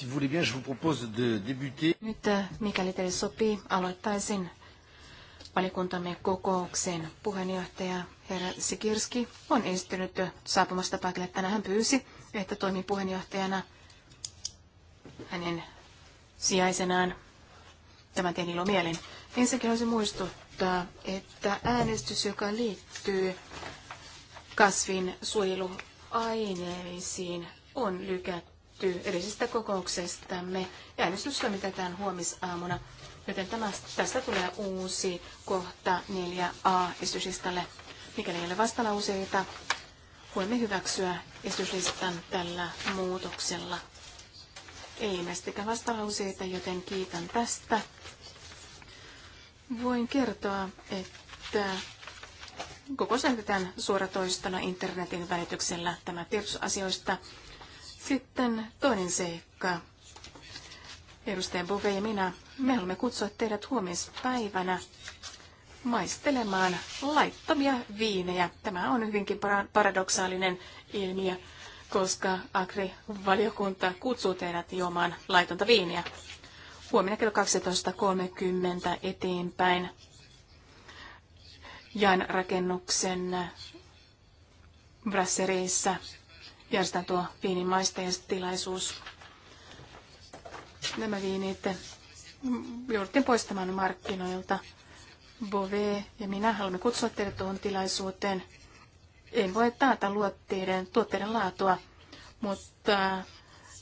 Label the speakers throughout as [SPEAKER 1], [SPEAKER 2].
[SPEAKER 1] Si vous voulez bien, je vous propose de débuter.
[SPEAKER 2] Nyt, eh, mikäli teille sopii, aloittaisin valikuntamme kokouksen puheenjohtaja herra Sikirski on esistynyt saapumasta paikalle. Tänään hän pyysi, että toimin puheenjohtajana hänen sijaisenaan. Tämän tein ilomielin. Ensinnäkin haluaisin muistuttaa, että äänestys, joka liittyy kasvin suojeluaineisiin, on lykätty päättyy edellisestä kokouksestamme. Ja äänestys toimitetaan huomisaamuna, joten tämä, tästä tulee uusi kohta 4a esityslistalle. Mikäli ei ole vastalauseita, voimme hyväksyä esityslistan tällä muutoksella. Ei ilmestikään vastalauseita, joten kiitän tästä. Voin kertoa, että koko säilytetään suoratoistona internetin välityksellä tämä tiedotusasioista. asioista sitten toinen seikka. Edustaja Bove ja minä, me haluamme kutsua teidät huomispäivänä maistelemaan laittomia viinejä. Tämä on hyvinkin paradoksaalinen ilmiö, koska Agri-valiokunta kutsuu teidät juomaan laitonta viiniä. Huomenna kello 12.30 eteenpäin Jan rakennuksen brasserissa järjestetään tuo viinin tilaisuus. Nämä viinit jouduttiin poistamaan markkinoilta. Bove ja minä haluamme kutsua teidät tuohon tilaisuuteen. En voi taata luotteiden, tuotteiden laatua, mutta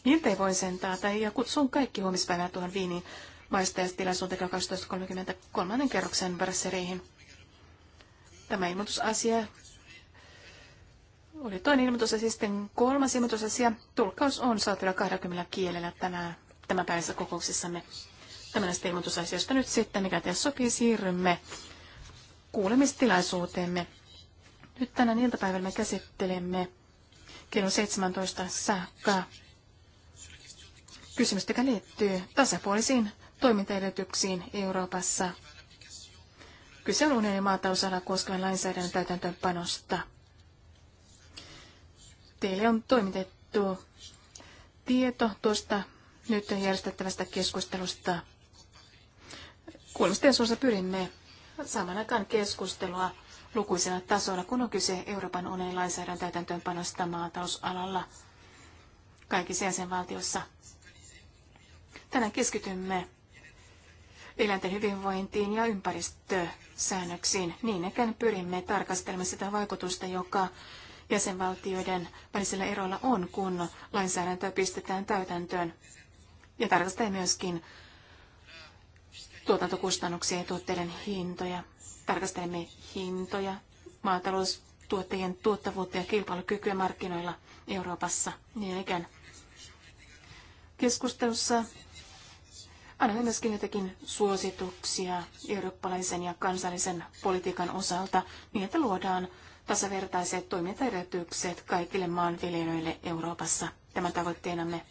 [SPEAKER 2] miltei niin voi sen taata. Ja kutsun kaikki huomispäivänä tuohon viinin maistajastilaisuuteen 12.33 kerroksen brassereihin. Tämä ilmoitusasia oli toinen ilmoitusasia, sitten kolmas ilmoitusasia. tulkaus on saatavilla 20 kielellä tänään tämän päivässä kokouksissamme. Tämän näistä ilmoitusasiasta nyt sitten, mikä teille sopii, siirrymme kuulemistilaisuuteemme. Nyt tänään iltapäivällä me käsittelemme kello 17 saakka kysymystä, joka liittyy tasapuolisiin toimintaedellytyksiin Euroopassa. Kyse on unionin maatausala koskevan lainsäädännön täytäntöönpanosta teille on toimitettu tieto tuosta nyt järjestettävästä keskustelusta. Kuulemisten suossa pyrimme saman aikaan keskustelua lukuisella tasolla, kun on kyse Euroopan unionin lainsäädännön täytäntöönpanosta maatalousalalla kaikissa jäsenvaltiossa. Tänään keskitymme eläinten hyvinvointiin ja ympäristösäännöksiin. Niin ikään pyrimme tarkastelemaan sitä vaikutusta, joka jäsenvaltioiden välisillä eroilla on, kun lainsäädäntöä pistetään täytäntöön. Ja tarkastaa myöskin tuotantokustannuksia ja tuotteiden hintoja. Tarkastelemme hintoja, maataloustuottajien tuottavuutta ja kilpailukykyä markkinoilla Euroopassa. Niin ikään keskustelussa annamme myöskin jotakin suosituksia eurooppalaisen ja kansallisen politiikan osalta niin, että luodaan tasavertaiset toimintaedellytykset kaikille maanviljelijöille Euroopassa. Tämä tavoitteenamme.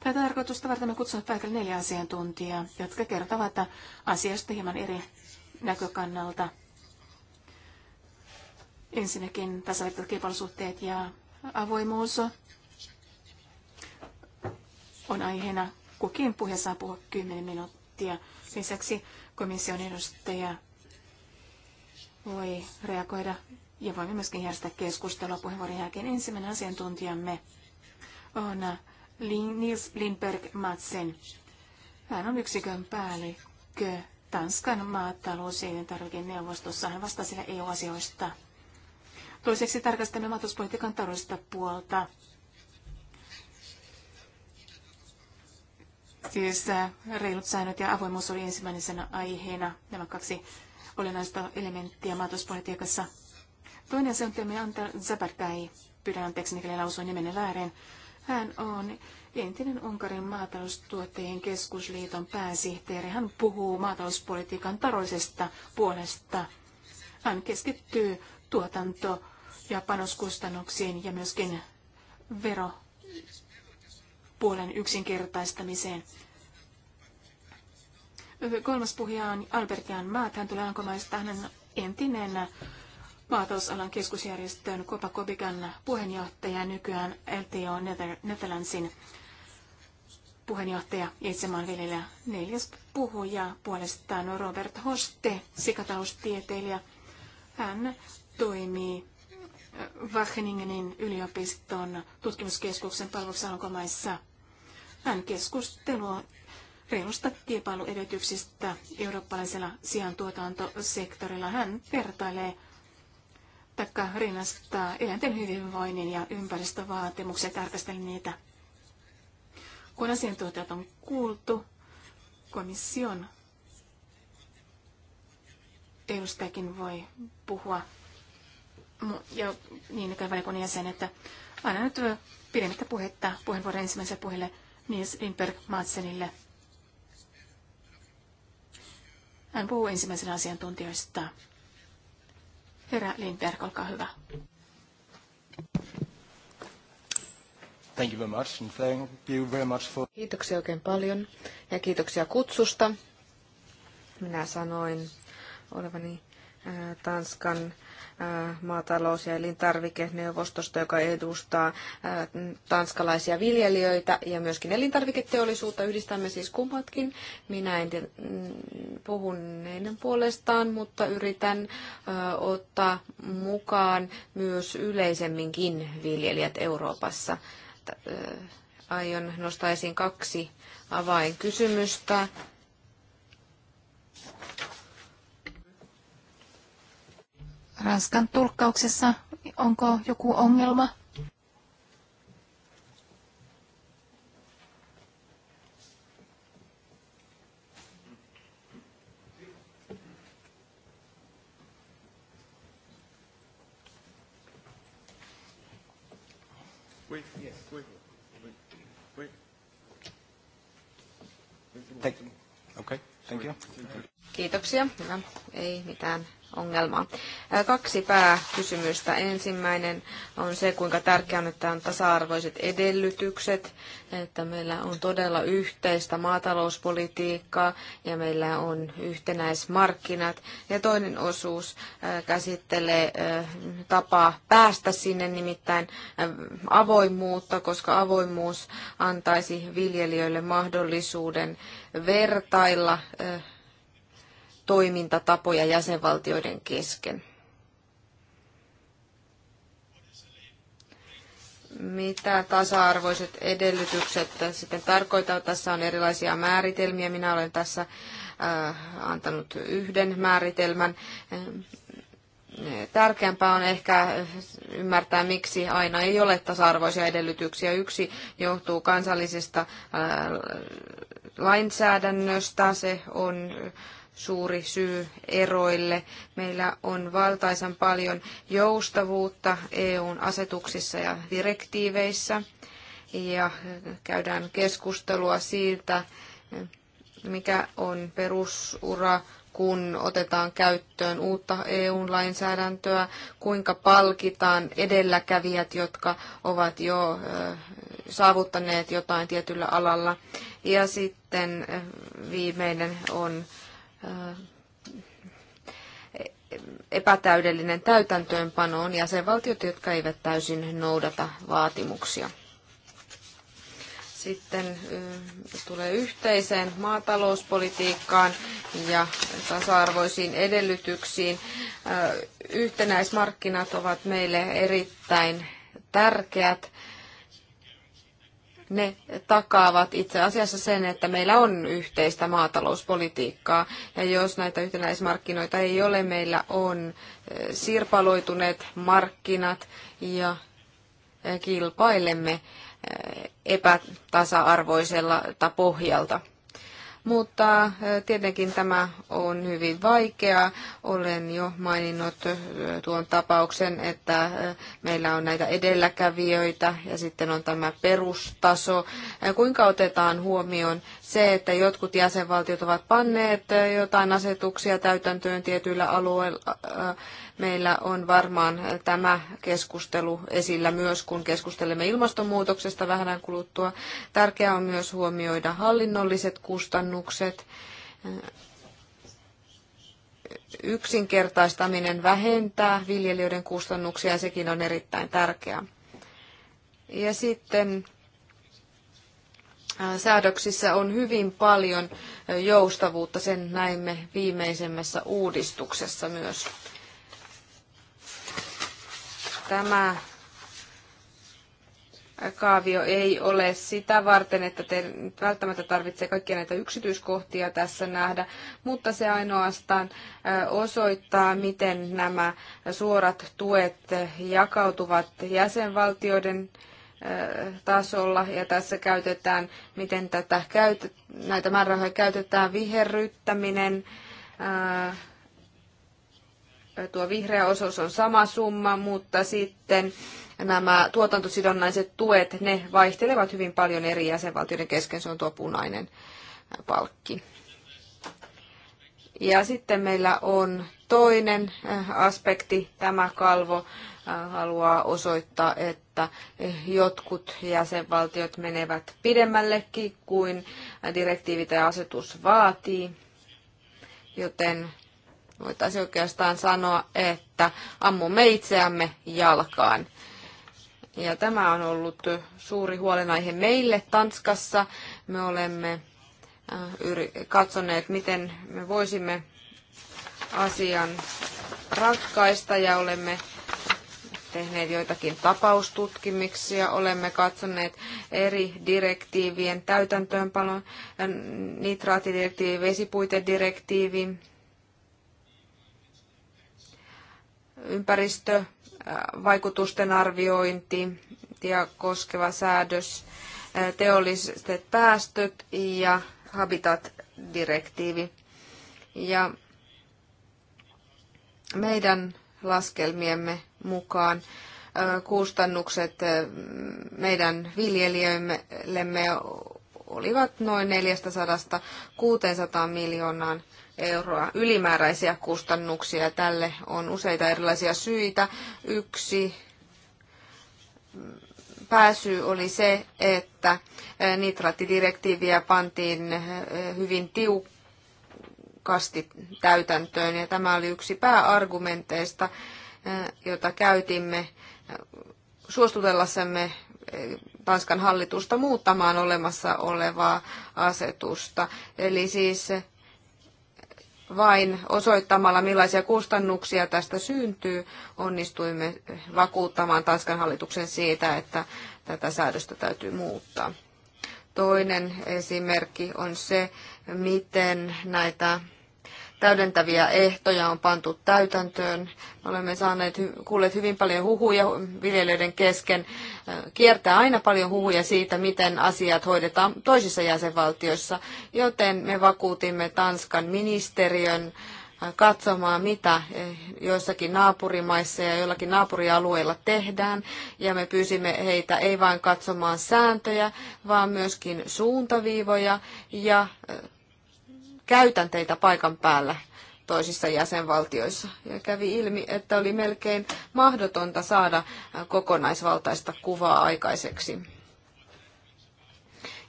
[SPEAKER 2] Tätä tarkoitusta varten me kutsumme paikalle neljä asiantuntijaa, jotka kertovat asiasta hieman eri näkökannalta. Ensinnäkin tasavertaiset kilpailusuhteet ja avoimuus on aiheena. Kukin puhe saa puhua 10 minuuttia. Lisäksi komission edustaja voi reagoida ja voimme myöskin järjestää keskustelua puheenvuoron jälkeen. Ensimmäinen asiantuntijamme on Nils Lindberg Madsen. Hän on yksikön päällikkö Tanskan maatalous- ja neuvostossa, Hän vastaa sillä EU-asioista. Toiseksi tarkastamme maatalouspolitiikan taloudellista puolta. Siis äh, reilut säännöt ja avoimuus oli ensimmäisenä aiheena. Nämä kaksi olennaista elementtiä maatalouspolitiikassa. Toinen suunnitelma Antal Zabartai, pyydän anteeksi, mikäli lausuin nimeni väärin. Hän on entinen Unkarin maataloustuottajien keskusliiton pääsihteeri. Hän puhuu maatalouspolitiikan taroisesta puolesta. Hän keskittyy tuotanto- ja panoskustannuksiin ja myöskin veropuolen yksinkertaistamiseen. Kolmas puhuja on Albertian Maat. Hän tulee Ankomaista. Hän on entinen maatalousalan keskusjärjestön Kopakobikan puheenjohtaja, nykyään LTO Netherlandsin puheenjohtaja ja maanviljelijä Neljäs puhuja puolestaan on Robert Hoste, sikataustieteilijä. Hän toimii äh, Wageningenin yliopiston tutkimuskeskuksen palveluksessa alkomaissa. Hän keskustelua reilusta kilpailuedellytyksistä eurooppalaisella sijantuotantosektorilla. Hän vertailee taikka rinnastaa eläinten hyvinvoinnin ja ympäristövaatimuksia tarkastella niitä. Kun asiantuntijat on kuultu, komission edustajakin voi puhua ja niin ikään valiokunnan jäsen, että aina nyt pidemmittä puhetta puheenvuoron ensimmäiselle puheelle Nils Lindberg Madsenille. Hän puhuu ensimmäisenä asiantuntijoista. Herra Lindberg, olkaa hyvä. Thank you very much and thank
[SPEAKER 1] you very much for...
[SPEAKER 3] Kiitoksia oikein paljon ja kiitoksia kutsusta. Minä sanoin olevani Tanskan Äh, maatalous- ja elintarvikeneuvostosta, joka edustaa äh, tanskalaisia viljelijöitä ja myöskin elintarviketeollisuutta. Yhdistämme siis kummatkin. Minä en mm, puhun heidän puolestaan, mutta yritän äh, ottaa mukaan myös yleisemminkin viljelijät Euroopassa. Aion nostaa esiin kaksi avainkysymystä
[SPEAKER 2] Ranskan tulkkauksessa. Onko joku ongelma?
[SPEAKER 3] Kiitoksia. Hyvä. Ei mitään ongelmaa. Kaksi pääkysymystä. Ensimmäinen on se, kuinka tärkeää on, että on tasa-arvoiset edellytykset, että meillä on todella yhteistä maatalouspolitiikkaa ja meillä on yhtenäismarkkinat. Ja toinen osuus käsittelee tapaa päästä sinne, nimittäin avoimuutta, koska avoimuus antaisi viljelijöille mahdollisuuden vertailla toimintatapoja jäsenvaltioiden kesken. Mitä tasa-arvoiset edellytykset sitten tarkoittaa? Tässä on erilaisia määritelmiä. Minä olen tässä äh, antanut yhden määritelmän. Tärkeämpää on ehkä ymmärtää, miksi aina ei ole tasa-arvoisia edellytyksiä. Yksi johtuu kansallisesta äh, lainsäädännöstä. Se on suuri syy eroille. Meillä on valtaisan paljon joustavuutta EUn asetuksissa ja direktiiveissä ja käydään keskustelua siitä, mikä on perusura, kun otetaan käyttöön uutta EU-lainsäädäntöä, kuinka palkitaan edelläkävijät, jotka ovat jo saavuttaneet jotain tietyllä alalla. Ja sitten viimeinen on epätäydellinen täytäntöönpano on jäsenvaltiot, jotka eivät täysin noudata vaatimuksia. Sitten tulee yhteiseen maatalouspolitiikkaan ja tasa-arvoisiin edellytyksiin. Yhtenäismarkkinat ovat meille erittäin tärkeät ne takaavat itse asiassa sen, että meillä on yhteistä maatalouspolitiikkaa. Ja jos näitä yhtenäismarkkinoita ei ole, meillä on eh, sirpaloituneet markkinat ja eh, kilpailemme eh, epätasa-arvoisella pohjalta mutta tietenkin tämä on hyvin vaikea. Olen jo maininnut tuon tapauksen, että meillä on näitä edelläkävijöitä ja sitten on tämä perustaso. Kuinka otetaan huomioon se, että jotkut jäsenvaltiot ovat panneet jotain asetuksia täytäntöön tietyillä alueilla, Meillä on varmaan tämä keskustelu esillä myös, kun keskustelemme ilmastonmuutoksesta vähän kuluttua. Tärkeää on myös huomioida hallinnolliset kustannukset yksinkertaistaminen vähentää viljelijöiden kustannuksia ja sekin on erittäin tärkeää. Ja sitten säädöksissä on hyvin paljon joustavuutta, sen näimme viimeisemmässä uudistuksessa myös. Tämä kaavio ei ole sitä varten, että te välttämättä tarvitsee kaikkia näitä yksityiskohtia tässä nähdä, mutta se ainoastaan osoittaa, miten nämä suorat tuet jakautuvat jäsenvaltioiden tasolla ja tässä käytetään, miten tätä käytet, näitä määrärahoja käytetään viherryttäminen, tuo vihreä osuus on sama summa, mutta sitten nämä tuotantosidonnaiset tuet, ne vaihtelevat hyvin paljon eri jäsenvaltioiden kesken, se on tuo punainen palkki. Ja sitten meillä on toinen äh, aspekti, tämä kalvo äh, haluaa osoittaa, että jotkut jäsenvaltiot menevät pidemmällekin kuin direktiivi tai asetus vaatii, joten Voitaisiin oikeastaan sanoa, että ammumme itseämme jalkaan. Ja tämä on ollut suuri huolenaihe meille Tanskassa. Me olemme äh, katsoneet, miten me voisimme asian ratkaista ja olemme tehneet joitakin tapaustutkimuksia, olemme katsoneet eri direktiivien täytäntöönpanon, nitraatidirektiivi, vesipuitedirektiivi, ympäristövaikutusten arviointi ja koskeva säädös, teolliset päästöt ja Habitat-direktiivi. Ja meidän laskelmiemme mukaan kustannukset meidän viljelijöillemme olivat noin 400-600 miljoonaan euroa ylimääräisiä kustannuksia. Tälle on useita erilaisia syitä. Yksi pääsy oli se, että nitraattidirektiiviä pantiin hyvin tiukasti täytäntöön ja tämä oli yksi pääargumenteista, jota käytimme suostutellassamme Tanskan hallitusta muuttamaan olemassa olevaa asetusta. Eli siis vain osoittamalla, millaisia kustannuksia tästä syntyy, onnistuimme vakuuttamaan Tanskan hallituksen siitä, että tätä säädöstä täytyy muuttaa. Toinen esimerkki on se, miten näitä täydentäviä ehtoja on pantu täytäntöön. Olemme saaneet, kuulleet hyvin paljon huhuja viljelijöiden kesken. Kiertää aina paljon huhuja siitä, miten asiat hoidetaan toisissa jäsenvaltioissa, joten me vakuutimme Tanskan ministeriön katsomaan, mitä joissakin naapurimaissa ja joillakin naapurialueilla tehdään. Ja me pyysimme heitä ei vain katsomaan sääntöjä, vaan myöskin suuntaviivoja ja käytänteitä paikan päällä toisissa jäsenvaltioissa. Ja kävi ilmi, että oli melkein mahdotonta saada kokonaisvaltaista kuvaa aikaiseksi.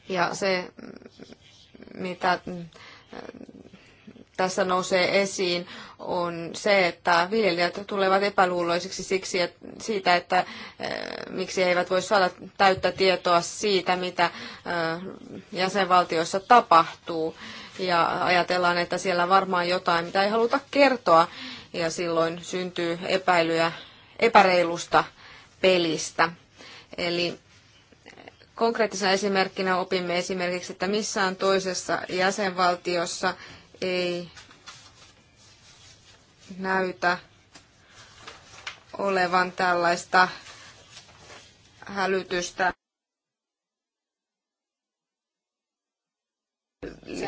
[SPEAKER 3] Ja se, mitä mm, tässä nousee esiin, on se, että viljelijät tulevat epäluuloisiksi siksi, että siitä, että äh, miksi he eivät voi saada täyttä tietoa siitä, mitä äh, jäsenvaltioissa tapahtuu ja ajatellaan, että siellä varmaan jotain, mitä ei haluta kertoa ja silloin syntyy epäilyä epäreilusta pelistä. Eli konkreettisena esimerkkinä opimme esimerkiksi, että missään toisessa jäsenvaltiossa ei näytä olevan tällaista hälytystä.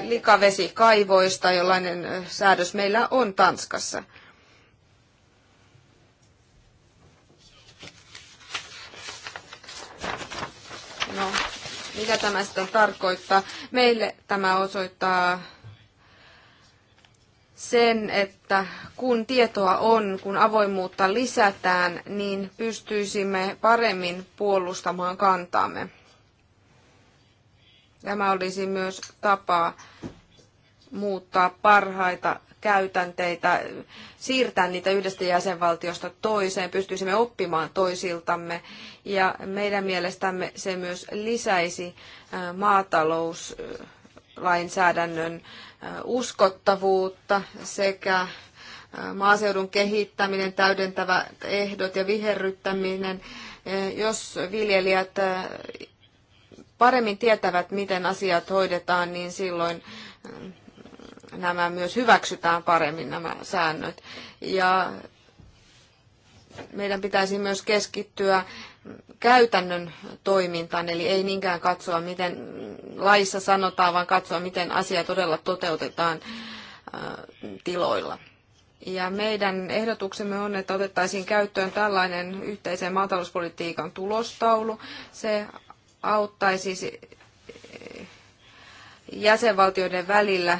[SPEAKER 3] likavesikaivoista, jollainen säädös meillä on Tanskassa. No, mitä tämä sitten tarkoittaa? Meille tämä osoittaa sen, että kun tietoa on, kun avoimuutta lisätään, niin pystyisimme paremmin puolustamaan kantaamme. Tämä olisi myös tapa muuttaa parhaita käytänteitä, siirtää niitä yhdestä jäsenvaltiosta toiseen, pystyisimme oppimaan toisiltamme ja meidän mielestämme se myös lisäisi maatalouslainsäädännön uskottavuutta sekä maaseudun kehittäminen, täydentävät ehdot ja viherryttäminen. Jos viljelijät paremmin tietävät, miten asiat hoidetaan, niin silloin ähm, nämä myös hyväksytään paremmin nämä säännöt. Ja meidän pitäisi myös keskittyä käytännön toimintaan, eli ei niinkään katsoa, miten laissa sanotaan, vaan katsoa, miten asia todella toteutetaan äh, tiloilla. Ja meidän ehdotuksemme on, että otettaisiin käyttöön tällainen yhteisen maatalouspolitiikan tulostaulu. Se auttaisi jäsenvaltioiden välillä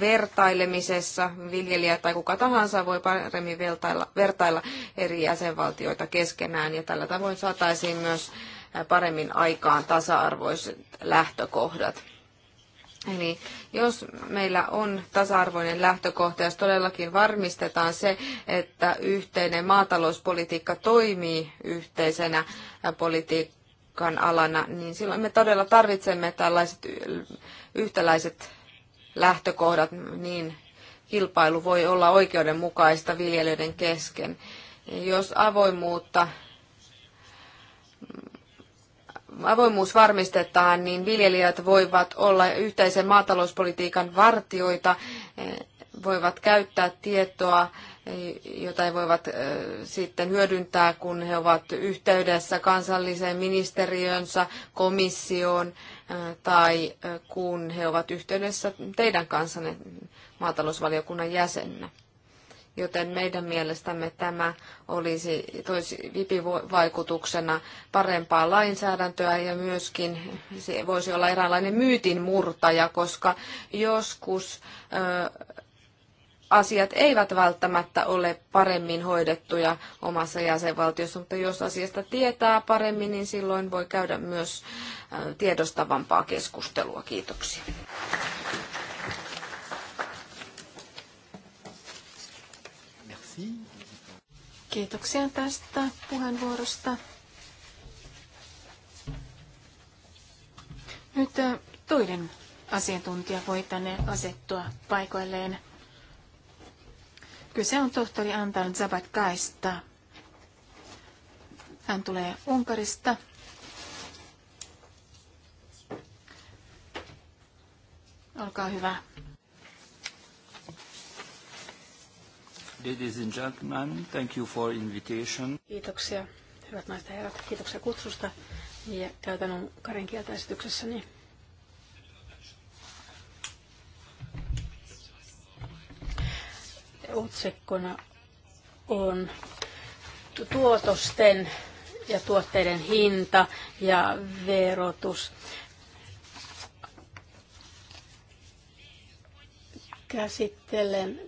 [SPEAKER 3] vertailemisessa. Viljelijä tai kuka tahansa voi paremmin vertailla, vertailla eri jäsenvaltioita keskenään ja tällä tavoin saataisiin myös paremmin aikaan tasa-arvoiset lähtökohdat. Eli jos meillä on tasa-arvoinen lähtökohta, jos todellakin varmistetaan se, että yhteinen maatalouspolitiikka toimii yhteisenä politiikkaa, politiikan alana, niin silloin me todella tarvitsemme tällaiset yhtäläiset lähtökohdat, niin kilpailu voi olla oikeudenmukaista viljelijöiden kesken. Jos avoimuutta avoimuus varmistetaan, niin viljelijät voivat olla yhteisen maatalouspolitiikan vartioita voivat käyttää tietoa, jota he voivat sitten hyödyntää, kun he ovat yhteydessä kansalliseen ministeriönsä, komissioon tai kun he ovat yhteydessä teidän kanssanne maatalousvaliokunnan jäsennä. Joten meidän mielestämme tämä olisi toisi vipivaikutuksena parempaa lainsäädäntöä ja myöskin se voisi olla eräänlainen myytin murtaja, koska joskus ö, asiat eivät välttämättä ole paremmin hoidettuja omassa jäsenvaltiossa, mutta jos asiasta tietää paremmin, niin silloin voi käydä myös tiedostavampaa keskustelua. Kiitoksia.
[SPEAKER 2] Kiitoksia tästä puheenvuorosta. Nyt toinen asiantuntija voi tänne asettua paikoilleen. Kyse on tohtori Antal Zabatkaista. Hän tulee Unkarista. Olkaa hyvä.
[SPEAKER 1] Ladies and gentlemen, thank you for invitation.
[SPEAKER 2] Kiitoksia,
[SPEAKER 4] hyvät naiset ja herrat. Kiitoksia kutsusta. Ja käytän unkarin kieltä esityksessäni. otsikkona on tuotosten ja tuotteiden hinta ja verotus. Käsittelen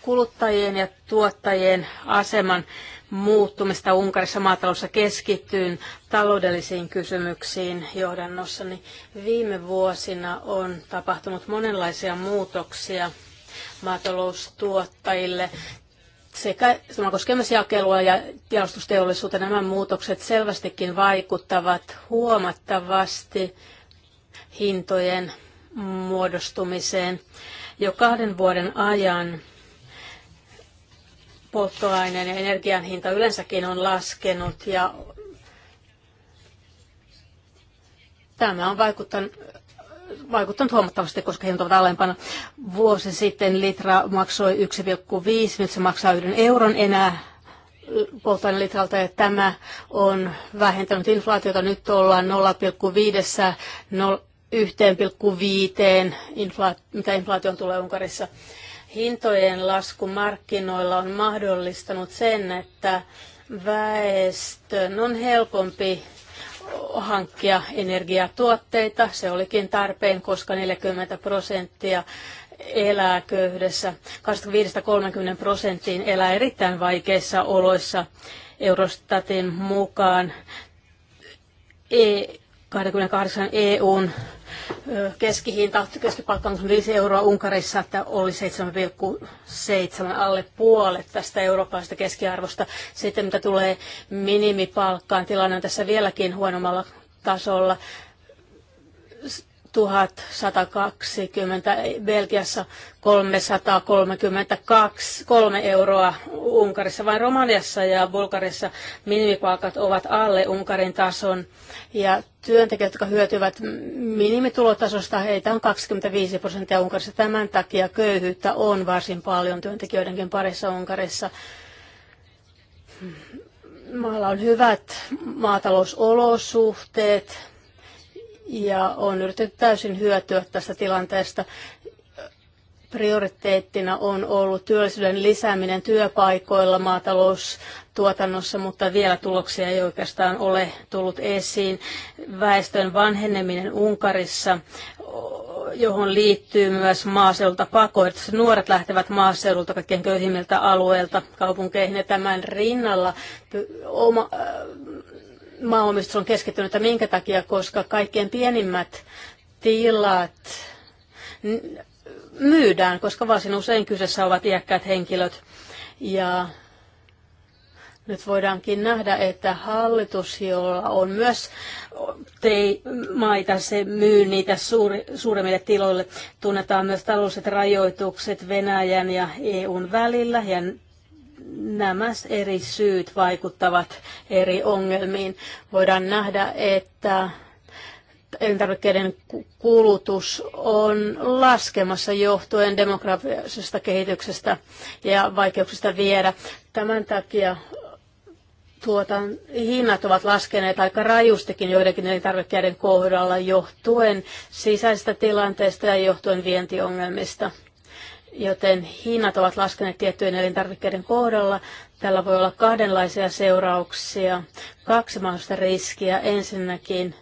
[SPEAKER 4] kuluttajien ja tuottajien aseman muuttumista Unkarissa maataloussa keskittyyn taloudellisiin kysymyksiin johdannossa, niin viime vuosina on tapahtunut monenlaisia muutoksia maataloustuottajille sekä tämä koskee myös jakelua ja jalostusteollisuutta. Nämä muutokset selvästikin vaikuttavat huomattavasti hintojen muodostumiseen. Jo kahden vuoden ajan polttoaineen ja energian hinta yleensäkin on laskenut ja tämä on vaikuttanut vaikuttanut huomattavasti, koska hinta ovat alempana. Vuosi sitten litra maksoi 1,5, nyt se maksaa yhden euron enää polttoainelitralta ja tämä on vähentänyt inflaatiota. Nyt ollaan 0,5 1,5, mitä inflaatio tulee Unkarissa. Hintojen lasku markkinoilla on mahdollistanut sen, että väestön on helpompi hankkia energiatuotteita. Se olikin tarpeen, koska 40 prosenttia elää köyhdessä. 25-30 prosenttiin elää erittäin vaikeissa oloissa. Eurostatin mukaan e 28 EUn keskihinta, keskipalkka on 5 euroa Unkarissa, että oli 7,7 alle puolet tästä eurooppalaisesta keskiarvosta. Sitten mitä tulee minimipalkkaan, tilanne on tässä vieläkin huonommalla tasolla. 1120, Belgiassa 332 euroa Unkarissa, vain Romaniassa ja Bulgariassa minimipalkat ovat alle Unkarin tason. Ja työntekijät, jotka hyötyvät minimitulotasosta, heitä on 25 prosenttia Unkarissa. Tämän takia köyhyyttä on varsin paljon työntekijöidenkin parissa Unkarissa maalla on hyvät maatalousolosuhteet, ja on yritetty täysin hyötyä tästä tilanteesta. Prioriteettina on ollut työllisyyden lisääminen työpaikoilla maataloustuotannossa, mutta vielä tuloksia ei oikeastaan ole tullut esiin. Väestön vanheneminen Unkarissa johon liittyy myös maaseudulta pakoit. Nuoret lähtevät maaseudulta kaikkein köyhimmiltä alueilta kaupunkeihin ja tämän rinnalla oma, maanomistus on keskittynyt, että minkä takia, koska kaikkein pienimmät tilat myydään, koska varsin usein kyseessä ovat iäkkäät henkilöt. Ja nyt voidaankin nähdä, että hallitus, jolla on myös tei, maita, se myy niitä suuri, suuremmille tiloille. Tunnetaan myös taloudelliset rajoitukset Venäjän ja EUn välillä ja nämä eri syyt vaikuttavat eri ongelmiin. Voidaan nähdä, että elintarvikkeiden kulutus on laskemassa johtuen demografisesta kehityksestä ja vaikeuksista viedä. Tämän takia tuotan, hinnat ovat laskeneet aika rajustikin joidenkin elintarvikkeiden kohdalla johtuen sisäisestä tilanteesta ja johtuen vientiongelmista joten hinnat ovat laskeneet tiettyjen elintarvikkeiden kohdalla. Tällä voi olla kahdenlaisia seurauksia, kaksi mahdollista riskiä. Ensinnäkin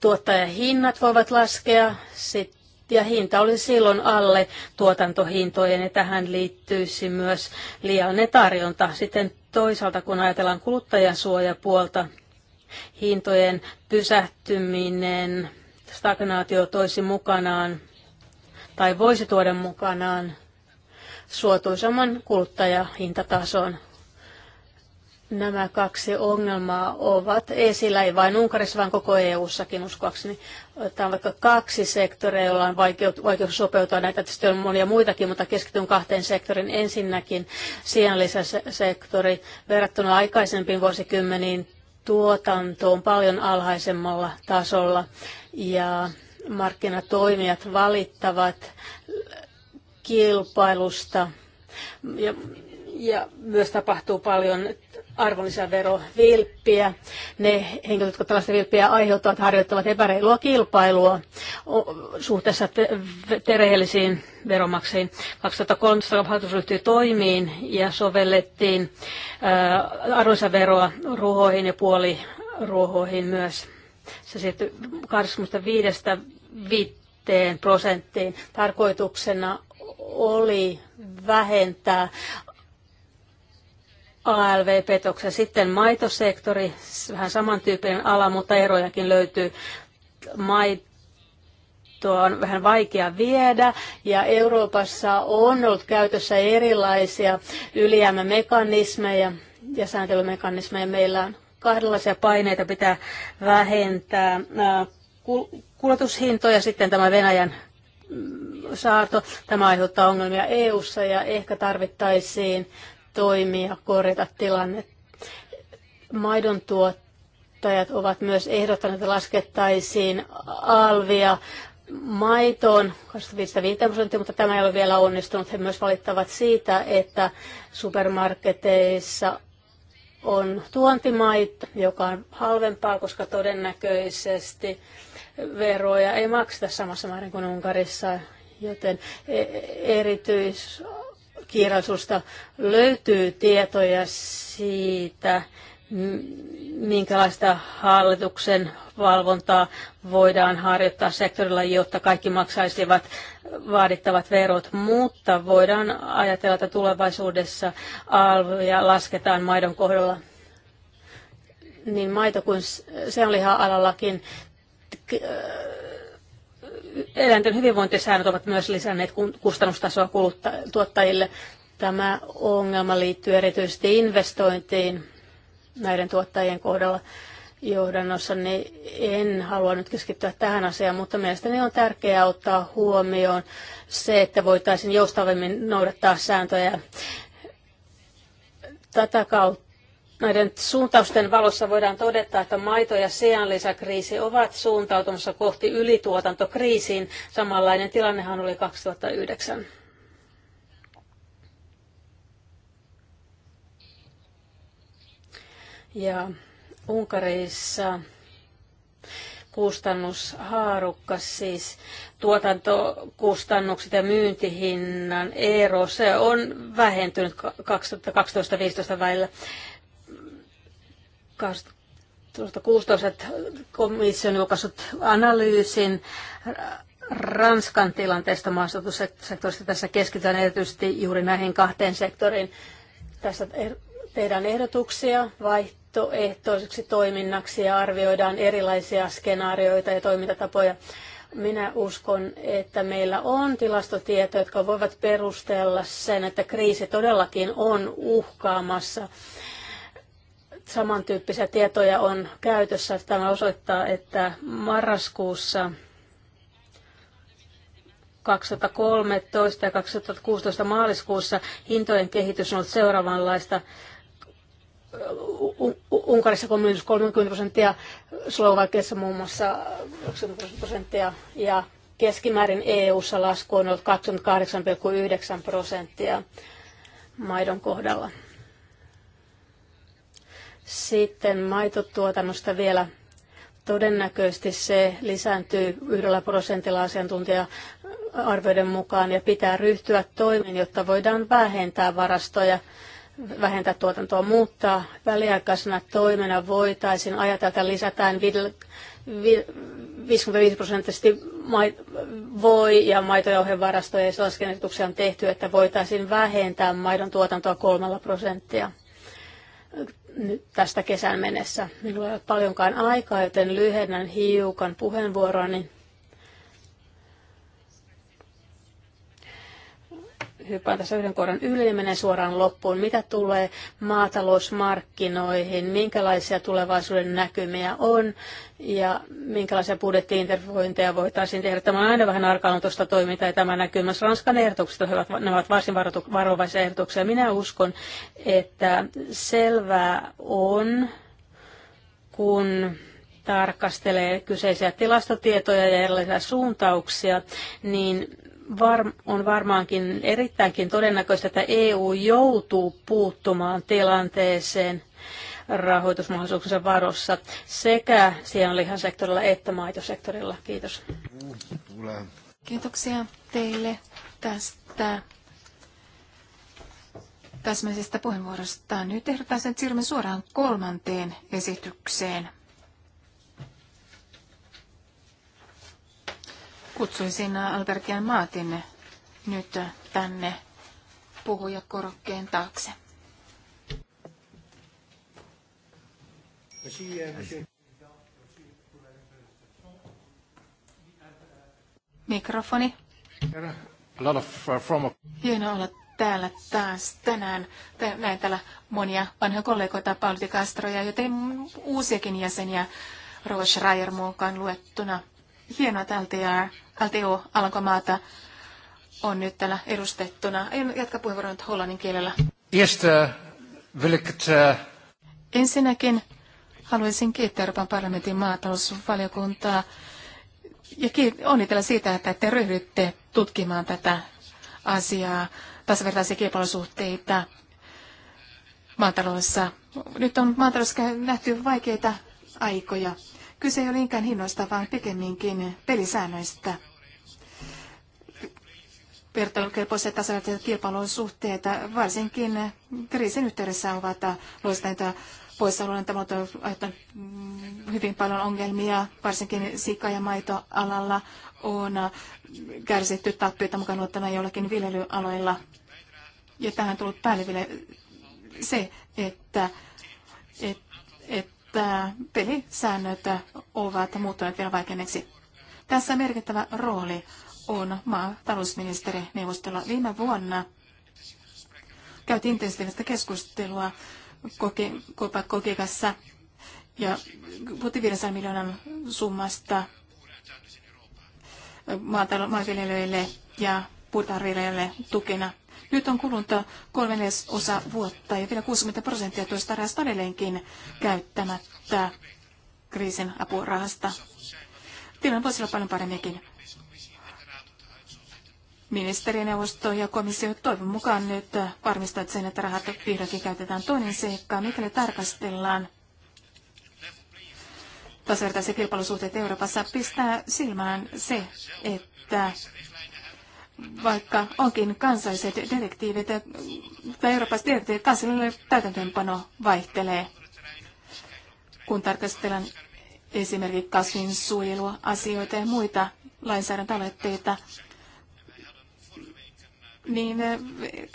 [SPEAKER 4] tuottajahinnat voivat laskea, sitten ja hinta olisi silloin alle tuotantohintojen, ja tähän liittyisi myös liiallinen tarjonta. Sitten toisaalta, kun ajatellaan kuluttajan suojapuolta, hintojen pysähtyminen, stagnaatio toisi mukanaan tai voisi tuoda mukanaan suotuisamman kuluttajahintatason. Nämä kaksi ongelmaa ovat esillä, ei vain Unkarissa, vaan koko EU-sakin uskoakseni. on vaikka kaksi sektoria, joilla on vaikeus sopeutua näitä. Tietysti on monia muitakin, mutta keskityn kahteen sektorin. Ensinnäkin sektori verrattuna aikaisempiin vuosikymmeniin tuotanto on paljon alhaisemmalla tasolla ja markkinatoimijat valittavat kilpailusta ja, ja myös tapahtuu paljon arvonlisäverovilppiä. Ne henkilöt, jotka tällaista vilppiä aiheuttavat, harjoittavat epäreilua kilpailua suhteessa terveellisiin veromaksiin. 2013 hallitus ryhtyi toimiin ja sovellettiin arvonlisäveroa ruohoihin ja puoliruohoihin myös. Se siirtyi 25 viitteen prosenttiin. Tarkoituksena oli vähentää ALV-petoksen. Sitten maitosektori, vähän samantyyppinen ala, mutta erojakin löytyy. Maitoa on vähän vaikea viedä ja Euroopassa on ollut käytössä erilaisia ylijäämämekanismeja ja sääntelymekanismeja. Meillä on kahdenlaisia paineita pitää vähentää kulutushintoja, sitten tämä Venäjän mm, saarto, tämä aiheuttaa ongelmia EU:ssa ja ehkä tarvittaisiin toimia korjata tilanne. Maidon tuottajat ovat myös ehdottaneet, että laskettaisiin alvia maitoon 25 prosenttia, mutta tämä ei ole vielä onnistunut. He myös valittavat siitä, että supermarketeissa on tuontimaita, joka on halvempaa, koska todennäköisesti veroja ei makseta samassa määrin kuin Unkarissa, joten e- erityiskirjallisuudesta löytyy tietoja siitä, minkälaista hallituksen valvontaa voidaan harjoittaa sektorilla, jotta kaikki maksaisivat vaadittavat verot, mutta voidaan ajatella, että tulevaisuudessa alvoja lasketaan maidon kohdalla niin maito kuin se on liha-alallakin eläinten hyvinvointisäännöt ovat myös lisänneet kustannustasoa kulutta, tuottajille. Tämä ongelma liittyy erityisesti investointiin näiden tuottajien kohdalla johdannossa, niin en halua nyt keskittyä tähän asiaan, mutta mielestäni on tärkeää ottaa huomioon se, että voitaisiin joustavimmin noudattaa sääntöjä. Tätä kautta Näiden suuntausten valossa voidaan todeta, että maito- ja sianlisäkriisi ovat suuntautumassa kohti ylituotantokriisiin. Samanlainen tilannehan oli 2009. Ja Unkarissa kustannushaarukka, siis tuotantokustannukset ja myyntihinnan ero, se on vähentynyt 2012-2015 välillä. 2016 komission julkaissut analyysin Ranskan tilanteesta maastotussektorista. Tässä keskitytään erityisesti juuri näihin kahteen sektoriin. Tässä er- tehdään ehdotuksia vaihtoehtoiseksi toiminnaksi ja arvioidaan erilaisia skenaarioita ja toimintatapoja. Minä uskon, että meillä on tilastotietoja, jotka voivat perustella sen, että kriisi todellakin on uhkaamassa samantyyppisiä tietoja on käytössä. Tämä osoittaa, että marraskuussa 2013 ja 2016 maaliskuussa hintojen kehitys on ollut seuraavanlaista. Unkarissa on miinus 30 prosenttia, Slovakiassa muun muassa 20 prosenttia ja keskimäärin EU-ssa lasku on ollut 28,9 prosenttia maidon kohdalla. Sitten maitotuotannosta vielä. Todennäköisesti se lisääntyy yhdellä prosentilla asiantuntija arvioiden mukaan ja pitää ryhtyä toimiin, jotta voidaan vähentää varastoja, vähentää tuotantoa, muuttaa väliaikaisena toimena voitaisiin ajatella, että lisätään 55 prosenttisesti voi ja maitojohjen varastoja ja laskennetuksia on tehty, että voitaisiin vähentää maidon tuotantoa kolmella prosenttia nyt tästä kesän mennessä. Minulla ei ole paljonkaan aikaa, joten lyhennän hiukan puheenvuoroani hyppään tässä yhden kohdan yli ja menen suoraan loppuun. Mitä tulee maatalousmarkkinoihin, minkälaisia tulevaisuuden näkymiä on ja minkälaisia budjettiintervointeja voitaisiin tehdä. Tämä on aina vähän tuosta toimintaa ja tämä näkyy myös Ranskan ehdotukset, ne ovat varsin varovaisia ehdotuksia. Minä uskon, että selvää on, kun tarkastelee kyseisiä tilastotietoja ja erilaisia suuntauksia, niin var, on varmaankin erittäinkin todennäköistä, että EU joutuu puuttumaan tilanteeseen rahoitusmahdollisuuksien varossa sekä sianlihasektorilla että
[SPEAKER 2] maitosektorilla. Kiitos. Kiitoksia teille tästä täsmäisestä puheenvuorosta. Nyt ehdotan sen, että siirrymme suoraan kolmanteen esitykseen. Kutsuisin Albertian Maatin nyt tänne puhujakorokkeen taakse. Mikrofoni. Hienoa olla täällä taas tänään. Näin täällä monia vanhoja kollegoita, Pauli Castro ja joten uusiakin jäseniä, Rova Schreier mukaan luettuna. Hienoa täältä ja LTO Alankomaata on nyt täällä edustettuna. En jatka puheenvuoron nyt hollannin kielellä.
[SPEAKER 1] Eerste wil ik het... Eh,
[SPEAKER 2] Ensinnäkin haluaisin kiittää Euroopan parlamentin maatalousvaliokuntaa ja onnitella siitä, että te ryhdytte tutkimaan tätä asiaa, tasavertaisia kilpailusuhteita maataloudessa. Nyt on maataloudessa nähty vaikeita aikoja. Kyse ei ole niinkään hinnoista, vaan pikemminkin pelisäännöistä vertailukelpoisia tasavertaisia kilpailun suhteita, varsinkin kriisin yhteydessä ovat loistainta poissaolojen tavoite hyvin paljon ongelmia, varsinkin sika- ja maitoalalla on kärsitty tappioita mukaan luottana jollakin viljelyaloilla. Ja tähän on tullut päälle se, että, et, että pelisäännöt ovat muuttuneet vielä vaikeammiksi. Tässä merkittävä rooli on maa neuvostolla viime vuonna. Käytiin intensiivistä keskustelua kopat kokikassa ja puhuttiin 500 miljoonan summasta maanviljelijöille ja puutarviljelijöille tukena. Nyt on kulunut osa vuotta ja vielä 60 prosenttia tuosta rahasta edelleenkin käyttämättä kriisin apurahasta. Tilanne voisi olla paljon paremminkin. Ministerineuvosto ja komissio toivon mukaan nyt varmistavat sen, että rahat vihdoinkin käytetään toinen seikka, ne tarkastellaan tasavertaiset kilpailusuhteet Euroopassa pistää silmään se, että vaikka onkin kansalliset direktiivit tai Euroopassa direktiivit, kansallinen täytäntöönpano vaihtelee. Kun tarkastellaan esimerkiksi kasvinsuojeluasioita ja muita lainsäädäntöaloitteita, niin eh,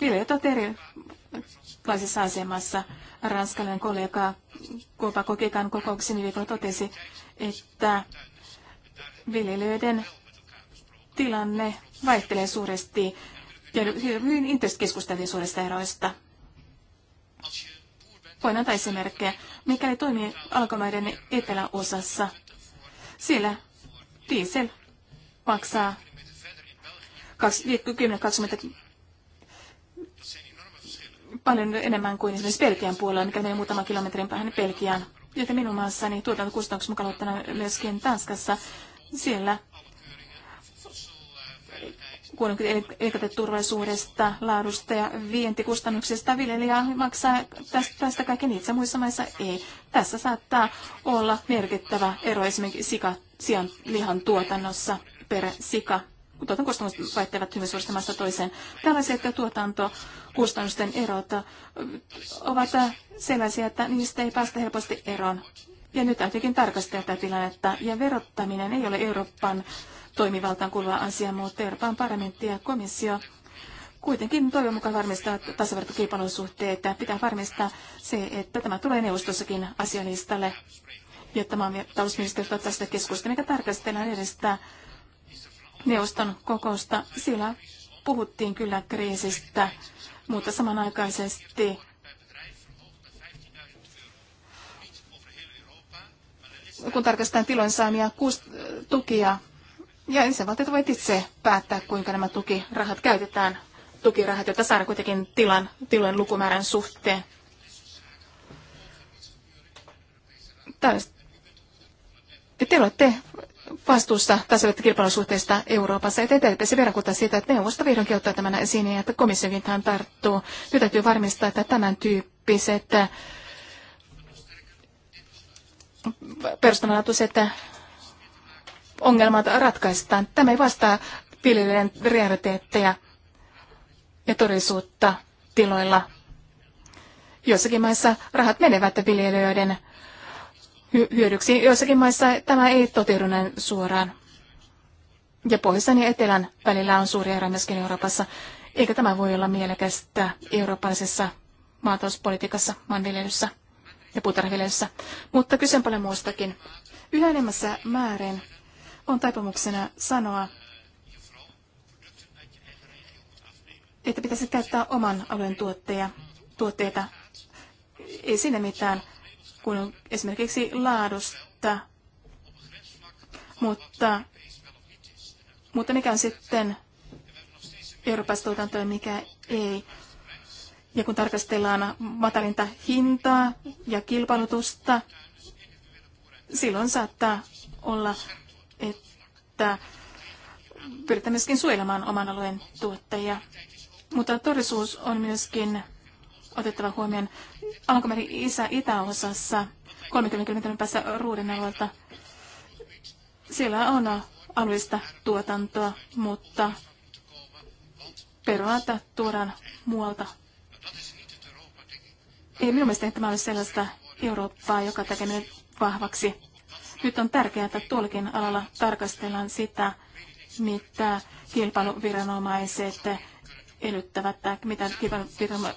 [SPEAKER 2] viljelijät ovat erilaisessa asemassa. Ranskalainen kollega Kuopa Kokikan kokouksen viikolla totesi, että viljelijöiden tilanne vaihtelee suuresti ja hyvin intressit keskusteltiin suurista eroista. Voin antaa esimerkkejä. Mikäli toimii alkomaiden eteläosassa, siellä diesel maksaa 20, 20 paljon enemmän kuin esimerkiksi Pelkian puolella, mikä menee muutaman kilometrin päähän Belgiaan. Joten minun maassani tuotantokustannukset mukaan ottaen myöskin Tanskassa, siellä kun turvallisuudesta, laadusta ja vientikustannuksista viljelijä maksaa tästä, tästä kaiken itse, muissa maissa ei. Tässä saattaa olla merkittävä ero esimerkiksi sika, sian lihan tuotannossa per sika tuotantokustannukset vaihtelevat hyvin suuresti maasta toiseen. Tällaiset tuotantokustannusten erot ovat sellaisia, että niistä ei päästä helposti eroon. Ja nyt täytyykin tarkastella tätä tilannetta. Ja verottaminen ei ole Euroopan toimivaltaan kuuluva asia, mutta Euroopan parlamentti ja komissio kuitenkin toivon mukaan varmistaa tasavertokilpailusuhteet. suhteet. Pitää varmistaa se, että tämä tulee neuvostossakin asialistalle ja tämä on talousministeriö tästä keskusta, mikä tarkastellaan edestä neuvoston kokousta. Siellä puhuttiin kyllä kriisistä, mutta samanaikaisesti kun tarkastetaan tilojen saamia tukia, ja isänvaltiot voivat itse päättää, kuinka nämä tukirahat käytetään, tukirahat, joita saadaan kuitenkin tilan, tilojen lukumäärän suhteen. Tällaista. Te olette vastuussa tasavetta kilpailusuhteista Euroopassa. Ja te se verrankuuttaa siitä, että neuvosto vihdoinkin ottaa tämän esiin ja että komissiokin tähän tarttuu. Nyt täytyy varmistaa, että tämän tyyppiset äh, perustanalaatuiset äh, ongelmat ratkaistaan. Tämä ei vastaa viljelijän realiteetteja ja todellisuutta tiloilla. Joissakin maissa rahat menevät viljelijöiden hyödyksi. Joissakin maissa tämä ei toteudu näin suoraan. Ja pohjoisen ja etelän välillä on suuri ero myöskin Euroopassa, eikä tämä voi olla mielekästä eurooppalaisessa maatalouspolitiikassa, maanviljelyssä ja puutarhaviljelyssä. Mutta kyse paljon muustakin. Yhä enemmässä määrin on taipumuksena sanoa, että pitäisi käyttää oman alueen tuotteja, tuotteita. Ei siinä mitään kun on esimerkiksi laadusta, mutta, mutta mikä on sitten Euroopassa tuotanto ja mikä ei. Ja kun tarkastellaan matalinta hintaa ja kilpailutusta, silloin saattaa olla, että pyritään myöskin suojelemaan oman alueen tuottajia. Mutta todellisuus on myöskin otettava huomioon Alankomerin isä itäosassa 30 kilometrin päässä Ruuden alueelta. Siellä on alueellista tuotantoa, mutta peruata tuodaan muualta. Ei minun mielestäni tämä olisi sellaista Eurooppaa, joka tekee meidät vahvaksi. Nyt on tärkeää, että tuollakin alalla tarkastellaan sitä, mitä kilpailuviranomaiset elyttävät että mitä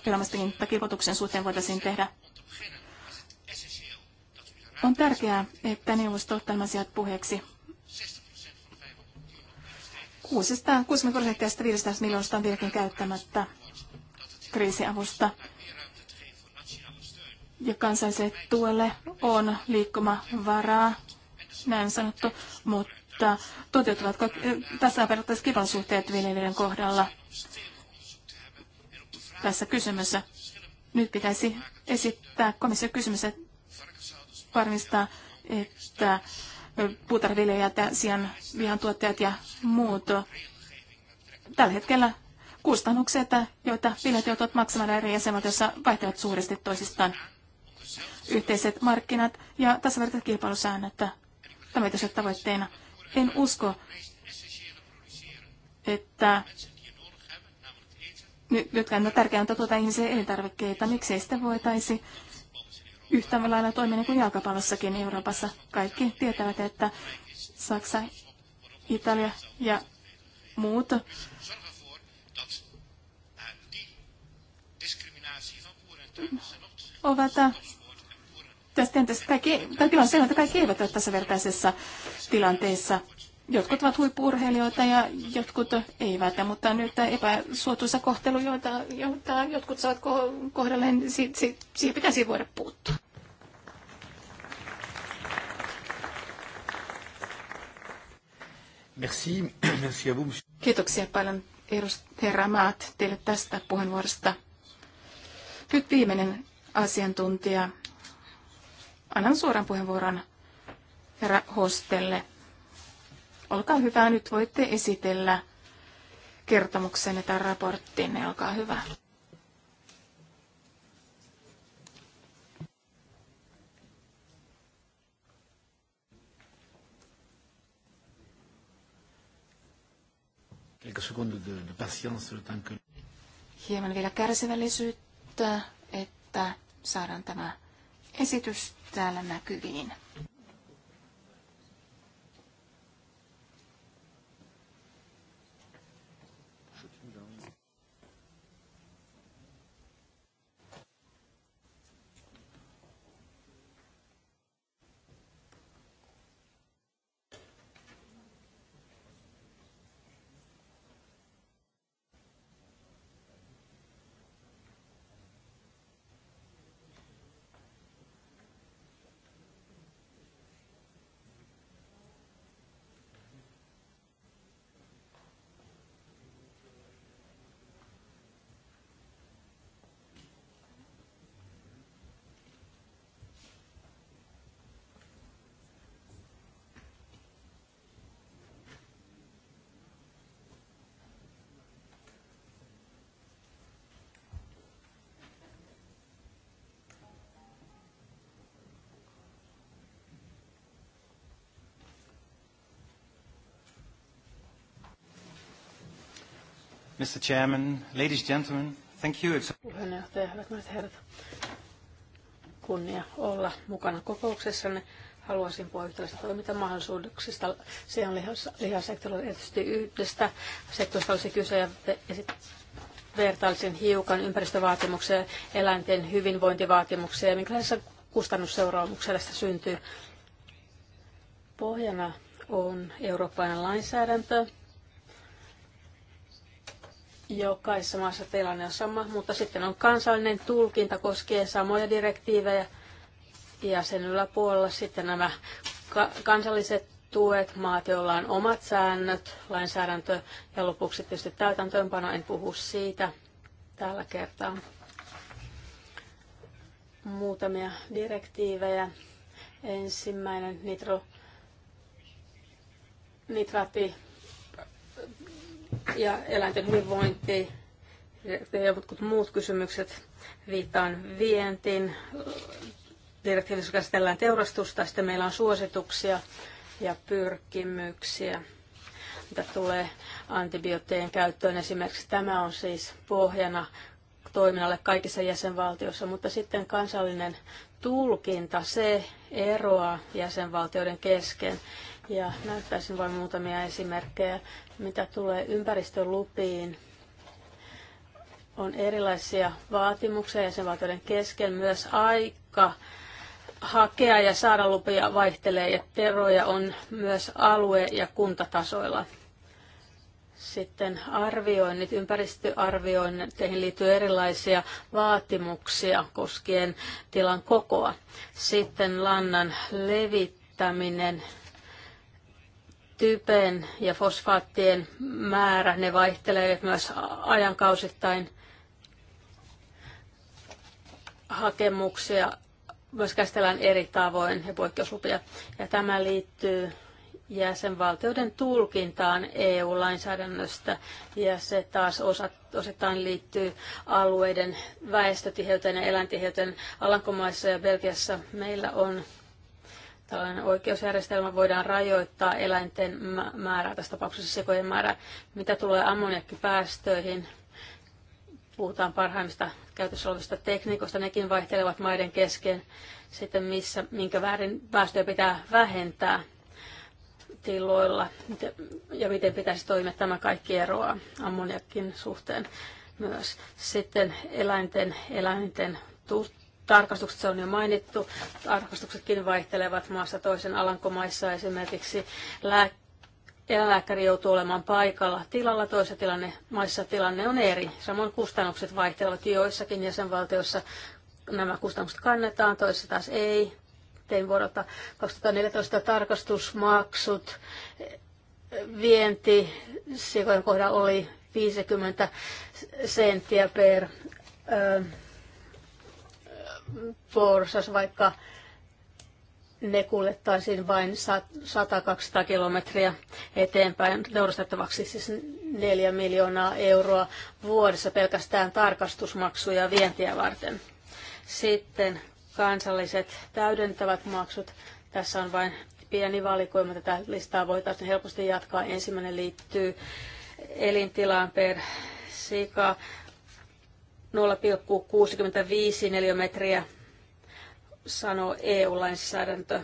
[SPEAKER 2] ilmastonkin kilpoituksen suhteen voitaisiin tehdä. On tärkeää, että neuvosto ottaa nämä asiat puheeksi. 60 prosenttia 500 miljoonasta on vieläkin käyttämättä kriisiavusta. Ja kansalliselle tuelle on liikkumavaraa, näin sanottu, mutta toteutuvatko eh, tässä periaatteessa suhteet viljelijöiden kohdalla? tässä kysymys. Nyt pitäisi esittää komission kysymys, että varmistaa, että puutarhaviljelijät, sian vihan tuottajat ja muut. Tällä hetkellä kustannukset, joita viljelijät joutuvat maksamaan eri joissa vaihtelevat suuresti toisistaan. Yhteiset markkinat ja tasavertaiset kilpailusäännöt. Tämä ei tavoitteena. En usko, että jotka on tärkeää on tuota ihmisen elintarvikkeita. Miksei sitä voitaisi yhtä lailla toimia niin kuin jalkapallossakin Euroopassa. Kaikki tietävät, että Saksa, Italia ja muut ovat äh, tästä tilanteessa, kaikki, tai on on että kaikki eivät ole tässä vertaisessa tilanteessa Jotkut ovat huippurheilijoita ja jotkut eivät, mutta nyt tämä epäsuotuisa kohtelu, jota, jota jotkut saavat kohdalleen, niin si, si, siihen pitäisi voida puuttua.
[SPEAKER 1] Merci. Merci à vous,
[SPEAKER 2] Kiitoksia paljon herra Maat teille tästä puheenvuorosta. Nyt viimeinen asiantuntija. Annan suoran puheenvuoron herra Hostelle. Olkaa hyvä, nyt voitte esitellä kertomuksenne tai raporttinne. Olkaa hyvä. Hieman vielä kärsivällisyyttä, että saadaan tämä esitys täällä näkyviin.
[SPEAKER 1] Mr. Chairman, ladies and gentlemen, thank you. It's...
[SPEAKER 4] Puheenjohtaja, hyvät naiset herrat. Kunnia olla mukana kokouksessanne. Haluaisin puhua yhtäläisistä toimintamahdollisuuksista. Se on lihasektorilla erityisesti yhdestä sektorista olisi kyse ja vertailisin hiukan ympäristövaatimuksia, eläinten hyvinvointivaatimuksia ja minkälaisia kustannusseuraamuksia tästä syntyy. Pohjana on eurooppalainen lainsäädäntö, Jokaisessa maassa tilanne on sama, mutta sitten on kansallinen tulkinta koskee samoja direktiivejä ja sen yläpuolella sitten nämä ka- kansalliset tuet, maat, joilla on omat säännöt, lainsäädäntö ja lopuksi tietysti täytäntöönpano. En puhu siitä tällä kertaa. Muutamia direktiivejä. Ensimmäinen nitro, nitraatti ja eläinten hyvinvointi ja jotkut muut kysymykset. Viittaan vientiin. Direktiivissä käsitellään teurastusta, sitten meillä on suosituksia ja pyrkimyksiä, mitä tulee antibioottien käyttöön. Esimerkiksi tämä on siis pohjana toiminnalle kaikissa jäsenvaltioissa, mutta sitten kansallinen tulkinta, se eroaa jäsenvaltioiden kesken. Ja näyttäisin vain muutamia esimerkkejä, mitä tulee ympäristölupiin. On erilaisia vaatimuksia jäsenvaltioiden kesken myös aika hakea ja saada lupia vaihtelee ja teroja on myös alue- ja kuntatasoilla. Sitten arvioinnit, ympäristöarviointeihin liittyy erilaisia vaatimuksia koskien tilan kokoa. Sitten lannan levittäminen typen ja fosfaattien määrä, ne vaihtelee myös ajankausittain hakemuksia myös käsitellään eri tavoin ja poikkeuslupia. Ja tämä liittyy jäsenvaltioiden tulkintaan EU-lainsäädännöstä ja se taas osittain liittyy alueiden väestötiheyteen ja eläintiheyteen. Alankomaissa ja Belgiassa meillä on tällainen oikeusjärjestelmä voidaan rajoittaa eläinten määrää, tässä tapauksessa sekojen määrää. Mitä tulee ammoniakkipäästöihin, puhutaan parhaimmista käytössä olevista tekniikoista, nekin vaihtelevat maiden kesken sitten missä, minkä väärin päästöjä pitää vähentää tiloilla ja miten pitäisi toimia tämä kaikki eroa ammoniakin suhteen myös. Sitten eläinten, eläinten tarkastukset, se on jo mainittu. Tarkastuksetkin vaihtelevat maassa toisen alankomaissa esimerkiksi lääkkeet eläinlääkäri joutuu olemaan paikalla tilalla, toisessa tilanne, maissa tilanne on eri. Samoin kustannukset vaihtelevat joissakin jäsenvaltioissa. Nämä kustannukset kannetaan, toisessa taas ei. Tein vuodelta 2014 tarkastusmaksut. Vienti sikojen kohdalla oli 50 senttiä per ö, porsas, vaikka ne kuljettaisiin vain 100-200 kilometriä eteenpäin teurastettavaksi, siis 4 miljoonaa euroa vuodessa pelkästään tarkastusmaksuja vientiä varten. Sitten kansalliset täydentävät maksut. Tässä on vain pieni valikoima. Tätä listaa voitaisiin helposti jatkaa. Ensimmäinen liittyy elintilaan per sika, 0,65 neliömetriä sanoo EU-lainsäädäntö,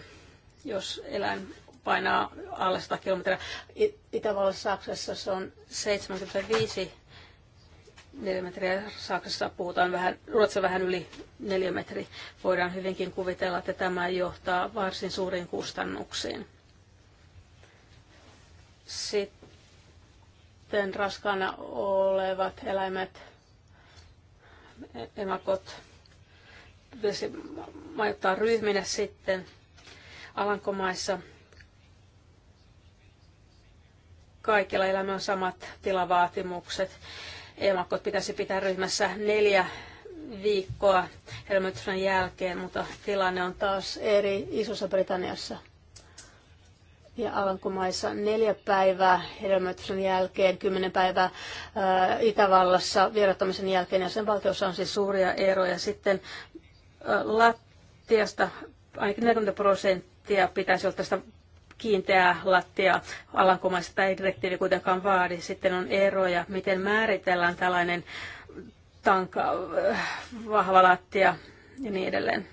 [SPEAKER 4] jos eläin painaa alle 100 kilometriä. Itävallassa Saksassa se on 75 neliömetriä. Saksassa puhutaan vähän, Ruotsa vähän yli neliömetri. Voidaan hyvinkin kuvitella, että tämä johtaa varsin suuriin kustannuksiin. Sitten raskaana olevat eläimet emakot pyysi majoittaa ryhminä sitten Alankomaissa. Kaikilla elämä on samat tilavaatimukset. Emakot pitäisi pitää ryhmässä neljä viikkoa helmöityksen jälkeen, mutta tilanne on taas eri Isossa Britanniassa ja Alankomaissa neljä päivää hedelmöityksen jälkeen, kymmenen päivää ää, äh, Itävallassa vierottamisen jälkeen, ja sen valtiossa on siis suuria eroja. Sitten ää, äh, lattiasta ainakin 40 prosenttia pitäisi olla tästä kiinteää lattia alankomaista ei direktiivi kuitenkaan vaadi. Sitten on eroja, miten määritellään tällainen tanka, äh, vahva lattia ja niin edelleen.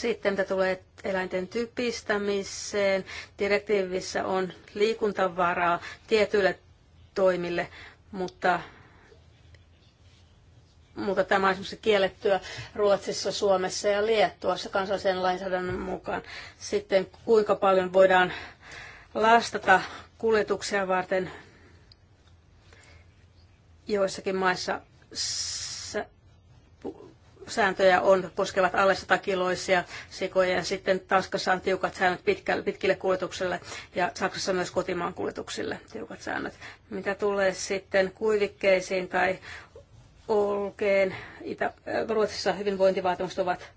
[SPEAKER 4] Sitten mitä tulee eläinten typistämiseen, direktiivissä on liikuntavaraa tietyille toimille, mutta mutta tämä on kiellettyä Ruotsissa, Suomessa ja Liettuassa kansallisen lainsäädännön mukaan. Sitten kuinka paljon voidaan lastata kuljetuksia varten joissakin maissa sääntöjä on, koskevat alle 100 kiloisia sikoja ja sitten Tanskassa on tiukat säännöt pitkälle, pitkille kuljetuksille ja Saksassa myös kotimaan kuljetuksille tiukat säännöt. Mitä tulee sitten kuivikkeisiin tai olkeen, Itä- äh, Ruotsissa hyvinvointivaatimukset ovat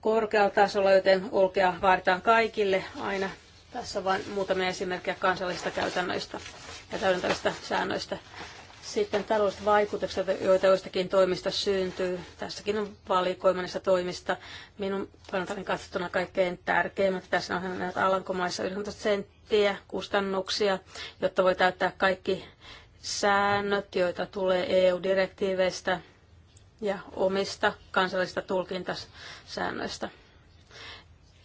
[SPEAKER 4] korkealla tasolla, joten olkea vaaditaan kaikille aina. Tässä vain muutamia esimerkkejä kansallisista käytännöistä ja täydentävistä säännöistä. Sitten taloudelliset vaikutukset, joita joistakin toimista syntyy. Tässäkin on valikoimanista toimista. Minun kannaltani katsottuna kaikkein tärkeimmät. Tässä on näitä alankomaissa 19 senttiä kustannuksia, jotta voi täyttää kaikki säännöt, joita tulee EU-direktiiveistä ja omista kansallisista tulkintasäännöistä.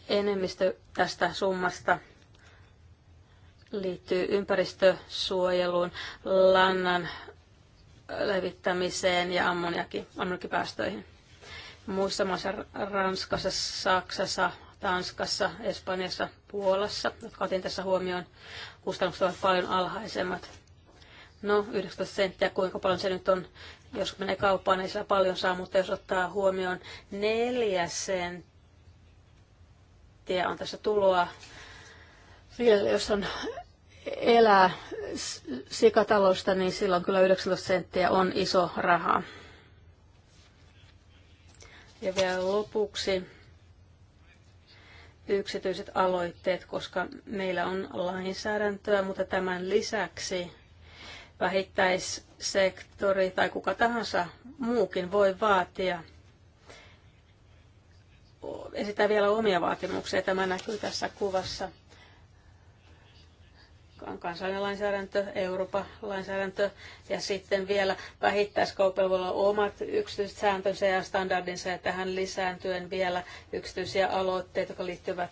[SPEAKER 4] Enemmistö tästä summasta liittyy ympäristösuojeluun, lannan levittämiseen ja ammoniakin, ammoniakipäästöihin. Muissa maissa Ranskassa, Saksassa, Tanskassa, Espanjassa, Puolassa, jotka otin tässä huomioon, kustannukset ovat paljon alhaisemmat. No, 19 senttiä, kuinka paljon se nyt on, jos menee kauppaan, ei sillä paljon saa, mutta jos ottaa huomioon neljä senttiä on tässä tuloa, vielä jos on elää sikatalosta, niin silloin kyllä 19 senttiä on iso raha. Ja vielä lopuksi yksityiset aloitteet, koska meillä on lainsäädäntöä, mutta tämän lisäksi vähittäissektori tai kuka tahansa muukin voi vaatia esittää vielä omia vaatimuksia. Tämä näkyy tässä kuvassa kansallinen lainsäädäntö, Euroopan lainsäädäntö ja sitten vielä vähittäiskaupalla voi olla omat yksityiset sääntönsä ja standardinsa ja tähän lisääntyen vielä yksityisiä aloitteita, jotka liittyvät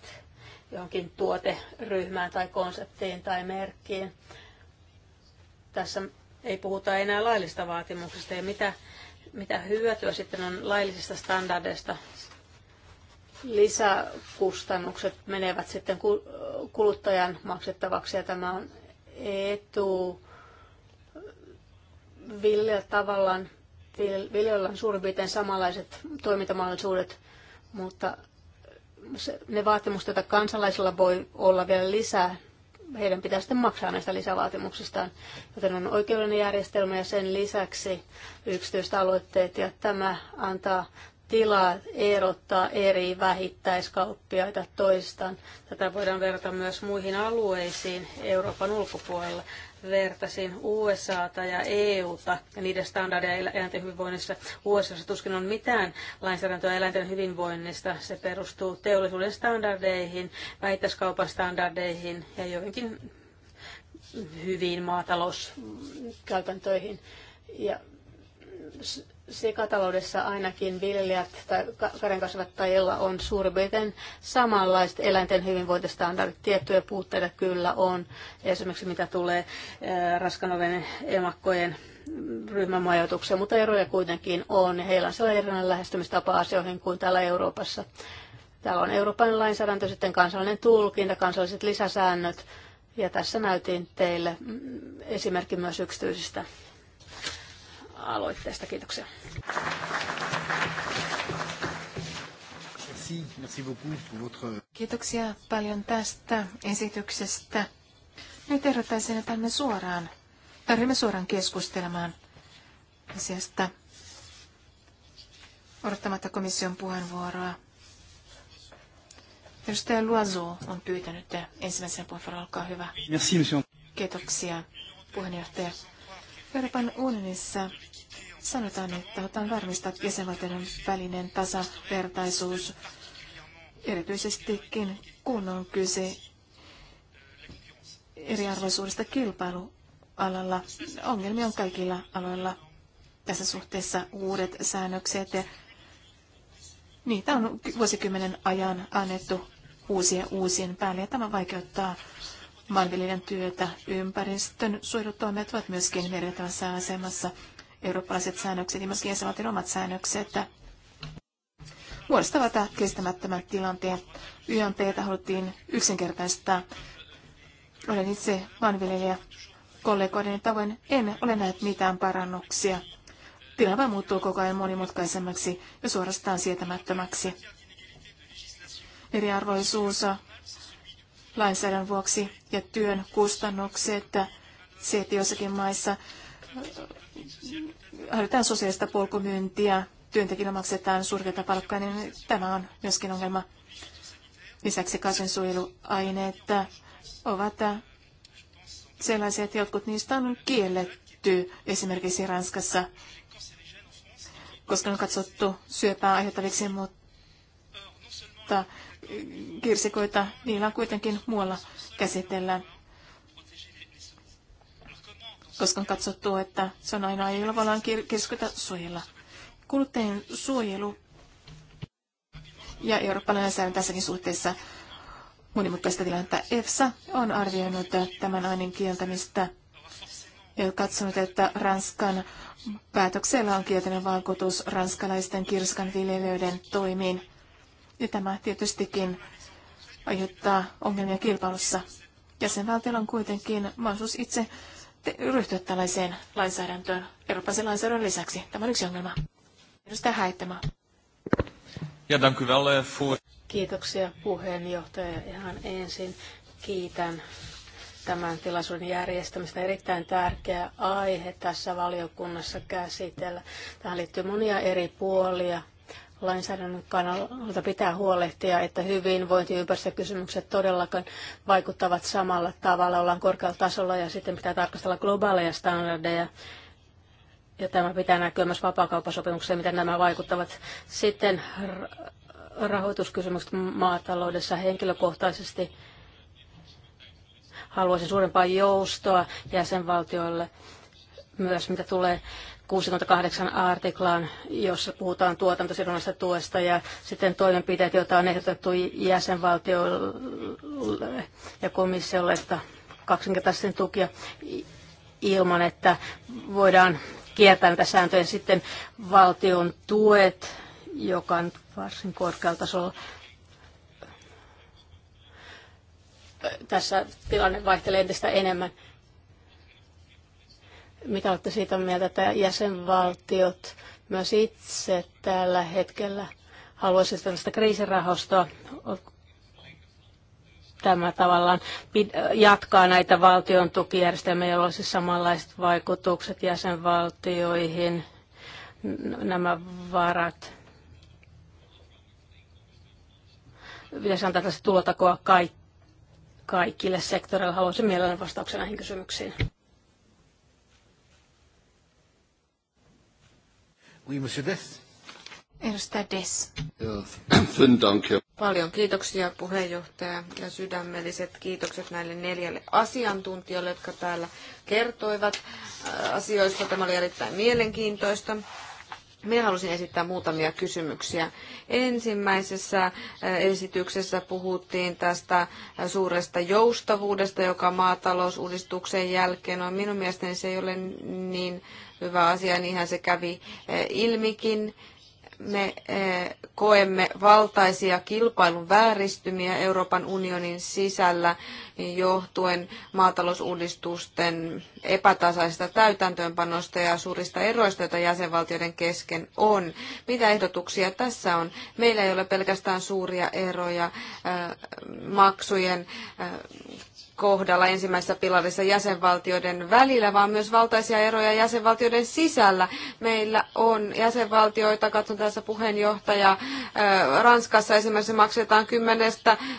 [SPEAKER 4] johonkin tuoteryhmään tai konseptiin tai merkkiin. Tässä ei puhuta enää laillista vaatimuksista ja mitä, mitä hyötyä sitten on laillisista standardeista lisäkustannukset menevät sitten kuluttajan maksettavaksi ja tämä on etu Ville tavallaan, Viljellä on suurin piirtein samanlaiset toimintamahdollisuudet, mutta se, ne vaatimukset, joita kansalaisilla voi olla vielä lisää, heidän pitää sitten maksaa näistä lisävaatimuksistaan. Joten on oikeudellinen järjestelmä ja sen lisäksi yksityiset aloitteet. Ja tämä antaa tilaa erottaa eri vähittäiskauppiaita toistaan. Tätä voidaan verrata myös muihin alueisiin Euroopan ulkopuolella. Vertasin USAta ja EUta ja niiden standardeja eläinten hyvinvoinnissa. USAssa tuskin on mitään lainsäädäntöä eläinten hyvinvoinnista. Se perustuu teollisuuden standardeihin, vähittäiskaupan standardeihin ja joihinkin hyviin maatalouskäytäntöihin. Ja Sikataloudessa ainakin viljelijät tai karjankasvattajilla on suurin piirtein samanlaiset eläinten hyvinvointistandardit. Tiettyjä puutteita kyllä on, esimerkiksi mitä tulee eh, raskanoven emakkojen ryhmämajoitukseen, mutta eroja kuitenkin on. Heillä on sellainen erilainen lähestymistapa asioihin kuin täällä Euroopassa. Täällä on Euroopan lainsäädäntö, sitten kansallinen tulkinta, kansalliset lisäsäännöt, ja tässä näytin teille mm, esimerkki myös
[SPEAKER 2] yksityisistä aloitteesta. Kiitoksia. Kiitoksia paljon tästä esityksestä. Nyt ehdottaisin, että me suoraan, tarvitsemme suoraan keskustelemaan asiasta odottamatta komission puheenvuoroa. Edustaja Luazu on pyytänyt ensimmäisen puheenvuoron. Olkaa hyvä. Merci, Kiitoksia, puheenjohtaja. Euroopan unionissa Sanotaan, että halutaan varmistaa jäsenvaltioiden välinen tasavertaisuus, erityisestikin kun on kyse eriarvoisuudesta kilpailualalla. Ongelmia on kaikilla aloilla. Tässä suhteessa uudet säännökset, niitä on vuosikymmenen ajan annettu uusien uusien päälle, ja tämä vaikeuttaa maanviljelijän työtä. Ympäristön suojelutoimet ovat myöskin merkittävässä asemassa eurooppalaiset säännökset ja myöskin jäsenvaltion omat säännökset muodostavat kestämättömän tilanteen. YMPtä haluttiin yksinkertaistaa. Olen itse maanviljelijä. Kollegoiden tavoin en ole nähnyt mitään parannuksia. Tilanne vain muuttuu koko ajan monimutkaisemmaksi ja suorastaan sietämättömäksi. Eriarvoisuus lainsäädännön vuoksi ja työn kustannukset, se, että jossakin maissa harjoitetaan sosiaalista polkumyyntiä, työntekijällä maksetaan surkeita palkkaa, niin tämä on myöskin ongelma. Lisäksi kasvinsuojeluaineet ovat sellaisia, että jotkut niistä on kielletty esimerkiksi Ranskassa, koska ne on katsottu syöpää aiheuttaviksi, mutta kirsikoita niillä on kuitenkin muualla käsitellään koska on katsottu, että se on aina jolla voidaan suojella. Kuluttajien suojelu ja eurooppalainen säännö tässäkin suhteessa monimutkaista tilannetta. EFSA on arvioinut tämän aineen kieltämistä ja katsonut, että Ranskan päätöksellä on kielteinen vaikutus ranskalaisten kirskan viljelijöiden toimiin. Ja tämä tietystikin aiheuttaa ongelmia kilpailussa. Jäsenvaltiolla on kuitenkin mahdollisuus itse ryhtyä tällaiseen lainsäädäntöön Euroopan lainsäädännön lisäksi. Tämä on yksi ongelma. Edustaja Häittämä. Eh, Kiitoksia puheenjohtaja. Ihan
[SPEAKER 4] ensin kiitän tämän tilaisuuden järjestämistä. Erittäin tärkeä aihe tässä valiokunnassa käsitellä. Tähän liittyy monia eri puolia lainsäädännön kannalta pitää huolehtia, että ympäristökysymykset todellakin vaikuttavat samalla tavalla, ollaan korkealla tasolla ja sitten pitää tarkastella globaaleja standardeja. Ja tämä pitää näkyä myös vapaakauppasopimukseen, miten nämä vaikuttavat. Sitten rahoituskysymykset maataloudessa henkilökohtaisesti haluaisin suurempaa joustoa jäsenvaltioille myös, mitä tulee 68 artiklaan, jossa puhutaan tuotantosidonnaisesta tuesta ja sitten toimenpiteet, joita on ehdotettu jäsenvaltioille ja komissiolle, että kaksinkertaisen tukia ilman, että voidaan kiertää näitä sääntöjä. Sitten valtion tuet, joka on varsin korkealla tasolla. Tässä tilanne vaihtelee entistä enemmän. Mitä olette siitä mieltä, että jäsenvaltiot myös itse tällä hetkellä haluaisivat tällaista kriisirahastoa? Tämä tavallaan jatkaa näitä valtion tukijärjestelmiä, joilla olisi samanlaiset vaikutukset jäsenvaltioihin, nämä varat. Pitäisi antaa tällaista tulotakoa kaikille sektoreille. Haluaisin mielelläni vastauksen näihin kysymyksiin.
[SPEAKER 1] Oui, monsieur Dess.
[SPEAKER 3] Edustaja Dess. Paljon kiitoksia puheenjohtaja ja sydämelliset kiitokset näille neljälle asiantuntijalle, jotka täällä kertoivat äh, asioista. Tämä oli erittäin mielenkiintoista. Minä halusin esittää muutamia kysymyksiä. Ensimmäisessä esityksessä puhuttiin tästä suuresta joustavuudesta, joka maatalousuudistuksen jälkeen on. Minun mielestäni se ei ole niin hyvä asia, niinhän se kävi ilmikin me eh, koemme valtaisia kilpailun vääristymiä Euroopan unionin sisällä johtuen maatalousuudistusten epätasaisesta täytäntöönpanosta ja suurista eroista, joita jäsenvaltioiden kesken on. Mitä ehdotuksia tässä on? Meillä ei ole pelkästään suuria eroja eh, maksujen eh, kohdalla ensimmäisessä pilarissa jäsenvaltioiden välillä, vaan myös valtaisia eroja jäsenvaltioiden sisällä. Meillä on jäsenvaltioita, katson tässä puheenjohtaja, Ranskassa esimerkiksi maksetaan 10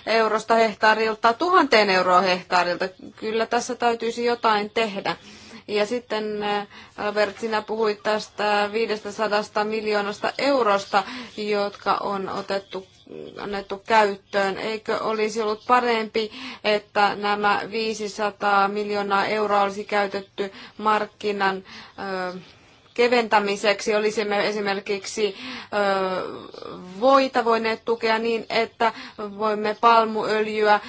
[SPEAKER 3] eurosta hehtaarilta tuhanteen euroa hehtaarilta. Kyllä tässä täytyisi jotain tehdä. Ja sitten Albert, sinä puhuit tästä 500 miljoonasta eurosta, jotka on otettu annettu käyttöön. Eikö olisi ollut parempi, että nämä 500 miljoonaa euroa olisi käytetty markkinan ö, keventämiseksi olisimme esimerkiksi voita voineet tukea niin, että voimme palmuöljyä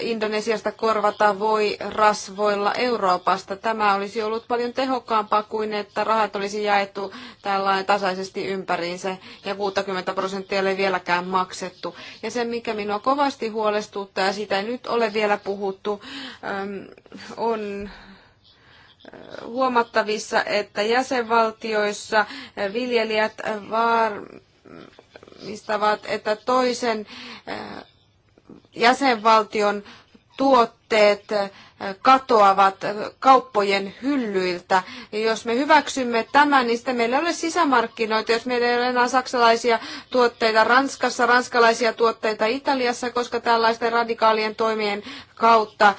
[SPEAKER 3] Indonesiasta korvata voi rasvoilla Euroopasta. Tämä olisi ollut paljon tehokkaampaa kuin, että rahat olisi jaettu tällainen tasaisesti ympäriinsä ja 60 prosenttia ei vieläkään maksettu. Ja se, mikä minua kovasti huolestuttaa, ja siitä ei nyt ole vielä puhuttu, on huomattavissa, että jäsenvaltioissa viljelijät varmistavat, että toisen eh, jäsenvaltion tuotteet katoavat kauppojen hyllyiltä. Ja jos me hyväksymme tämän, niin sitten meillä ei ole sisämarkkinoita, jos meillä ei ole enää saksalaisia tuotteita Ranskassa, ranskalaisia tuotteita Italiassa, koska tällaisten radikaalien toimien kautta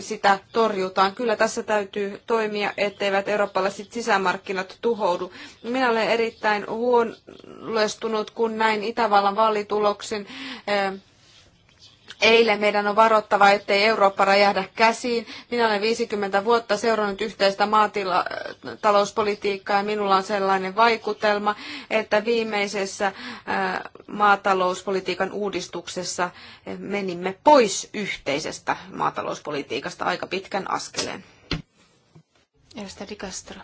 [SPEAKER 3] sitä torjutaan. Kyllä tässä täytyy toimia, etteivät eurooppalaiset sisämarkkinat tuhoudu. Minä olen erittäin huolestunut, kun näin Itävallan vaalituloksen Eilen meidän on varottava, ettei Eurooppa räjähdä käsiin. Minä olen 50 vuotta seurannut yhteistä maatalouspolitiikkaa ja minulla on sellainen vaikutelma, että viimeisessä äh, maatalouspolitiikan uudistuksessa menimme pois yhteisestä maatalouspolitiikasta aika pitkän askeleen. Di Castro.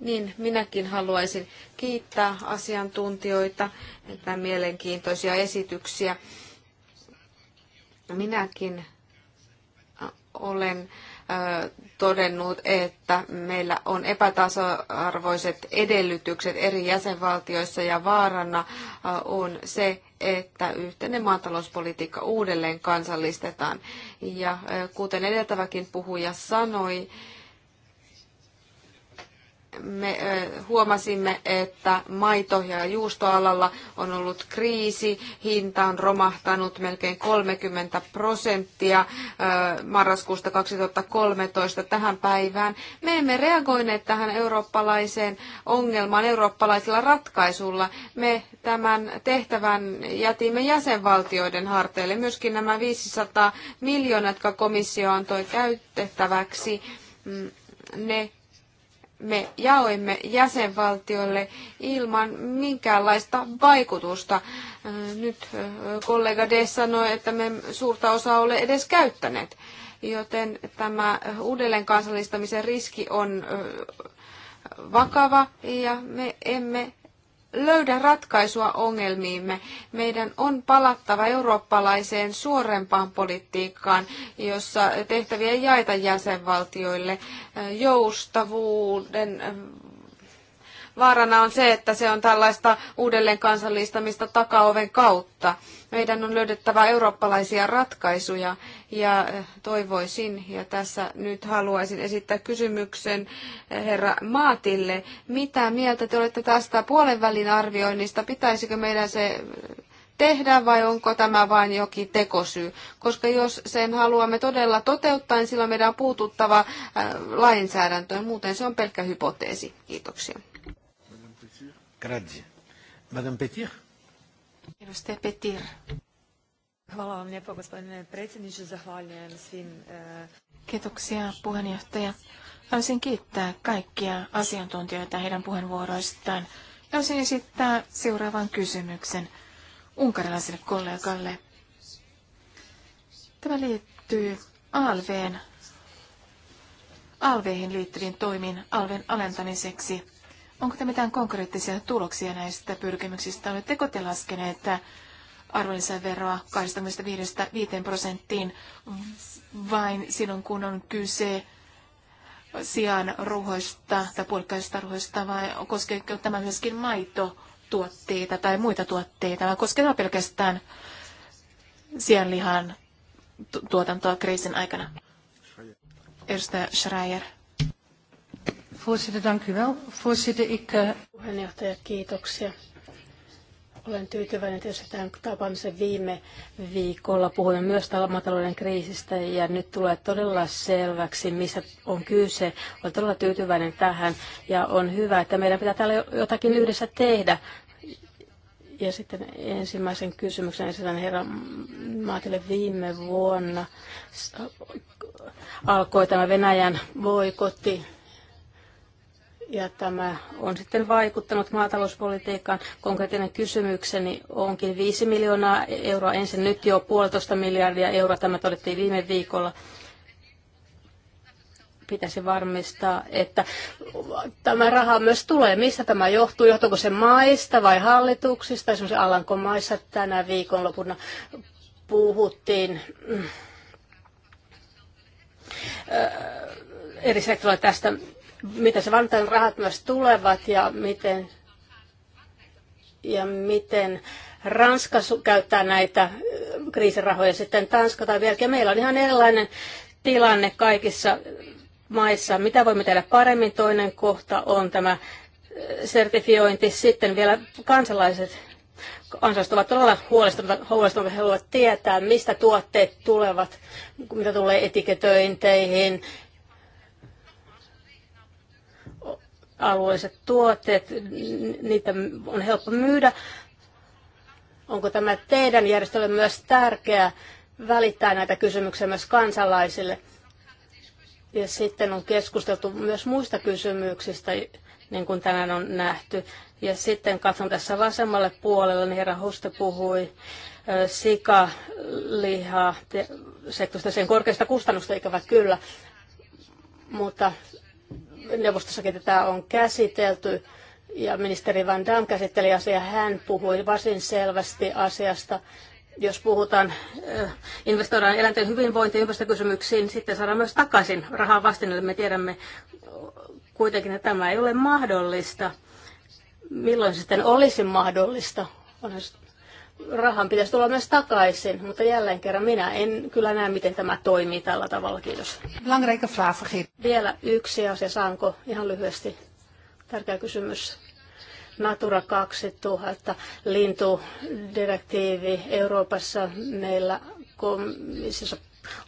[SPEAKER 3] Niin, minäkin haluaisin kiittää asiantuntijoita, näitä mielenkiintoisia esityksiä. Minäkin äh, olen äh, todennut, että meillä on epätasa-arvoiset edellytykset eri jäsenvaltioissa ja vaarana äh, on se, että yhteinen maatalouspolitiikka uudelleen kansallistetaan. Ja kuten edeltäväkin puhuja sanoi, me huomasimme, että maito- ja juustoalalla on ollut kriisi, hinta on romahtanut melkein 30 prosenttia marraskuusta 2013 tähän päivään. Me emme reagoineet tähän eurooppalaiseen ongelmaan eurooppalaisilla ratkaisulla. Me tämän tehtävän jätimme jäsenvaltioiden harteille. Myöskin nämä 500 miljoonaa, jotka komissio antoi käytettäväksi, mm, ne me jaoimme jäsenvaltiolle ilman minkäänlaista vaikutusta. Nyt kollega D sanoi, että me suurta osaa ole edes käyttäneet, joten tämä uudelleen kansallistamisen riski on vakava ja me emme löydä ratkaisua ongelmiimme. Meidän on palattava eurooppalaiseen suorempaan politiikkaan, jossa tehtäviä ei jaeta jäsenvaltioille. Joustavuuden äh, vaarana on se, että se on tällaista uudelleen kansallistamista takaoven kautta. Meidän on löydettävä eurooppalaisia ratkaisuja ja eh, toivoisin, ja tässä nyt haluaisin esittää kysymyksen eh, herra Maatille. Mitä mieltä te olette tästä puolenvälin arvioinnista? Pitäisikö meidän se eh, tehdä vai onko tämä vain jokin tekosyy? Koska jos sen haluamme todella toteuttaa, niin silloin meidän on puututtava lainsäädäntöön. Muuten se on pelkkä hypoteesi. Kiitoksia.
[SPEAKER 1] Grazie. Madame Petir.
[SPEAKER 3] Edustaja Petir.
[SPEAKER 2] Hvala vam lijepo, gospodine
[SPEAKER 3] predsjedniče. Zahvaljujem svim... E,
[SPEAKER 2] Kiitoksia, puheenjohtaja. Haluaisin kiittää kaikkia asiantuntijoita heidän puheenvuoroistaan. Haluaisin esittää seuraavan kysymyksen unkarilaiselle kollegalle. Tämä liittyy ALVeen, ALVeihin liittyviin toimiin ALVen alentamiseksi. Onko te mitään konkreettisia tuloksia näistä pyrkimyksistä? Oletteko te laskeneet arvonlisäveroa 25-5 prosenttiin vain silloin, kun on kyse sijaan ruhoista tai puolikkaisista ruhoista, vai koskeeko tämä myöskin maitotuotteita tai muita tuotteita, vai koskeeko pelkästään sianlihan tuotantoa kriisin aikana? Edustaja Schreier. Voorzitter, dank u wel. Voorzitter, ik... Eh, Puheenjohtaja, kiitoksia.
[SPEAKER 4] Olen tyytyväinen tietysti tähän tapaamisen viime viikolla. Puhuimme myös maatalouden kriisistä ja nyt tulee todella selväksi, missä on kyse. Olen todella tyytyväinen tähän ja on hyvä, että meidän pitää täällä jotakin yhdessä tehdä. Ja sitten ensimmäisen kysymyksen esitän herra Maatille viime vuonna. Alkoi tämä Venäjän voikotti ja tämä on sitten vaikuttanut maatalouspolitiikkaan. Konkreettinen kysymykseni onkin 5 miljoonaa euroa ensin, nyt jo puolitoista miljardia euroa. Tämä todettiin viime viikolla pitäisi varmistaa, että tämä raha myös tulee. Mistä tämä johtuu? Johtuuko se maista vai hallituksista? Esimerkiksi Alankomaissa tänä viikonlopuna puhuttiin äh, eri sektoreilla tästä mitä se Vantaan rahat myös tulevat ja miten, ja miten Ranska käyttää näitä kriisirahoja sitten Tanska tai Belgia. Meillä on ihan erilainen tilanne kaikissa maissa. Mitä voimme tehdä paremmin? Toinen kohta on tämä sertifiointi. Sitten vielä kansalaiset kansalaiset ovat todella huolestuneita, huolestuneita, he haluavat tietää, mistä tuotteet tulevat, mitä tulee etiketöinteihin, alueelliset tuotteet, niitä on helppo myydä. Onko tämä teidän järjestölle myös tärkeää välittää näitä kysymyksiä myös kansalaisille? Ja sitten on keskusteltu myös muista kysymyksistä, niin kuin tänään on nähty. Ja sitten katson tässä vasemmalle puolelle niin herra Huste puhui sikaliha sektorista sen korkeista kustannusta, ikävä kyllä. Mutta neuvostossakin tätä on käsitelty ja ministeri Van Damme käsitteli asiaa. Hän puhui varsin selvästi asiasta. Jos puhutaan, eh, investoidaan eläinten hyvinvointi- ja ympäristökysymyksiin, sitten saadaan myös takaisin rahaa vastineelle. Me tiedämme kuitenkin, että tämä ei ole mahdollista. Milloin sitten olisi mahdollista? Onhan rahan pitäisi tulla myös takaisin, mutta jälleen kerran minä en kyllä näe, miten tämä toimii tällä tavalla. Kiitos. Vielä yksi asia, saanko ihan lyhyesti? Tärkeä kysymys. Natura 2000 lintudirektiivi Euroopassa meillä komissiossa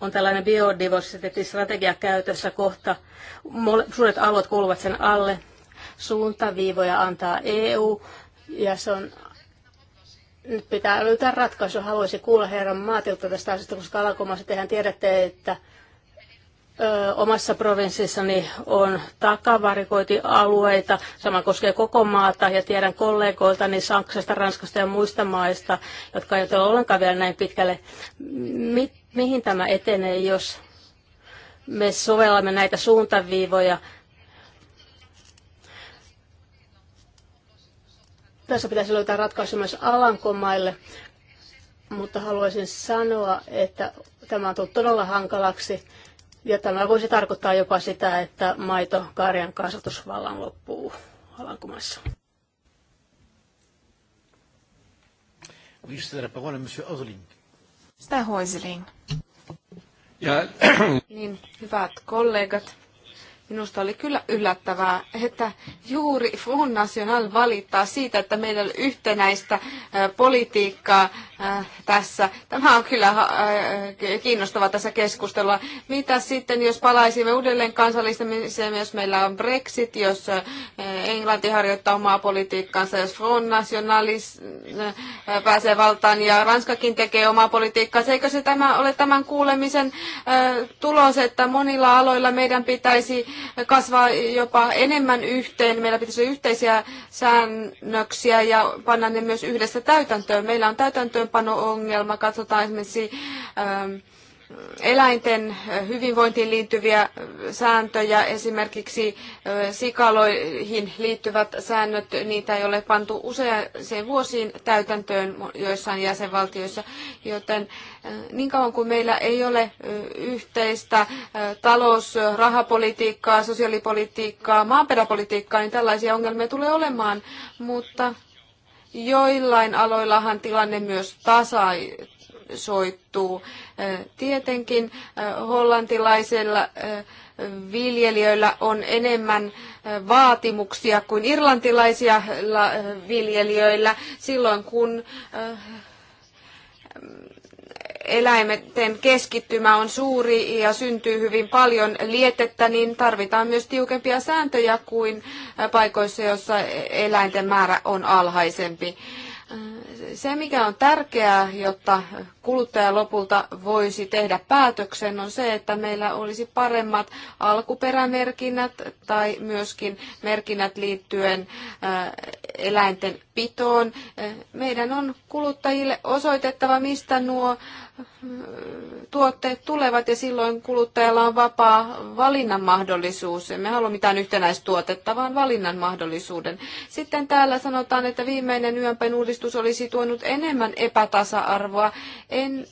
[SPEAKER 4] on tällainen biodiversiteettistrategia käytössä kohta. Suuret alueet kuuluvat sen alle. Suuntaviivoja antaa EU ja se on nyt pitää löytää ratkaisu. Haluaisin kuulla herran maatilta tästä asiasta, koska alakomassa tehän tiedätte, että ö, omassa provinssissani on takavarikointialueita. Sama koskee koko maata ja tiedän kollegoiltani Saksasta, Ranskasta ja muista maista, jotka eivät ole ollenkaan vielä näin pitkälle. Mi- mihin tämä etenee, jos me sovellamme näitä suuntaviivoja Tässä pitäisi löytää ratkaisu myös Alankomaille, mutta haluaisin sanoa, että tämä on tullut todella hankalaksi. Ja tämä voisi tarkoittaa jopa sitä, että maito
[SPEAKER 2] karjan kasvatusvallan loppuu
[SPEAKER 1] Alankomaissa.
[SPEAKER 3] Ja... Niin, hyvät kollegat, Minusta oli kyllä yllättävää, että juuri Front National valittaa siitä, että meillä on yhtenäistä politiikkaa Äh, tässä. Tämä on kyllä äh, äh, kiinnostava tässä keskustelua. Mitä sitten, jos palaisimme uudelleen kansallistamiseen, jos meillä on Brexit, jos Englanti harjoittaa omaa politiikkaansa, jos Front Nationalis pääsee valtaan ja Ranskakin tekee omaa politiikkaansa. Eikö se tämä ole tämän kuulemisen tulos, että monilla aloilla meidän pitäisi kasvaa jopa enemmän yhteen, meillä pitäisi olla yhteisiä säännöksiä ja panna ne myös yhdessä täytäntöön. Meillä on täytäntöön toimeenpano-ongelma, katsotaan esimerkiksi ähm, eläinten hyvinvointiin liittyviä äh, sääntöjä, esimerkiksi äh, sikaloihin liittyvät säännöt, niitä ei ole pantu useaseen vuosiin täytäntöön joissain jäsenvaltioissa, joten äh, niin kauan kuin meillä ei ole yhteistä talous-, rahapolitiikkaa, sosiaalipolitiikkaa, maaperäpolitiikkaa, niin tällaisia ongelmia tulee olemaan, mutta Joillain aloillahan tilanne myös tasaisoittuu. Tietenkin hollantilaisella viljelijöillä on enemmän vaatimuksia kuin irlantilaisilla viljelijöillä silloin, kun eläimeten keskittymä on suuri ja syntyy hyvin paljon lietettä, niin tarvitaan myös tiukempia sääntöjä kuin paikoissa, joissa eläinten määrä on alhaisempi. Se, mikä on tärkeää, jotta kuluttaja lopulta voisi tehdä päätöksen, on se, että meillä olisi paremmat alkuperämerkinnät tai myöskin merkinnät liittyen äh, eläinten pitoon. Äh, meidän on kuluttajille osoitettava, mistä nuo äh, tuotteet tulevat ja silloin kuluttajalla on vapaa valinnan mahdollisuus. Emme halua mitään yhtenäistuotetta, vaan valinnan mahdollisuuden. Sitten täällä sanotaan, että viimeinen YMPn uudistus olisi tuonut enemmän epätasa-arvoa. En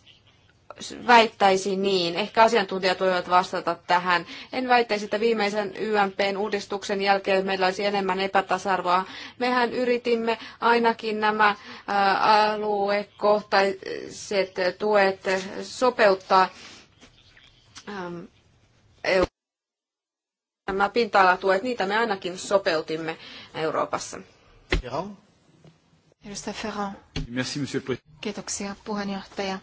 [SPEAKER 3] väittäisi niin, ehkä asiantuntijat voivat vastata tähän. En väittäisi, että viimeisen YMPn uudistuksen jälkeen meillä olisi enemmän epätasarvoa. Mehän yritimme ainakin nämä aluekohtaiset tuet sopeuttaa nämä pinta-alatuet, niitä me ainakin sopeutimme Euroopassa. Joo. Edustaja Ferran. Merci, monsieur
[SPEAKER 2] Kiitoksia, puheenjohtaja.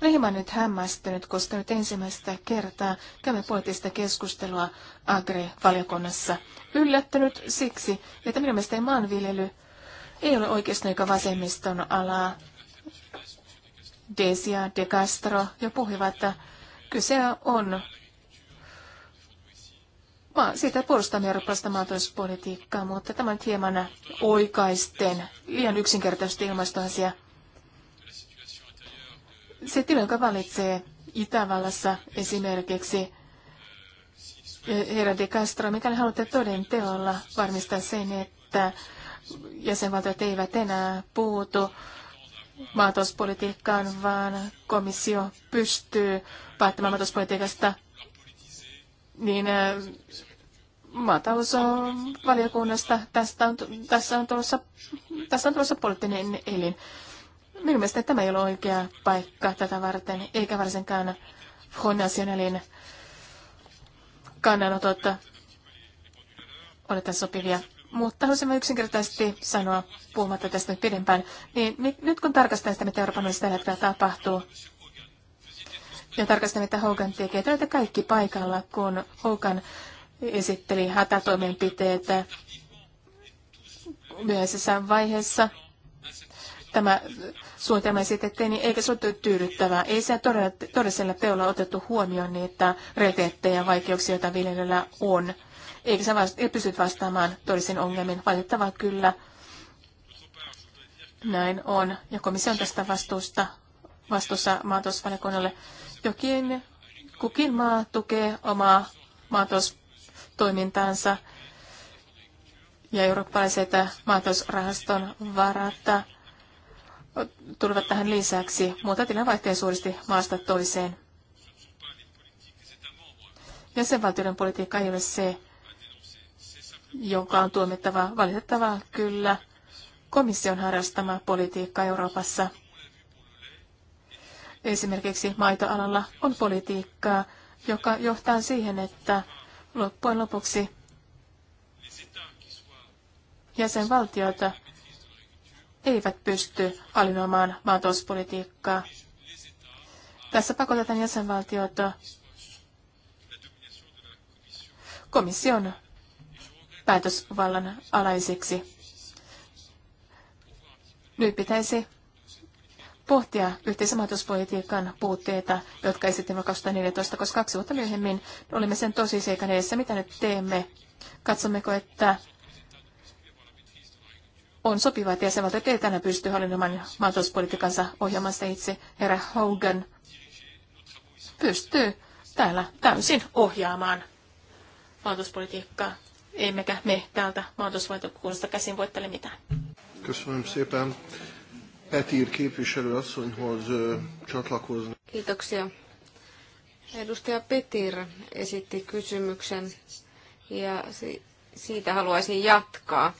[SPEAKER 2] Olen hieman nyt hämmästynyt, koska nyt ensimmäistä kertaa käymme poliittista keskustelua Agri-valiokunnassa. Yllättynyt siksi, että minun mielestäni maanviljely ei ole oikeastaan eikä vasemmiston alaa. Desia, De Castro jo puhuivat, että kyse on Mä siitä puolustamme eurooppalaista maatalouspolitiikkaa, mutta tämä on hieman oikaisten, liian yksinkertaisesti ilmastoasia. Se tilanne, joka valitsee Itävallassa esimerkiksi, eh, Herra de Castro, mikäli haluatte toden teolla varmistaa sen, että jäsenvaltiot eivät enää puutu maatalouspolitiikkaan, vaan komissio pystyy päättämään maatalouspolitiikasta niin äh, maatalousvaliokunnasta tästä on, tässä, on tulossa, tässä on tulossa poliittinen elin. Minun mielestäni tämä ei ole oikea paikka tätä varten, eikä varsinkaan Front Nationalin kannanotot ole tässä sopivia. Mutta haluaisin yksinkertaisesti sanoa, puhumatta tästä nyt pidempään, niin nyt kun tarkastetaan sitä, mitä Euroopan unionissa tällä hetkellä tapahtuu, ja tarkastan, että Hogan tekee. Täältä kaikki paikalla, kun Hogan esitteli hätätoimenpiteitä myöhäisessä vaiheessa. Tämä suunnitelma esitettiin, niin eikä se ole tyydyttävää. Ei se todellisella teolla otettu huomioon niitä realiteetteja ja vaikeuksia, joita viljelijöillä on. Eikä se vasta- ei pysty vastaamaan todellisiin ongelmiin. Valitettavaa kyllä. Näin on. Ja komissio on tästä vastuusta vastuussa maatalousvaliokunnalle. Jokin, kukin maa tukee omaa maataloustoimintaansa ja eurooppalaiset maatalousrahaston varat tulevat tähän lisäksi, mutta tilanne vaihtelee suuresti maasta toiseen. Jäsenvaltioiden politiikka ei ole se, jonka on tuomittava valitettavaa kyllä komission harrastama politiikka Euroopassa – Esimerkiksi maitoalalla on politiikkaa, joka johtaa siihen, että loppujen lopuksi jäsenvaltiot eivät pysty alinomaan maatalouspolitiikkaa. Tässä pakotetaan jäsenvaltiot komission päätösvallan alaisiksi. Nyt pitäisi pohtia yhteisen maatalouspolitiikan puutteita, jotka esitimme 2014, koska kaksi vuotta myöhemmin olimme sen seikan edessä, mitä nyt teemme. Katsommeko, että on sopivaa, että jäsenvaltiot ei tänään pysty hallinnoimaan maatalouspolitiikansa ohjelmasta itse. Herra Hogan pystyy täällä täysin ohjaamaan maatalouspolitiikkaa. Emmekä me täältä maatalousvaliokunnasta käsin voittele mitään.
[SPEAKER 1] Kysymyksiä. Petir képviselő asszonyhoz csatlakozni.
[SPEAKER 3] Kiitoksia. Edustaja Petir esitti kysymyksen ja siitä haluaisin jatkaa.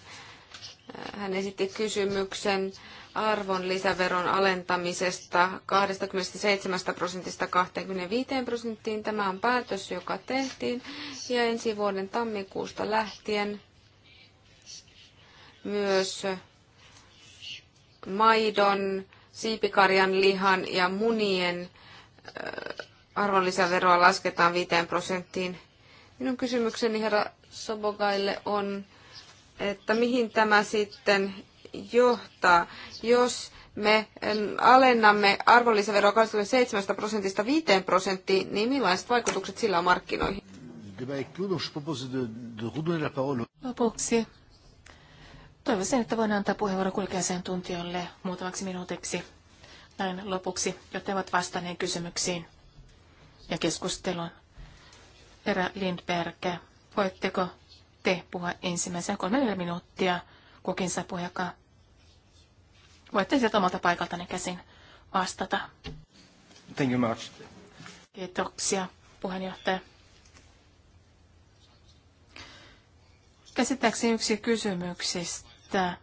[SPEAKER 3] Hän esitti kysymyksen arvonlisäveron alentamisesta 27 prosentista 25 prosenttiin. Tämä on päätös, joka tehtiin ja ensi vuoden tammikuusta lähtien myös maidon, siipikarjan, lihan ja munien arvonlisäveroa lasketaan 5 prosenttiin. Minun kysymykseni herra Sobogaille on, että mihin tämä sitten johtaa, jos me alennamme arvonlisäveroa 27 prosentista 5 prosenttiin, niin millaiset vaikutukset sillä on markkinoihin? Lopuksi
[SPEAKER 2] Toivoisin, että voin antaa puheenvuoro kulkeaseen tuntijoille muutamaksi minuutiksi näin lopuksi, jotta ovat vastanneet kysymyksiin ja keskusteluun. Herra Lindberg, voitteko te puhua ensimmäisen kolme minuuttia kukinsa saa puheenjohtaja? Voitte sieltä omalta paikaltani käsin vastata. Thank you much. Kiitoksia, puheenjohtaja. Käsittääkseni yksi kysymyksistä että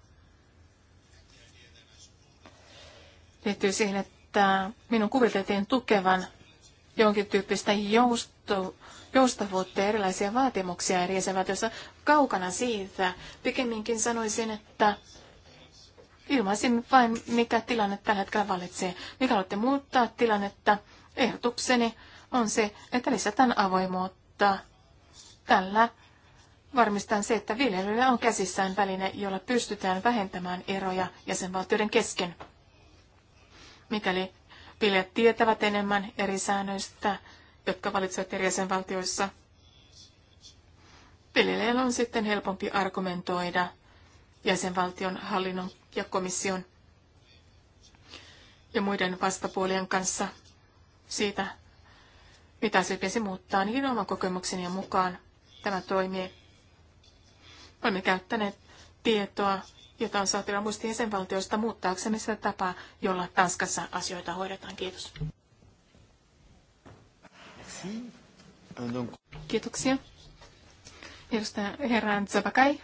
[SPEAKER 2] liittyy siihen, että minun kuviteltiin tukevan jonkin tyyppistä jousto, joustavuutta ja erilaisia vaatimuksia eri jäsenvaltioissa kaukana siitä. Pikemminkin sanoisin, että ilmaisin vain, mikä tilanne tällä hetkellä valitsee. Mikä haluatte muuttaa tilannetta? Ehdotukseni on se, että lisätään avoimuutta. Tällä Varmistan se, että viljelyllä on käsissään väline, jolla pystytään vähentämään eroja jäsenvaltioiden kesken. Mikäli viljelijät tietävät enemmän eri säännöistä, jotka valitsevat eri jäsenvaltioissa, viljelijällä on sitten helpompi argumentoida jäsenvaltion hallinnon ja komission ja muiden vastapuolien kanssa siitä, mitä se pitäisi muuttaa. Niin oman kokemukseni mukaan tämä toimii. Olemme käyttäneet tietoa, jota on saatavilla muista jäsenvaltioista muuttaaksemme sitä tapaa, jolla Tanskassa asioita hoidetaan. Kiitos. Kiitoksia. Edustaja herra Zabakai.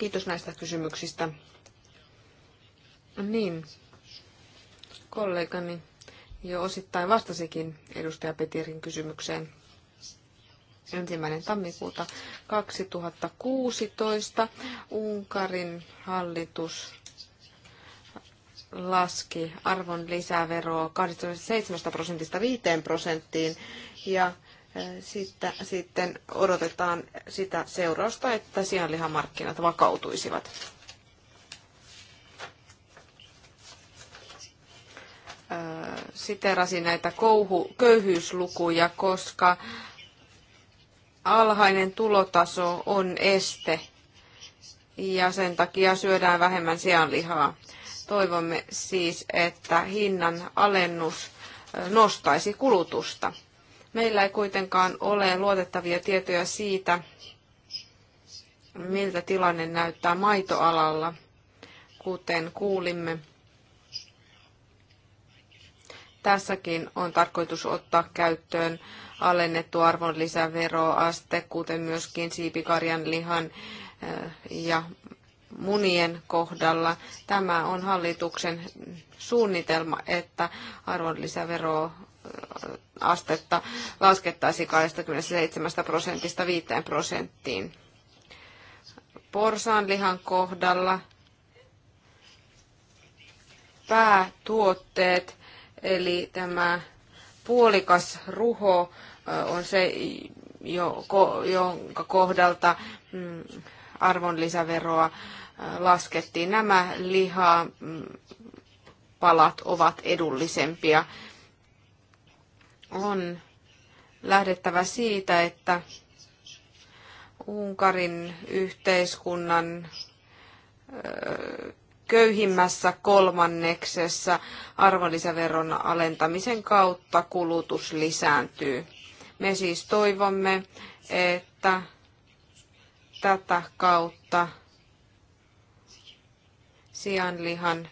[SPEAKER 3] Kiitos näistä kysymyksistä. Niin, kollegani jo osittain vastasikin edustaja Petirin kysymykseen ensimmäinen tammikuuta 2016 Unkarin hallitus laski arvon lisäveroa 27 prosentista 5 prosenttiin ja eh, sitten, sitten odotetaan sitä seurausta, että sianlihamarkkinat vakautuisivat. siterasi näitä kouhu, köyhyyslukuja, koska alhainen tulotaso on este ja sen takia syödään vähemmän sianlihaa. Toivomme siis, että hinnan alennus nostaisi kulutusta. Meillä ei kuitenkaan ole luotettavia tietoja siitä, miltä tilanne näyttää maitoalalla, kuten kuulimme. Tässäkin on tarkoitus ottaa käyttöön alennettu arvonlisäveroaste, kuten myöskin siipikarjan lihan eh, ja munien kohdalla. Tämä on hallituksen suunnitelma, että arvonlisävero eh, astetta laskettaisiin 27 prosentista 5 prosenttiin. Porsaanlihan kohdalla päätuotteet Eli tämä puolikas ruho on se, jonka kohdalta mm, arvonlisäveroa laskettiin. Nämä lihapalat mm, ovat edullisempia. On lähdettävä siitä, että Unkarin yhteiskunnan köyhimmässä kolmanneksessa arvonlisäveron alentamisen kautta kulutus lisääntyy. Me siis toivomme, että tätä kautta sianlihan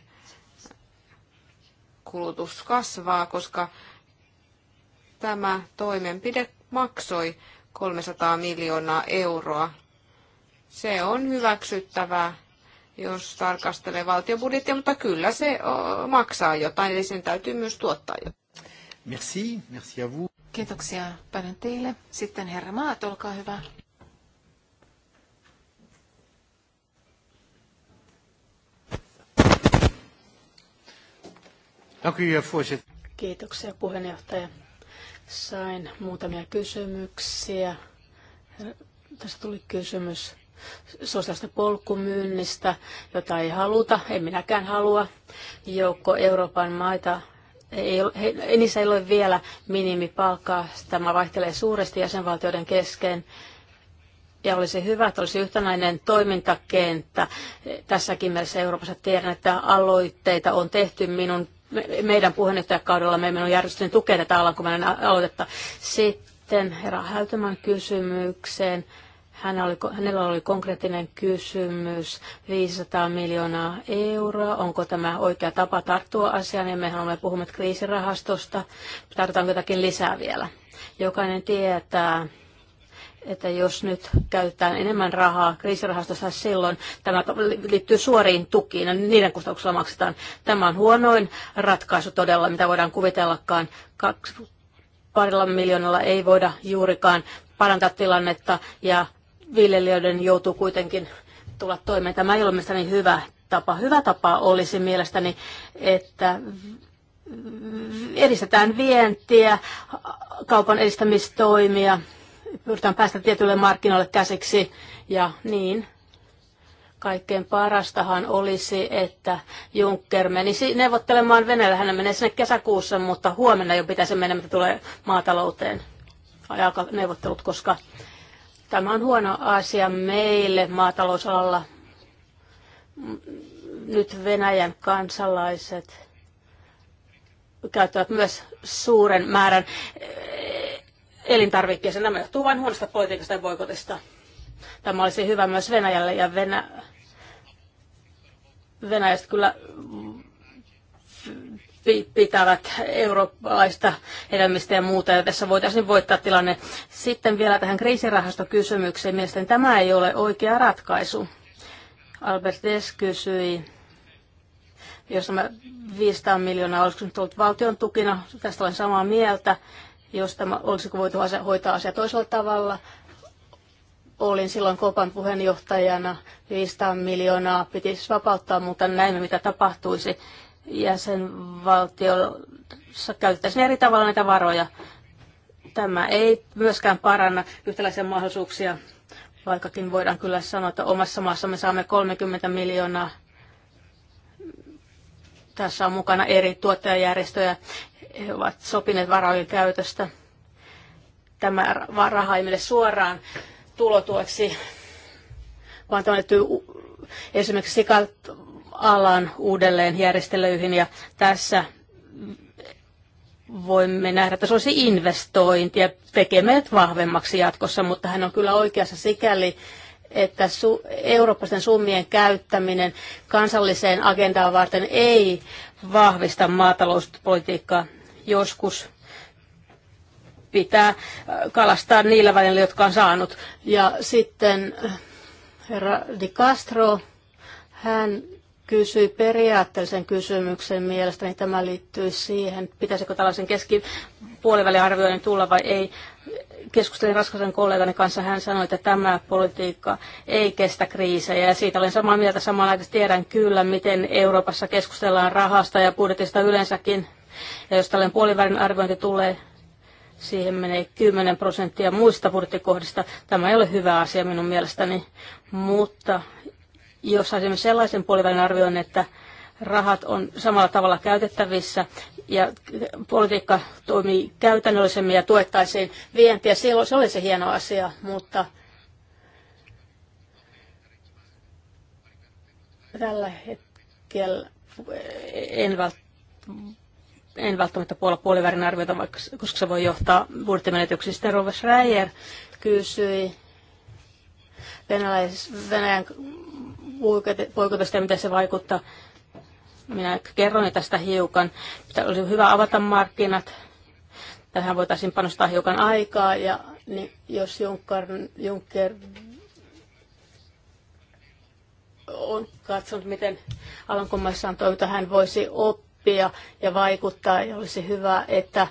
[SPEAKER 3] kulutus kasvaa, koska tämä toimenpide maksoi 300 miljoonaa euroa. Se on hyväksyttävää jos tarkastelee valtiobudjettia, mutta kyllä se maksaa jotain, eli sen täytyy myös tuottaa jotain.
[SPEAKER 1] Merci, merci à vous.
[SPEAKER 2] Kiitoksia paljon teille. Sitten herra Maat, olkaa hyvä.
[SPEAKER 4] Kiitoksia puheenjohtaja. Sain muutamia kysymyksiä. Tässä tuli kysymys sosiaalista polkumyynnistä, jota ei haluta, en minäkään halua. Joukko Euroopan maita, ei, he, niissä ei ole vielä minimipalkkaa. Tämä vaihtelee suuresti jäsenvaltioiden kesken. Ja olisi hyvä, että olisi yhtenäinen toimintakenttä. Tässäkin mielessä Euroopassa tiedän, että aloitteita on tehty minun meidän puheenjohtajakaudella me minun järjestöni tukee tätä alankomainen aloitetta. Sitten herra Häytömän kysymykseen Hänellä oli, hänellä oli konkreettinen kysymys, 500 miljoonaa euroa. Onko tämä oikea tapa tarttua asiaan? Ja mehän olemme puhuneet kriisirahastosta. Tarvitaanko jotakin lisää vielä? Jokainen tietää, että jos nyt käytetään enemmän rahaa kriisirahastossa, silloin tämä liittyy suoriin tukiin ja no, niiden kustannuksella maksetaan. Tämä on huonoin ratkaisu todella, mitä voidaan kuvitellakaan. Kaksi, parilla miljoonalla ei voida juurikaan parantaa tilannetta ja viljelijöiden joutuu kuitenkin tulla toimeen. Tämä ei ole mielestäni hyvä tapa. Hyvä tapa olisi mielestäni, että edistetään vientiä, kaupan edistämistoimia, pyritään päästä tietylle markkinoille käsiksi ja niin. Kaikkein parastahan olisi, että Juncker menisi neuvottelemaan Venäjällä. Hän menee sinne kesäkuussa, mutta huomenna jo pitäisi mennä, mitä tulee maatalouteen neuvottelut, koska Tämä on huono asia meille maatalousalalla. Nyt Venäjän kansalaiset käyttävät myös suuren määrän elintarvikkeeseen. Nämä johtuvat vain huonosta politiikasta ja boikotista. Tämä olisi hyvä myös Venäjälle ja Venä... Venäjästä kyllä pitävät eurooppalaista elämistä ja muuta, ja tässä voitaisiin voittaa tilanne. Sitten vielä tähän kriisirahastokysymykseen. Mielestäni tämä ei ole oikea ratkaisu. Albert Des kysyi, jos tämä 500 miljoonaa olisiko nyt ollut valtion tukina, tästä olen samaa mieltä, jos tämä olisiko voitu asia, hoitaa asia toisella tavalla. Olin silloin Kopan puheenjohtajana, 500 miljoonaa piti siis vapauttaa, mutta näimme mitä tapahtuisi jäsenvaltiossa käytettäisiin eri tavalla näitä varoja. Tämä ei myöskään paranna yhtäläisiä mahdollisuuksia, vaikkakin voidaan kyllä sanoa, että omassa maassamme saamme 30 miljoonaa. Tässä on mukana eri tuottajajärjestöjä, he ovat sopineet varojen käytöstä. Tämä raha ei mene suoraan tulotueksi, vaan tämä esimerkiksi alan uudelleen järjestelyihin ja tässä voimme nähdä, että se olisi investointi ja tekemät vahvemmaksi jatkossa, mutta hän on kyllä oikeassa sikäli, että su- eurooppalaisten summien käyttäminen kansalliseen agendaan varten ei vahvista maatalouspolitiikkaa. Joskus pitää äh, kalastaa niillä välillä, jotka on saanut. Ja sitten äh, herra Di Castro, hän kysyi periaatteellisen kysymyksen mielestäni. Niin tämä liittyy siihen, pitäisikö tällaisen keskipuoliväliarvioinnin tulla vai ei. Keskustelin Raskasen kollegani kanssa, hän sanoi, että tämä politiikka ei kestä kriisejä ja siitä olen samaa mieltä. Samanaikaisesti tiedän kyllä, miten Euroopassa keskustellaan rahasta ja budjetista yleensäkin. Ja jos tällainen puolivälin arviointi tulee, siihen menee 10 prosenttia muista budjettikohdista. Tämä ei ole hyvä asia minun mielestäni, mutta jos saisimme sellaisen puolivälin arvioin, että rahat on samalla tavalla käytettävissä ja politiikka toimii käytännöllisemmin ja tuettaisiin vientiä, silloin se olisi hieno asia, mutta tällä hetkellä en, vält- en välttämättä puolella puolivärin arvioita, vaikka, koska se voi johtaa Sitten Rove Schreier kysyi venäläis- Venäjän boikotista sitä, miten se vaikuttaa. Minä kerron tästä hiukan. Tämä olisi hyvä avata markkinat. Tähän voitaisiin panostaa hiukan aikaa ja niin jos Junker, Junker on katsonut, miten Alankomaissa on toivota, hän voisi oppia ja vaikuttaa ja olisi hyvä, että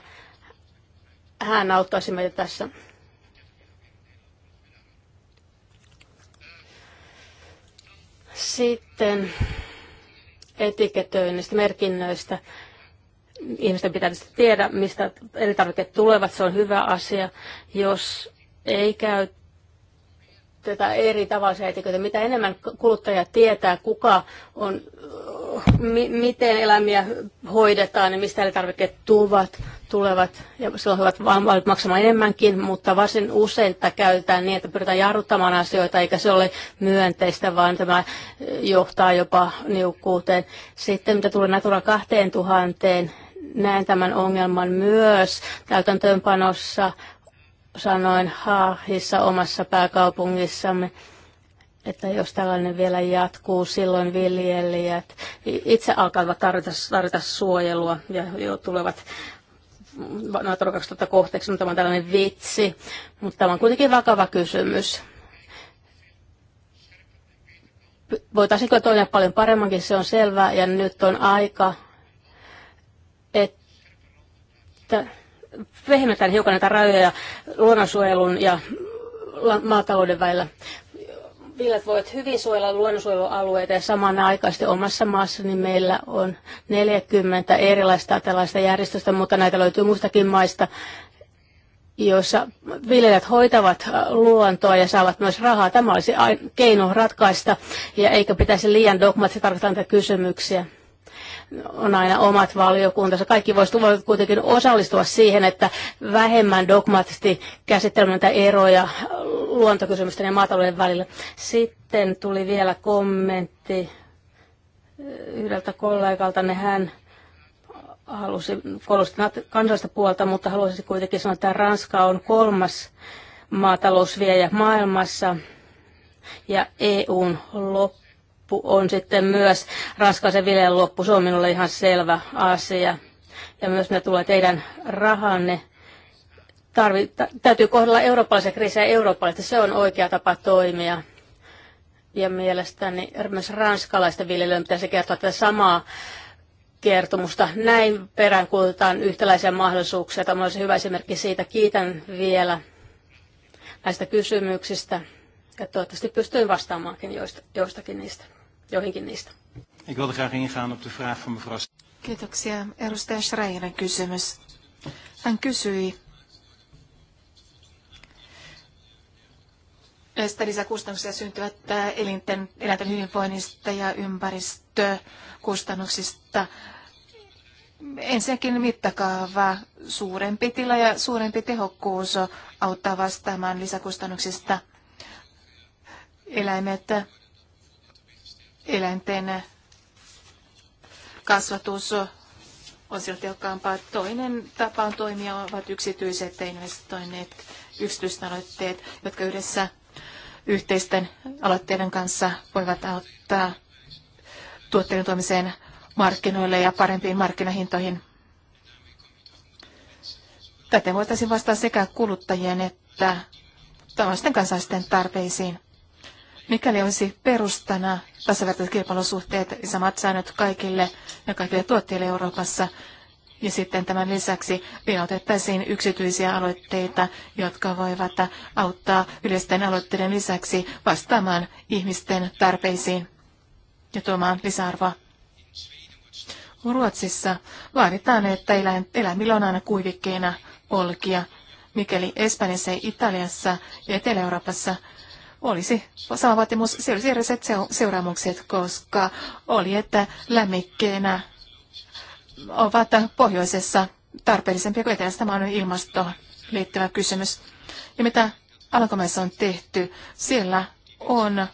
[SPEAKER 4] hän auttaisi meitä tässä Sitten etiketöinnistä, merkinnöistä. Ihmisten pitää tiedä, mistä elintarvikkeet tulevat. Se on hyvä asia. Jos ei käy tätä eri tavallisia etiköitä, mitä enemmän kuluttaja tietää, kuka on miten eläimiä hoidetaan ja mistä elintarvikkeet tuvat, tulevat. Ja silloin he ovat valmiit maksamaan enemmänkin, mutta varsin usein tätä käytetään niin, että pyritään jarruttamaan asioita, eikä se ole myönteistä, vaan tämä eh, johtaa jopa niukkuuteen. Sitten mitä tulee Natura 2000, näen tämän ongelman myös täytäntöönpanossa, sanoin Haahissa omassa pääkaupungissamme että jos tällainen vielä jatkuu, silloin viljelijät itse alkavat tarvita, tarvita suojelua ja jo tulevat Natura 2000 kohteeksi. Mutta tämä on tällainen vitsi, mutta tämä on kuitenkin vakava kysymys. Voitaisiinko toimia paljon paremmankin, se on selvää, ja nyt on aika, että vehmetään hiukan näitä rajoja luonnonsuojelun ja maatalouden välillä villat voivat hyvin suojella luonnonsuojelualueita ja samanaikaisesti omassa maassani meillä on 40 erilaista tällaista järjestöstä, mutta näitä löytyy muistakin maista, joissa viljelijät hoitavat äh, luontoa ja saavat myös rahaa. Tämä olisi keino ratkaista ja eikä pitäisi liian dogmaattisesti tarkoittaa näitä kysymyksiä on aina omat valiokuntansa. Kaikki voisivat kuitenkin osallistua siihen, että vähemmän dogmaattisesti käsittelemme näitä eroja luontokysymysten ja maatalouden välillä. Sitten tuli vielä kommentti yhdeltä kollegalta, ne hän halusi kolostaa kansallista puolta, mutta haluaisin kuitenkin sanoa, että Ranska on kolmas maatalousviejä maailmassa ja EUn loppu loppu on sitten myös ranskaisen viljan loppu. Se on minulle ihan selvä asia. Ja myös ne tulee teidän rahanne. Tarvi, ta, täytyy kohdella eurooppalaisia kriisejä eurooppalaisesti. Se on oikea tapa toimia. Ja mielestäni myös ranskalaisten viljelijöiden pitäisi kertoa tätä samaa kertomusta. Näin peräänkuulutetaan yhtäläisiä mahdollisuuksia. Tämä olisi hyvä esimerkki siitä. Kiitän vielä näistä kysymyksistä ja toivottavasti pystyin
[SPEAKER 2] vastaamaankin joista, joistakin niistä joihinkin niistä.
[SPEAKER 1] Ik wilde graag ingaan op de vraag van
[SPEAKER 2] mevrouw. Kiitoksia. Edustaja Schreierin kysymys. Hän kysyi näistä lisäkustannuksia syntyvät äh, elinten, eläinten hyvinvoinnista ja ympäristökustannuksista. Ensinnäkin mittakaava, suurempi tila ja suurempi tehokkuus auttaa vastaamaan lisäkustannuksista. Eläimet eläinten kasvatus on silti tehokkaampaa. Toinen tapa on toimia ovat yksityiset investoinnit, yksityiset jotka yhdessä yhteisten aloitteiden kanssa voivat auttaa tuotteiden tuomiseen markkinoille ja parempiin markkinahintoihin. Täten voitaisiin vastata sekä kuluttajien että tavallisten kansalaisten tarpeisiin. Mikäli olisi perustana tasavertaiset kilpailusuhteet ja samat säännöt kaikille ja kaikille tuottajille Euroopassa, ja sitten tämän lisäksi vielä otettaisiin yksityisiä aloitteita, jotka voivat auttaa yleisten aloitteiden lisäksi vastaamaan ihmisten tarpeisiin ja tuomaan lisäarvoa. Ruotsissa vaaditaan, että eläimillä on aina kuivikkeena olkia. Mikäli Espanjassa ja Italiassa ja Etelä-Euroopassa olisi sama vaatimus, seuraamukset, seuraamukset, koska oli, että lämmikkeenä ovat pohjoisessa tarpeellisempia kuin etelässä. Tämä on ilmastoon liittyvä kysymys. Ja mitä Alankomaissa on tehty, siellä on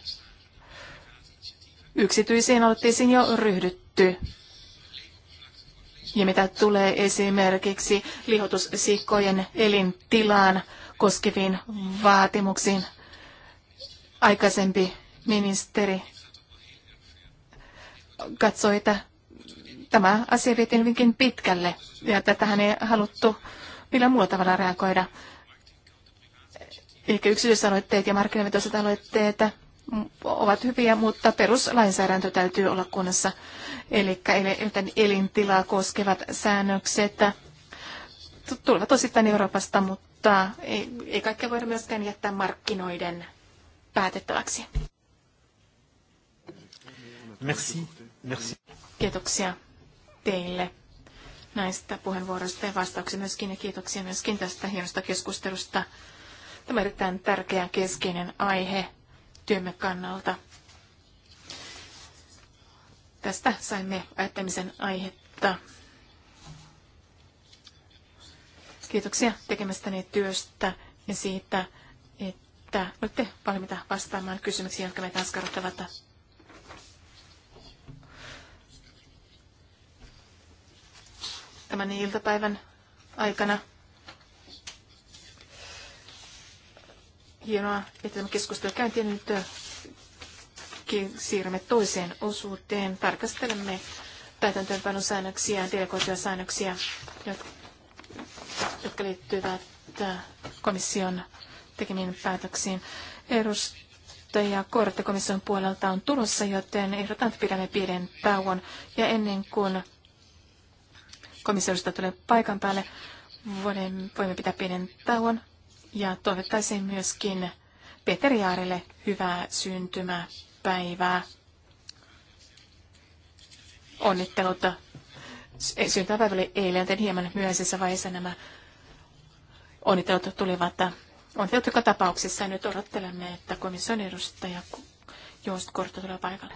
[SPEAKER 2] yksityisiin aloitteisiin jo ryhdytty. Ja mitä tulee esimerkiksi lihotussikkojen elintilaan koskeviin vaatimuksiin, aikaisempi ministeri katsoi, että tämä asia vietiin hyvinkin pitkälle ja tähän ei haluttu millään muulla tavalla reagoida. Eli yksityisaloitteet ja markkinavetoiset aloitteet ovat hyviä, mutta peruslainsäädäntö täytyy olla kunnossa. Eli elintilaa koskevat säännökset tulevat osittain Euroopasta, mutta ei, ei kaikkea voida myöskään jättää markkinoiden päätettäväksi.
[SPEAKER 1] Merci. Merci.
[SPEAKER 2] Kiitoksia teille näistä puheenvuoroista ja vastauksia myöskin ja kiitoksia myöskin tästä hienosta keskustelusta. Tämä on erittäin tärkeä keskeinen aihe työmme kannalta. Tästä saimme ajattelemisen aihetta. Kiitoksia tekemästäni työstä ja siitä, että olette valmiita vastaamaan kysymyksiin, jotka meitä askarruttavat. Tämän iltapäivän aikana hienoa, että tämä keskustelu käyntiin nyt siirrymme toiseen osuuteen. Tarkastelemme päätäntöönpanon säännöksiä, delegoituja säännöksiä, jotka liittyvät komission tekemiin päätöksiin. Edustaja komission puolelta on tulossa, joten ehdotan, että pidämme pienen tauon. Ja ennen kuin komissiosta tulee paikan päälle, voimme pitää pienen tauon ja toivottaisiin myöskin Peter Jaarille hyvää syntymäpäivää. Onnittelut. E, syntymäpäivä oli eilen, joten hieman myöhäisessä vaiheessa nämä onnittelut tulivat on tehty joka tapauksessa. Nyt odottelemme, että komission edustaja Joost Korto tulee paikalle.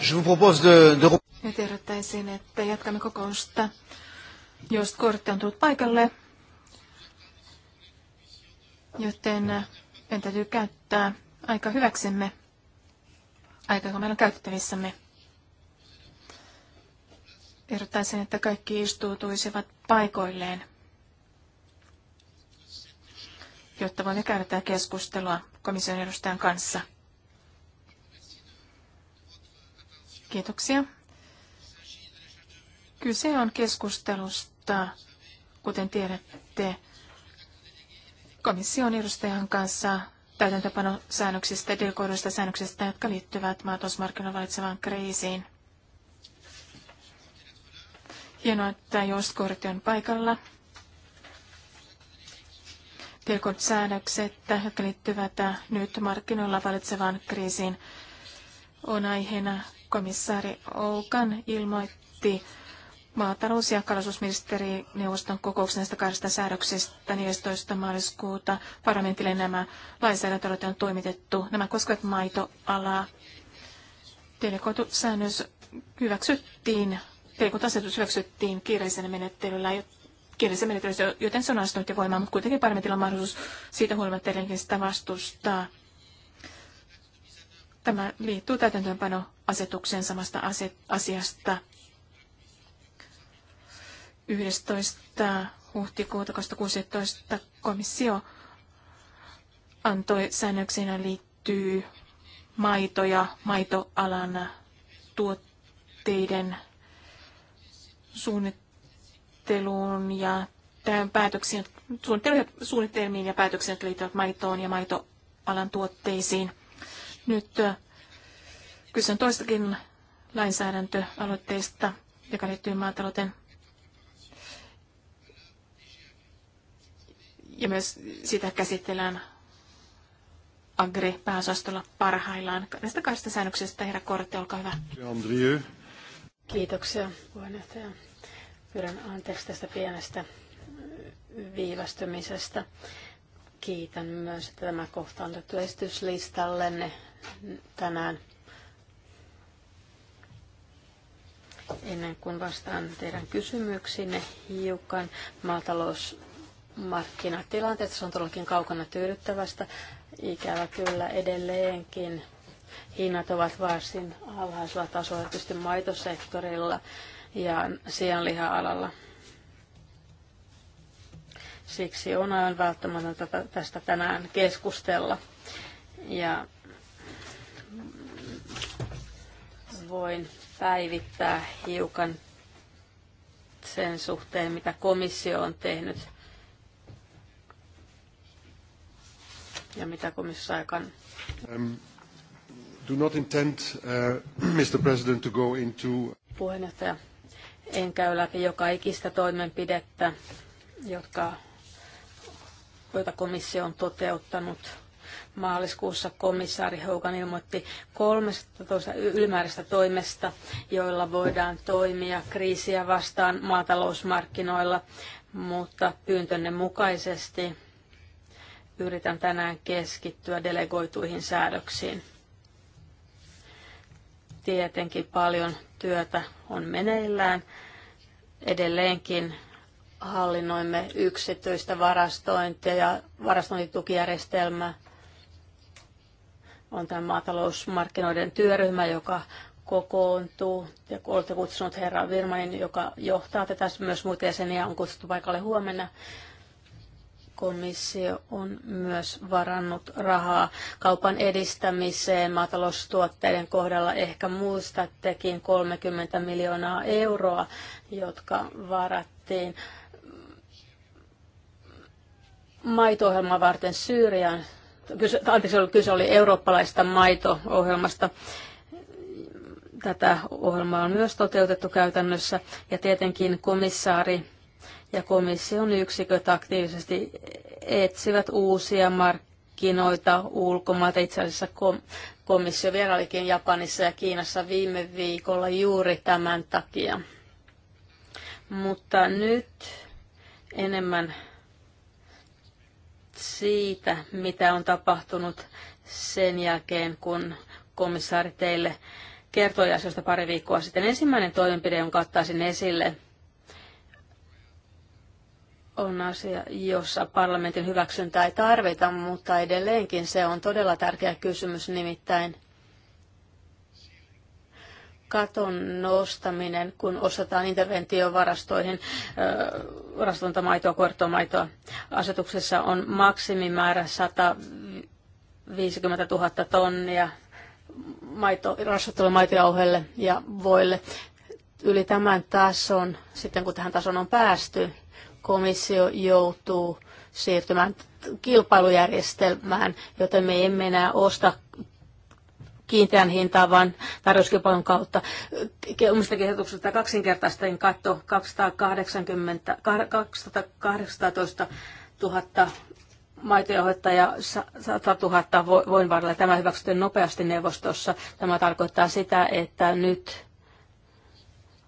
[SPEAKER 1] Je vous propose de, de...
[SPEAKER 2] Nyt että jatkamme kokousta. Jos kortti on tullut paikalle, joten äh, meidän täytyy käyttää aika hyväksemme, aika joka meillä on käytettävissämme. Ehdottaisin, että kaikki istuutuisivat paikoilleen, jotta voimme käydä tätä keskustelua komission edustajan kanssa. Kiitoksia. Kyse on keskustelusta, kuten tiedätte, komission edustajan kanssa täytäntöpanosäännöksistä ja delegoiduista säännöksistä, jotka liittyvät maatalousmarkkinoilla valitsevaan kriisiin. Hienoa, että Joost on paikalla. Tilkot säännökset, jotka liittyvät nyt markkinoilla valitsevaan kriisiin, on aiheena komissaari Oukan ilmoitti maatalous- ja kalastusministerineuvoston kokouksen näistä kahdesta säädöksestä 14. maaliskuuta. Parlamentille nämä lainsäädäntöaloite on toimitettu. Nämä koskevat maitoalaa. Delegoitu säännös hyväksyttiin, delegoitasetus hyväksyttiin kiireisenä menettelyllä, kiireisessä menettelyssä, joten se on astunut jo voimaan, mutta kuitenkin parlamentilla on mahdollisuus siitä huolimatta edelleenkin sitä vastustaa. Tämä liittyy täytäntöönpanoasetukseen samasta asiasta. 11. huhtikuuta 2016 komissio antoi säännöksenä liittyy maito- ja maitoalan tuotteiden suunnitteluun ja tämän päätöksiin, suunnitelmiin ja päätöksiin, jotka liittyvät maitoon ja maitoalan tuotteisiin. Nyt äh, kysyn toistakin lainsäädäntöaloitteista, joka liittyy maatalouteen. Ja myös sitä käsitellään Agri-pääosastolla parhaillaan. Näistä kahdesta säännöksestä, herra Korte, olkaa hyvä. Kiitoksia, puheenjohtaja. Pyydän anteeksi tästä pienestä
[SPEAKER 4] viivästymisestä. Kiitän myös, että tämä kohta on otettu esityslistallenne tänään. Ennen kuin vastaan teidän kysymyksiinne hiukan maatalousmarkkinatilanteet, se on todellakin kaukana tyydyttävästä. Ikävä kyllä edelleenkin hinnat ovat varsin alhaisella tasolla, tietysti maitosektorilla ja sianliha-alalla. Siksi on aivan välttämätöntä tästä tänään keskustella. Ja voin päivittää hiukan sen suhteen, mitä komissio on tehnyt ja mitä komissio aikaan.
[SPEAKER 1] Um, do not intend, uh, Mr. President, to go into...
[SPEAKER 4] Puheenjohtaja, en käy läpi joka ikistä toimenpidettä, jotka, joita komissio on toteuttanut Maaliskuussa komissaari Houkan ilmoitti 13 ylimääräistä toimesta, joilla voidaan toimia kriisiä vastaan maatalousmarkkinoilla, mutta pyyntönne mukaisesti yritän tänään keskittyä delegoituihin säädöksiin. Tietenkin paljon työtä on meneillään. Edelleenkin hallinnoimme yksityistä varastointia ja varastointitukijärjestelmää on tämä maatalousmarkkinoiden työryhmä, joka kokoontuu. Ja olette kutsunut herra Virmanin, joka johtaa tätä. Myös muita jäseniä on kutsuttu paikalle huomenna. Komissio on myös varannut rahaa kaupan edistämiseen maataloustuotteiden kohdalla. Ehkä muistattekin 30 miljoonaa euroa, jotka varattiin maito varten Syyrian anteeksi, kyse oli eurooppalaista maito-ohjelmasta. Tätä ohjelmaa on myös toteutettu käytännössä ja tietenkin komissaari ja komission yksiköt aktiivisesti etsivät uusia markkinoita ulkomailta. Itse asiassa komissio vierailikin Japanissa ja Kiinassa viime viikolla juuri tämän takia. Mutta nyt enemmän siitä, mitä on tapahtunut sen jälkeen, kun komissaari teille kertoi asioista pari viikkoa sitten. Ensimmäinen toimenpide, jonka ottaisin esille, on asia, jossa parlamentin hyväksyntää ei tarvita, mutta edelleenkin se on todella tärkeä kysymys, nimittäin katon nostaminen, kun osataan interventiovarastoihin varastonta maitoa, korttomaitoa. Asetuksessa on maksimimäärä 150 000 tonnia maito, rastuttavalle maitojauhelle ja voille. Yli tämän tason, sitten kun tähän tason on päästy, komissio joutuu siirtymään kilpailujärjestelmään, joten me emme enää osta kiinteän hintaan, vaan tarjouskilpailun kautta. Omista kehityksistä kaksinkertaisten katto 280, 218 000 maitojohtaja 100 000 voin varrella. Tämä hyväksyttiin nopeasti neuvostossa. Tämä tarkoittaa sitä, että nyt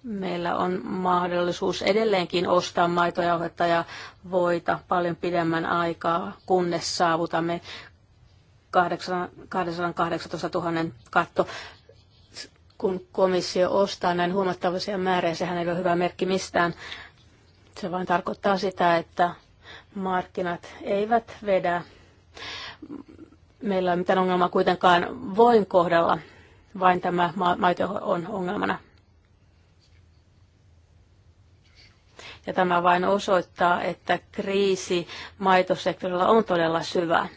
[SPEAKER 4] meillä on mahdollisuus edelleenkin ostaa maitojauhetta ja voita paljon pidemmän aikaa, kunnes saavutamme 218 000 katto. Kun komissio ostaa näin huomattavia määriä, sehän ei ole hyvä merkki mistään. Se vain tarkoittaa sitä, että markkinat eivät vedä. Meillä ei ole mitään ongelmaa kuitenkaan voin kohdalla, vain tämä maito on ongelmana. Ja tämä vain osoittaa, että kriisi maitosektorilla on todella syvä.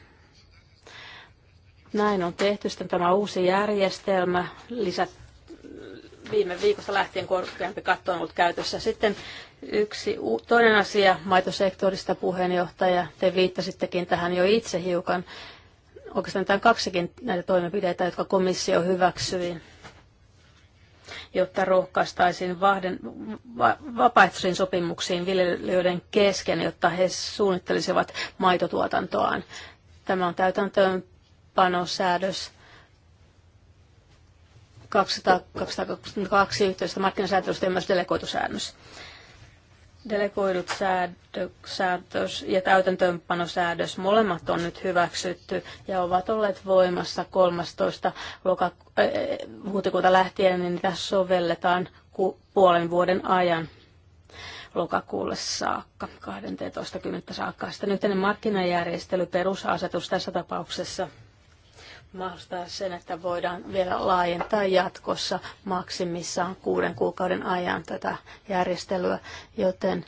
[SPEAKER 4] Näin on tehty. Sitten tämä uusi järjestelmä lisät viime viikosta lähtien korkeampi katto on ollut käytössä. Sitten yksi toinen asia maitosektorista puheenjohtaja. Te viittasittekin tähän jo itse hiukan. Oikeastaan tämän kaksikin näitä toimenpiteitä, jotka komissio hyväksyi jotta rohkaistaisiin vahden, va, vapaaehtoisiin sopimuksiin viljelijöiden kesken, jotta he suunnittelisivat maitotuotantoaan. Tämä on täytäntöön täytäntöönpanosäädös 222 yhteydessä markkinasääntelystä ja myös delegoitusäännös. Delegoidut säädös ja täytäntöönpanosäädös molemmat on nyt hyväksytty ja ovat olleet voimassa 13. Loka- äh, huhtikuuta lähtien, niin niitä sovelletaan puolen vuoden ajan lokakuulle saakka, 12.10. saakka. Sitten yhteinen markkinajärjestely, perusasetus tässä tapauksessa – mahdollistaa sen, että voidaan vielä laajentaa jatkossa maksimissaan kuuden kuukauden ajan tätä järjestelyä, joten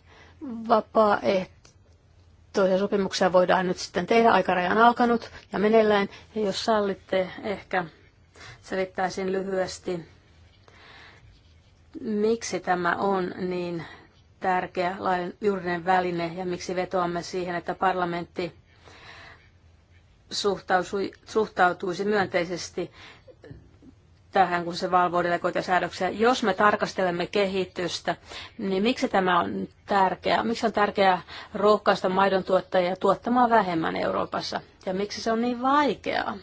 [SPEAKER 4] vapaaehtoisia sopimuksia voidaan nyt sitten tehdä. Aikaraja on alkanut ja meneillään. Ja jos sallitte, ehkä selittäisin lyhyesti, miksi tämä on niin tärkeä juridinen väline ja miksi vetoamme siihen, että parlamentti suhtautuisi myönteisesti tähän, kun se valvoo delegoituja säädöksiä. Jos me tarkastelemme kehitystä, niin miksi tämä on tärkeää? Miksi on tärkeää rohkaista maidon tuottajia tuottamaan vähemmän Euroopassa? Ja miksi se on niin vaikeaa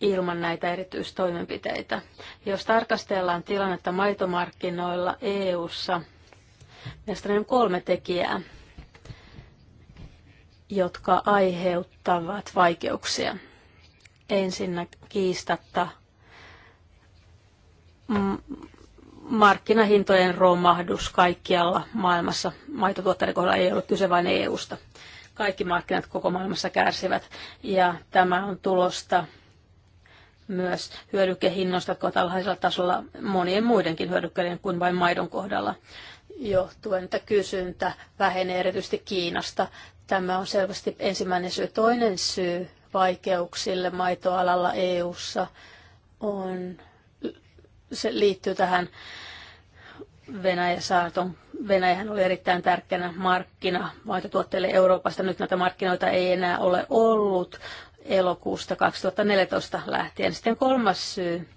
[SPEAKER 4] ilman näitä erityistoimenpiteitä? Jos tarkastellaan tilannetta maitomarkkinoilla EU-ssa, mielestäni on kolme tekijää, jotka aiheuttavat vaikeuksia. Ensinnä kiistatta markkinahintojen romahdus kaikkialla maailmassa. Maitotuotteiden kohdalla ei ole kyse vain EU-sta. Kaikki markkinat koko maailmassa kärsivät ja tämä on tulosta myös hyödykehinnoista, jotka ovat alhaisella tasolla monien muidenkin hyödykkeiden kuin vain maidon kohdalla johtuen, että kysyntä vähenee erityisesti Kiinasta. Tämä on selvästi ensimmäinen syy. Toinen syy vaikeuksille maitoalalla EU:ssa on se liittyy tähän Venäjä saarton. Venäjähän oli erittäin tärkeänä markkina maitotuotteille Euroopasta. Nyt näitä markkinoita ei enää ole ollut elokuusta 2014 lähtien. Sitten kolmas syy,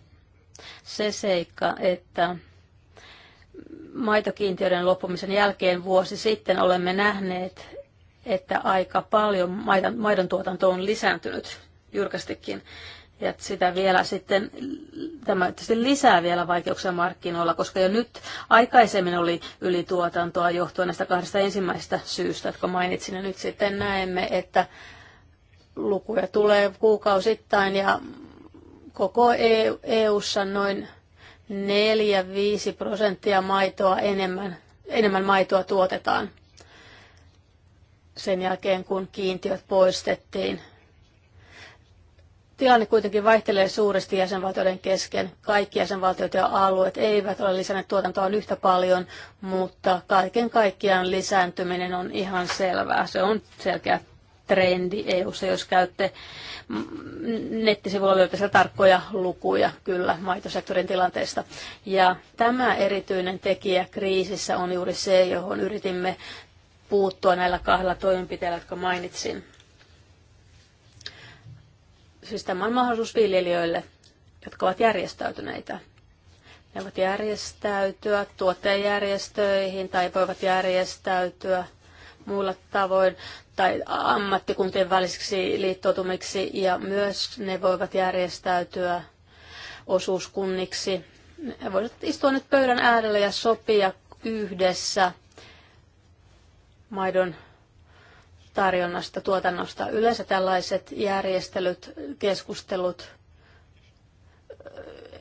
[SPEAKER 4] se seikka, että maitokiintiöiden loppumisen jälkeen vuosi sitten olemme nähneet, että aika paljon maidon, maidon tuotanto on lisääntynyt jyrkästikin. Ja sitä vielä sitten, tämä tietysti lisää vielä vaikeuksia markkinoilla, koska jo nyt aikaisemmin oli ylituotantoa johtuen näistä kahdesta ensimmäisestä syystä, jotka mainitsin. Ja nyt sitten näemme, että lukuja tulee kuukausittain ja koko EU-ssa e noin 4-5 prosenttia maitoa enemmän, enemmän maitoa tuotetaan sen jälkeen, kun kiintiöt poistettiin. Tilanne kuitenkin vaihtelee suuresti jäsenvaltioiden kesken. Kaikki jäsenvaltiot ja alueet eivät ole lisänneet tuotantoa yhtä paljon, mutta kaiken kaikkiaan lisääntyminen on ihan selvää. Se on selkeä trendi eu jos käytte nettisivuilla löytää tarkkoja lukuja kyllä maitosektorin tilanteesta. Ja tämä erityinen tekijä kriisissä on juuri se, johon yritimme puuttua näillä kahdella toimenpiteellä, jotka mainitsin. Siis tämä on mahdollisuus viljelijöille, jotka ovat järjestäytyneitä. Ne voivat järjestäytyä tuottajajärjestöihin tai voivat järjestäytyä muilla tavoin tai ammattikuntien välisiksi liittoutumiksi ja myös ne voivat järjestäytyä osuuskunniksi. Ne voivat istua nyt pöydän äärellä ja sopia yhdessä maidon tarjonnasta, tuotannosta. Yleensä tällaiset järjestelyt, keskustelut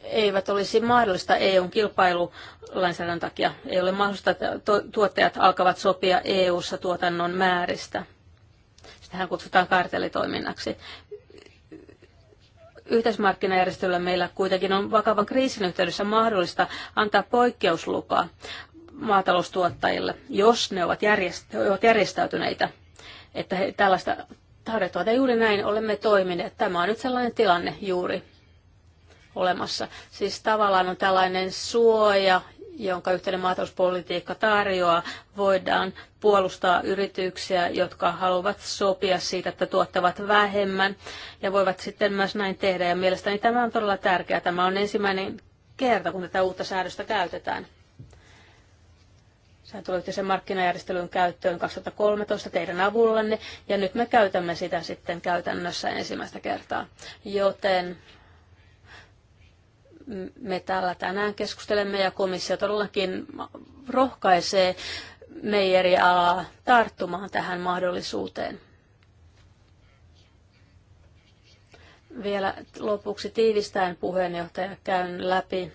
[SPEAKER 4] eivät olisi mahdollista EUn kilpailulainsäädännön takia. Ei ole mahdollista, että tuottajat alkavat sopia EUssa tuotannon määristä. Sitähän kutsutaan kartelitoiminnaksi. Yhteismarkkinajärjestelyllä meillä kuitenkin on vakavan kriisin yhteydessä mahdollista antaa poikkeuslupa maataloustuottajille, jos ne ovat, järjest- ovat järjestäytyneitä, että he tällaista tarjottavat. Ja juuri näin olemme toimineet. Tämä on nyt sellainen tilanne juuri olemassa. Siis tavallaan on tällainen suoja, jonka yhteinen maatalouspolitiikka tarjoaa, voidaan puolustaa yrityksiä, jotka haluavat sopia siitä, että tuottavat vähemmän ja voivat sitten myös näin tehdä. Ja mielestäni tämä on todella tärkeää. Tämä on ensimmäinen kerta, kun tätä uutta säädöstä käytetään. Sä tuli sen markkinajärjestelyn käyttöön 2013 teidän avullanne, ja nyt me käytämme sitä sitten käytännössä ensimmäistä kertaa. Joten me täällä tänään keskustelemme, ja komissio todellakin rohkaisee meijerialaa tarttumaan tähän mahdollisuuteen. Vielä lopuksi tiivistäen puheenjohtaja käyn läpi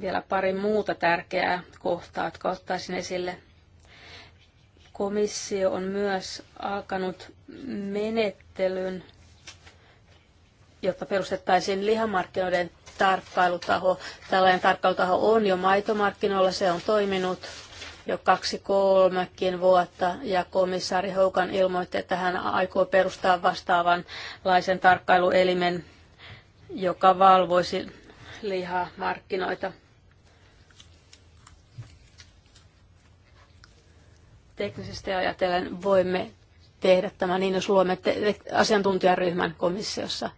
[SPEAKER 4] vielä pari muuta tärkeää kohtaa, jotka ottaisin esille. Komissio on myös alkanut menettelyn, jotta perustettaisiin lihamarkkinoiden tarkkailutaho. Tällainen tarkkailutaho on jo maitomarkkinoilla, se on toiminut jo kaksi kolmekin vuotta ja komissaari Houkan ilmoitti, että hän aikoo perustaa vastaavanlaisen tarkkailuelimen, joka valvoisi markkinoita Teknisesti ajatellen voimme tehdä tämä niin, jos luomme asiantuntijaryhmän komissiossa.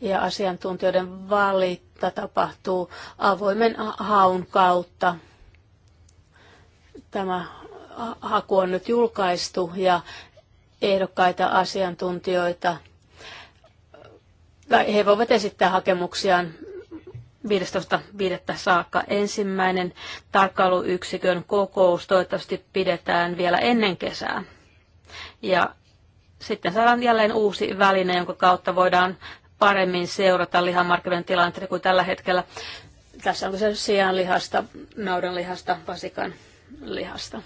[SPEAKER 4] Ja asiantuntijoiden valinta tapahtuu avoimen haun kautta. Tämä haku on nyt julkaistu ja ehdokkaita asiantuntijoita. He voivat esittää hakemuksiaan 15.5. saakka ensimmäinen tarkkailuyksikön kokous toivottavasti pidetään vielä ennen kesää. Ja sitten saadaan jälleen uusi väline, jonka kautta voidaan paremmin seurata lihamarkkinoiden tilannetta kuin tällä hetkellä. Tässä on se sijaan lihasta, naudan lihasta, vasikan lihasta.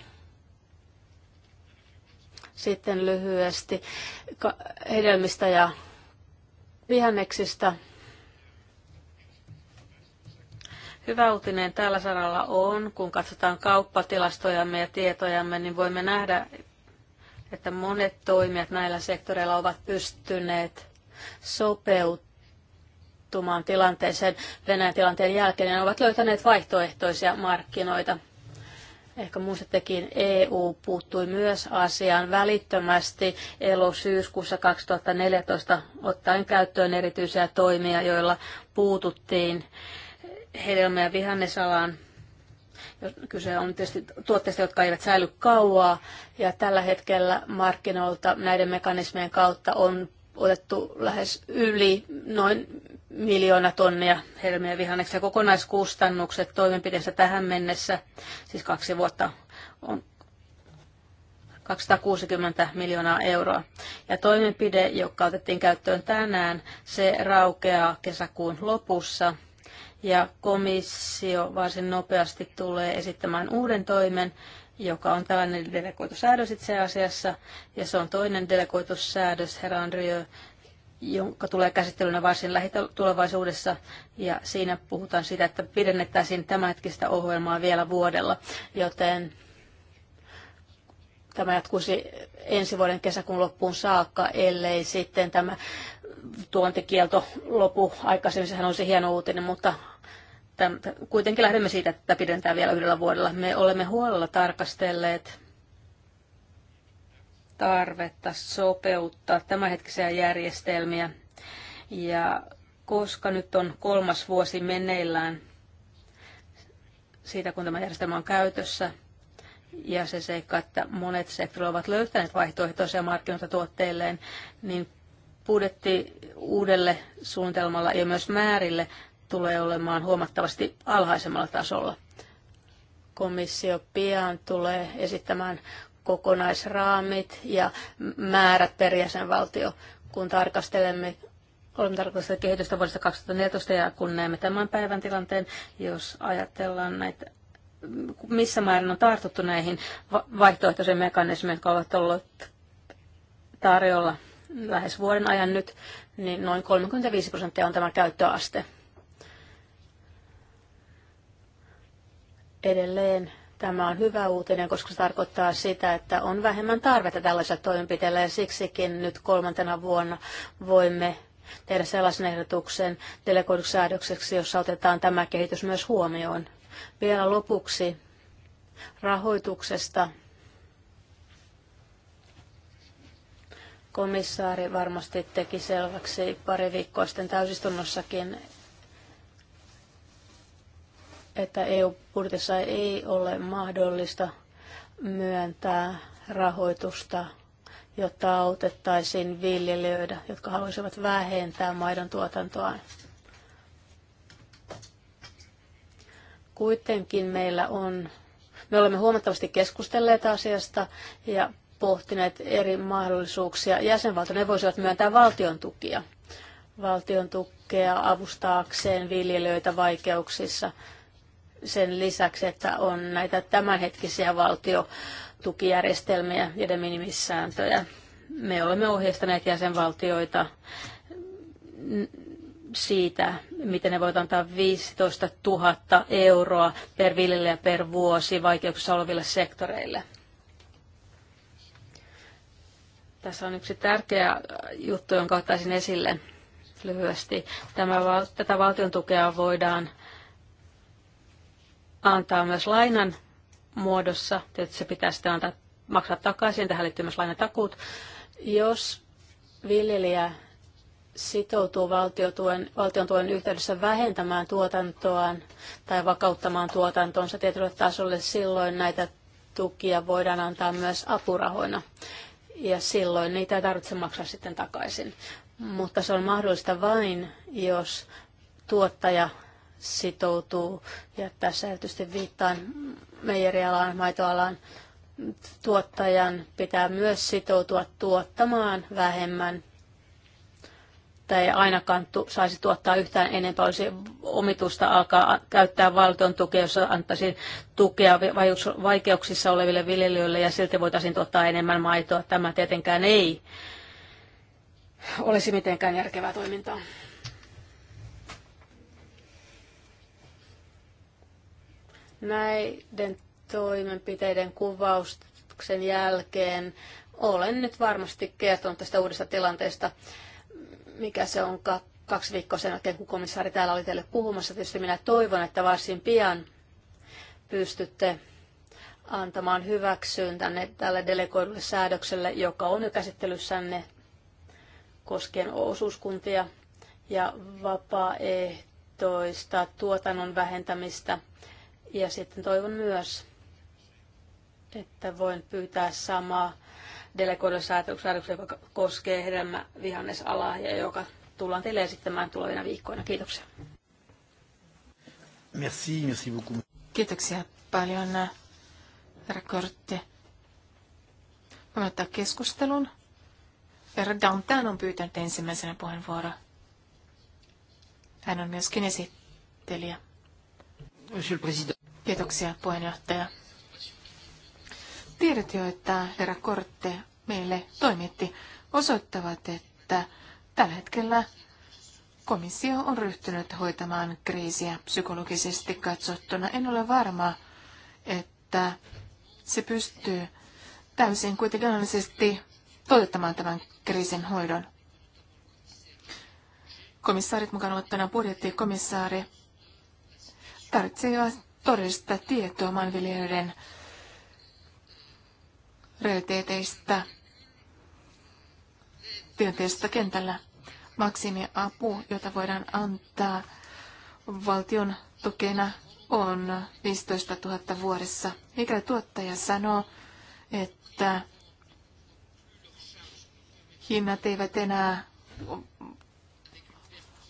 [SPEAKER 4] Sitten lyhyesti hedelmistä ja vihanneksista. Hyvä uutinen tällä saralla on, kun katsotaan kauppatilastojamme ja tietojamme, niin voimme nähdä, että monet toimijat näillä sektoreilla ovat pystyneet sopeutumaan tilanteeseen Venäjän tilanteen jälkeen ja ne ovat löytäneet vaihtoehtoisia markkinoita. Ehkä muistettekin EU puuttui myös asiaan välittömästi elosyyskuussa 2014 ottaen käyttöön erityisiä toimia, joilla puututtiin hedelmä- ja vihannesalaan. Kyse on tietysti tuotteista, jotka eivät säily kauaa, ja tällä hetkellä markkinoilta näiden mekanismien kautta on otettu lähes yli noin miljoona tonnia helmiä ja vihanneksia. Kokonaiskustannukset toimenpiteessä tähän mennessä, siis kaksi vuotta, on 260 miljoonaa euroa. Ja toimenpide, joka otettiin käyttöön tänään, se raukeaa kesäkuun lopussa – ja komissio varsin nopeasti tulee esittämään uuden toimen, joka on tällainen delegoitusäädös itse asiassa, ja se on toinen delegoitussäädös, herra Andriö, jonka tulee käsittelynä varsin lähitulevaisuudessa, ja siinä puhutaan siitä, että pidennettäisiin tämänhetkistä ohjelmaa vielä vuodella, joten tämä jatkuisi ensi vuoden kesäkuun loppuun saakka, ellei sitten tämä tuontikielto lopu aikaisemmin, sehän se hieno uutinen, mutta tämän, kuitenkin lähdemme siitä, että pidentää vielä yhdellä vuodella. Me olemme huolella tarkastelleet tarvetta sopeuttaa tämänhetkisiä järjestelmiä. Ja koska nyt on kolmas vuosi meneillään siitä, kun tämä järjestelmä on käytössä, ja se seikka, että monet sektorit ovat löytäneet vaihtoehtoisia markkinoita tuotteilleen, niin budjetti uudelle suunnitelmalla ja myös määrille tulee olemaan huomattavasti alhaisemmalla tasolla. Komissio pian tulee esittämään kokonaisraamit ja määrät per jäsenvaltio. Kun tarkastelemme, olemme tarkastelleet kehitystä vuodesta 2014 ja kun näemme tämän päivän tilanteen, jos ajatellaan näitä missä määrin on tartuttu näihin vaihtoehtoisiin mekanismeihin, jotka ovat olleet tarjolla lähes vuoden ajan nyt, niin noin 35 prosenttia on tämä käyttöaste. Edelleen tämä on hyvä uutinen, koska se tarkoittaa sitä, että on vähemmän tarvetta tällaisella toimenpiteellä ja siksikin nyt kolmantena vuonna voimme tehdä sellaisen ehdotuksen delegoiduksi jossa otetaan tämä kehitys myös huomioon. Vielä lopuksi rahoituksesta Komissaari varmasti teki selväksi pari viikkoa sitten täysistunnossakin, että EU-budjetissa ei ole mahdollista myöntää rahoitusta, jotta autettaisiin viljelijöitä, jotka haluaisivat vähentää maidon tuotantoa. Kuitenkin meillä on, me olemme huomattavasti keskustelleet asiasta ja pohtineet eri mahdollisuuksia. ne voisivat myöntää valtion tukia. Valtion tukea avustaakseen viljelijöitä vaikeuksissa sen lisäksi, että on näitä tämänhetkisiä valtiotukijärjestelmiä ja de minimissääntöjä. Me olemme ohjeistaneet jäsenvaltioita siitä, miten ne voivat antaa 15 000 euroa per viljelijä per vuosi vaikeuksissa oleville sektoreille. Tässä on yksi tärkeä juttu, jonka ottaisin esille lyhyesti. Tämä, tätä valtion tukea voidaan antaa myös lainan muodossa. Tietysti se pitää sitten antaa, maksaa takaisin. Tähän liittyy myös lainatakuut. Jos viljelijä sitoutuu valtiotuen, valtion tuen yhteydessä vähentämään tuotantoaan tai vakauttamaan tuotantonsa tietylle tasolle, silloin näitä tukia voidaan antaa myös apurahoina ja silloin niitä ei tarvitse maksaa sitten takaisin. Mutta se on mahdollista vain, jos tuottaja sitoutuu, ja tässä erityisesti viittaan meijerialaan, maitoalaan, tuottajan pitää myös sitoutua tuottamaan vähemmän että ei ainakaan tu- saisi tuottaa yhtään enempää, olisi omitusta alkaa käyttää valtion tukea, jossa antaisi tukea vaikeuksissa oleville viljelijöille ja silti voitaisiin tuottaa enemmän maitoa. Tämä tietenkään ei olisi mitenkään järkevää toimintaa. Näiden toimenpiteiden kuvauksen jälkeen olen nyt varmasti kertonut tästä uudesta tilanteesta mikä se on kaksi viikkoa sen jälkeen, kun komissaari täällä oli teille puhumassa. Tietysti minä toivon, että varsin pian pystytte antamaan hyväksyyn tänne tälle delegoidulle säädökselle, joka on jo käsittelyssänne koskien osuuskuntia ja vapaaehtoista tuotannon vähentämistä. Ja sitten toivon myös, että voin pyytää samaa delegoidun säädöksen, joka koskee hedelmävihannesalaa vihannesalaa ja joka tullaan
[SPEAKER 2] teille esittämään tulevina viikkoina. Kiitoksia.
[SPEAKER 1] Merci, merci beaucoup.
[SPEAKER 2] Kiitoksia paljon, raportti. Voimme ottaa keskustelun. Herra Dantan on pyytänyt ensimmäisenä puheenvuoroa. Hän on myöskin esittelijä. Monsieur le Président. Kiitoksia, puheenjohtaja. Tiedät jo, että herra Kortte meille toimitti, osoittavat, että tällä hetkellä komissio on ryhtynyt hoitamaan kriisiä psykologisesti katsottuna. En ole varma, että se pystyy täysin kuitenkin analyysisesti toteuttamaan tämän kriisin hoidon. Komissaarit mukaan ottana budjettikomissaari tarvitsee todellista tietoa maanviljelijöiden realiteeteista tilanteesta kentällä. Maksimiapu, jota voidaan antaa valtion tukena, on 15 000 vuodessa. Mikä tuottaja sanoo, että hinnat eivät enää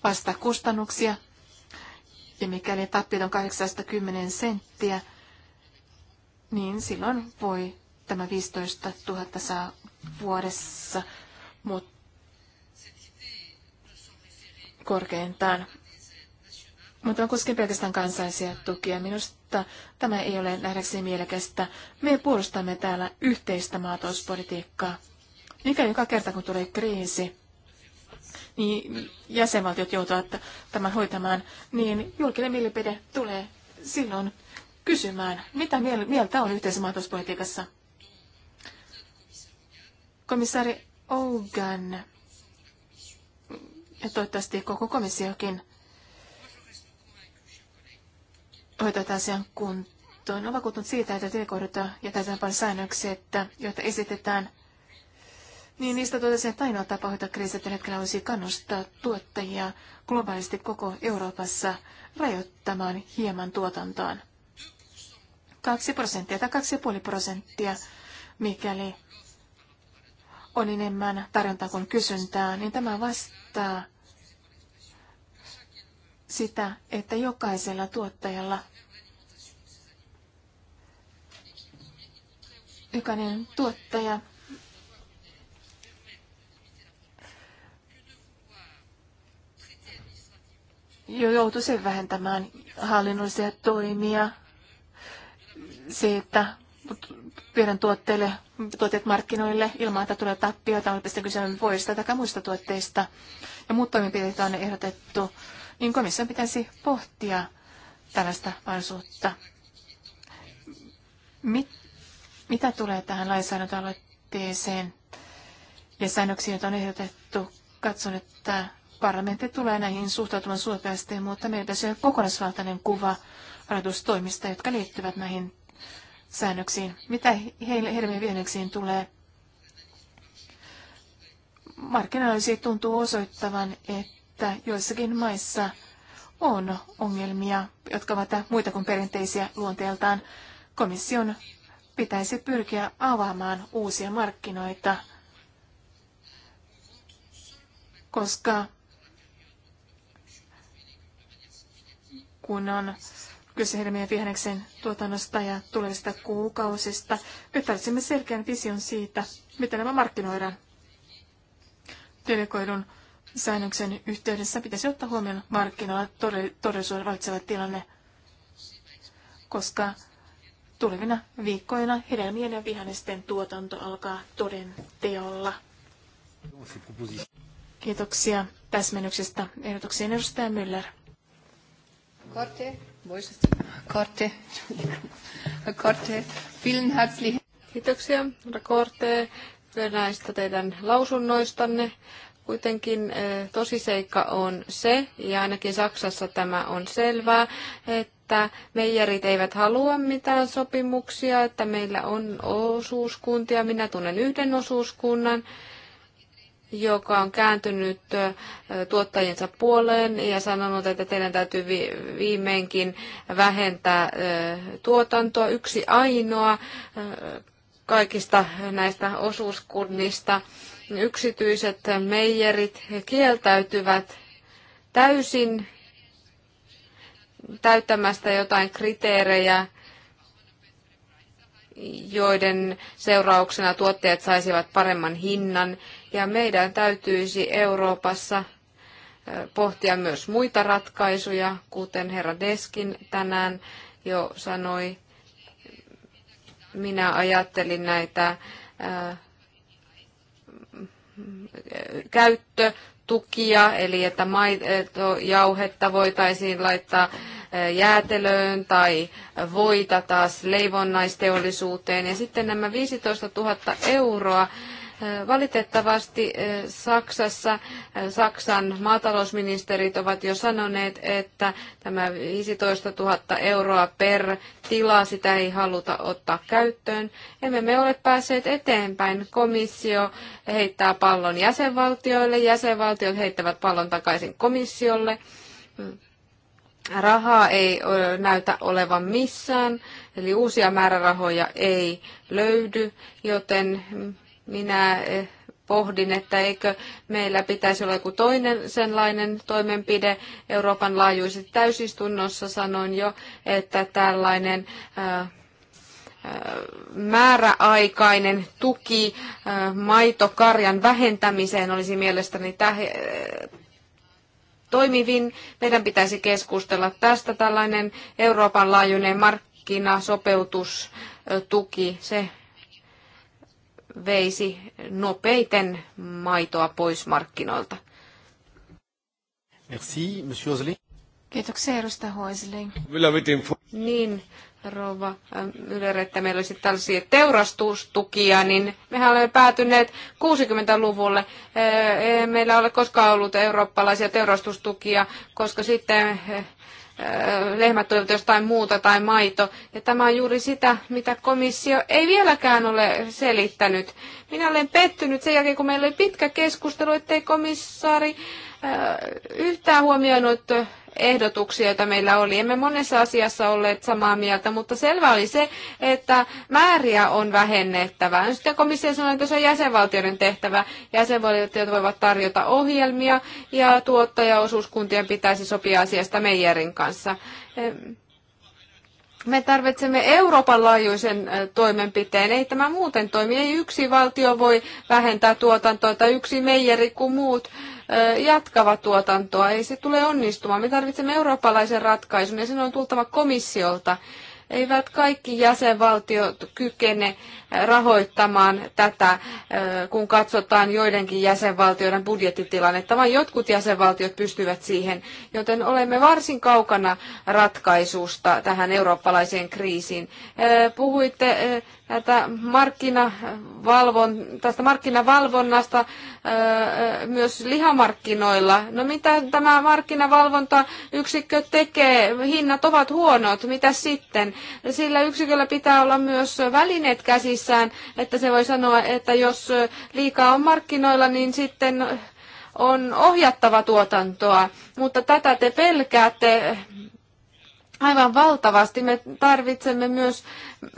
[SPEAKER 2] vastaa kustannuksia, ja mikäli tappiot on 80 senttiä, niin silloin voi tämä 15 000 saa vuodessa, mutta korkeintaan. Mutta on koskee pelkästään kansaisia tukia. Minusta tämä ei ole nähdäkseni mielekästä. Me puolustamme täällä yhteistä maatalouspolitiikkaa. Mikä joka kerta, kun tulee kriisi, niin jäsenvaltiot joutuvat tämän hoitamaan, niin julkinen mielipide tulee silloin kysymään, mitä mieltä on yhteisessä maatalouspolitiikassa. Komissaari Ogan ja toivottavasti koko komissiokin hoitaa asian kuntoon. Olen vakuuttunut siitä, että tilikohdata ja säännöksiä että joita esitetään, niin niistä totesin, että ainoa tapa hoitaa kriisiä tällä hetkellä olisi kannustaa tuottajia globaalisti koko Euroopassa rajoittamaan hieman tuotantoaan. 2 prosenttia tai 2,5 prosenttia, mikäli on enemmän tarjontaa kuin kysyntää, niin tämä vastaa sitä, että jokaisella tuottajalla jokainen tuottaja jo joutui sen vähentämään hallinnollisia toimia, se, että viedään tuotteille, tuotteet markkinoille ilman, että tulee tappioita, on sitten kyse voista tai muista tuotteista. Ja muut toimenpiteet on ehdotettu niin komissio pitäisi pohtia tällaista mahdollisuutta. Mit, mitä tulee tähän lainsäädäntöaloitteeseen ja säännöksiin, joita on ehdotettu, katson, että parlamentti tulee näihin suhtautumaan suopeasti, mutta meillä pitäisi olla kokonaisvaltainen kuva rahoitustoimista, jotka liittyvät näihin säännöksiin. Mitä heille hermeen vieneksiin tulee? Markkinoisiin tuntuu osoittavan, että että joissakin maissa on ongelmia, jotka ovat muita kuin perinteisiä luonteeltaan. Komission pitäisi pyrkiä avaamaan uusia markkinoita, koska kun on kyse hedelmien vihanneksen tuotannosta ja tulevista kuukausista, me tarvitsemme selkeän vision siitä, miten nämä markkinoidaan. Delegoidun säännöksen yhteydessä pitäisi ottaa huomioon markkinoilla todellisuuden valitseva tilanne, koska tulevina viikkoina hedelmien ja vihannesten tuotanto alkaa toden teolla. Kiitoksia täsmennyksestä. Ehdotuksien edustaja Müller. Korte, Korte,
[SPEAKER 3] Korte, vielen herzlichen Kiitoksia, Korte, näistä teidän lausunnoistanne. Kuitenkin eh, tosiseikka on se, ja ainakin Saksassa tämä on selvää, että meijerit eivät halua mitään sopimuksia, että meillä on osuuskuntia. Minä tunnen yhden osuuskunnan, joka on kääntynyt eh, tuottajiensa puoleen ja sanonut, että teidän täytyy viimeinkin vähentää eh, tuotantoa. Yksi ainoa kaikista näistä osuuskunnista yksityiset meijerit kieltäytyvät täysin täyttämästä jotain kriteerejä, joiden seurauksena tuotteet saisivat paremman hinnan. Ja meidän täytyisi Euroopassa pohtia myös muita ratkaisuja, kuten herra Deskin tänään jo sanoi. Minä ajattelin näitä käyttötukia, eli että jauhetta voitaisiin laittaa jäätelöön tai voita taas leivonnaisteollisuuteen. Ja sitten nämä 15 000 euroa Valitettavasti eh, Saksassa eh, Saksan maatalousministerit ovat jo sanoneet, että tämä 15 000 euroa per tila, sitä ei haluta ottaa käyttöön. Emme me ole päässeet eteenpäin. Komissio heittää pallon jäsenvaltioille, jäsenvaltiot heittävät pallon takaisin komissiolle. Rahaa ei näytä olevan missään, eli uusia määrärahoja ei löydy, joten minä eh, pohdin, että eikö meillä pitäisi olla joku toinen senlainen toimenpide Euroopan laajuisesti täysistunnossa. Sanoin jo, että tällainen eh, eh, määräaikainen tuki maitokarjan vähentämiseen olisi mielestäni toimivin. Meidän pitäisi keskustella tästä tällainen Euroopan laajuinen markkinasopeutustuki. Se veisi nopeiten maitoa pois markkinoilta.
[SPEAKER 1] Merci, Monsieur Osling.
[SPEAKER 3] Kiitoksia, edustaja Hoisling. Niin, rouva Müller, ähm, että meillä olisi tällaisia teurastustukia, niin mehän olemme päätyneet 60-luvulle. Äh, meillä ei ole koskaan ollut eurooppalaisia teurastustukia, koska sitten äh, lehmät toivat jostain muuta tai maito. Ja tämä on juuri sitä, mitä komissio ei vieläkään ole selittänyt. Minä olen pettynyt sen jälkeen, kun meillä oli pitkä keskustelu, ettei komissaari yhtään huomioinut ehdotuksia, joita meillä oli. Emme monessa asiassa olleet samaa mieltä, mutta selvä oli se, että määriä on vähennettävä. Sitten komissio sanoi, että se on jäsenvaltioiden tehtävä. Jäsenvaltiot voivat tarjota ohjelmia ja tuottajaosuuskuntien pitäisi sopia asiasta Meijerin kanssa. Me tarvitsemme Euroopan laajuisen toimenpiteen. Ei tämä muuten toimi. Ei yksi valtio voi vähentää tuotantoa tai yksi meijeri kuin muut jatkava tuotantoa. Ei se tule onnistumaan. Me tarvitsemme eurooppalaisen ratkaisun ja sen on tultava komissiolta eivät kaikki jäsenvaltiot kykene rahoittamaan tätä, kun katsotaan joidenkin jäsenvaltioiden budjettitilannetta, vaan jotkut jäsenvaltiot pystyvät siihen, joten olemme varsin kaukana ratkaisusta tähän eurooppalaiseen kriisiin. Puhuitte tätä markkinavalvon, tästä markkinavalvonnasta myös lihamarkkinoilla. No mitä tämä markkinavalvontayksikkö tekee? Hinnat ovat huonot, mitä sitten? Sillä yksiköllä pitää olla myös välineet käsissä missään, että se voi sanoa, että jos liikaa on markkinoilla, niin sitten on ohjattava tuotantoa, mutta tätä te pelkäätte aivan valtavasti. Me tarvitsemme myös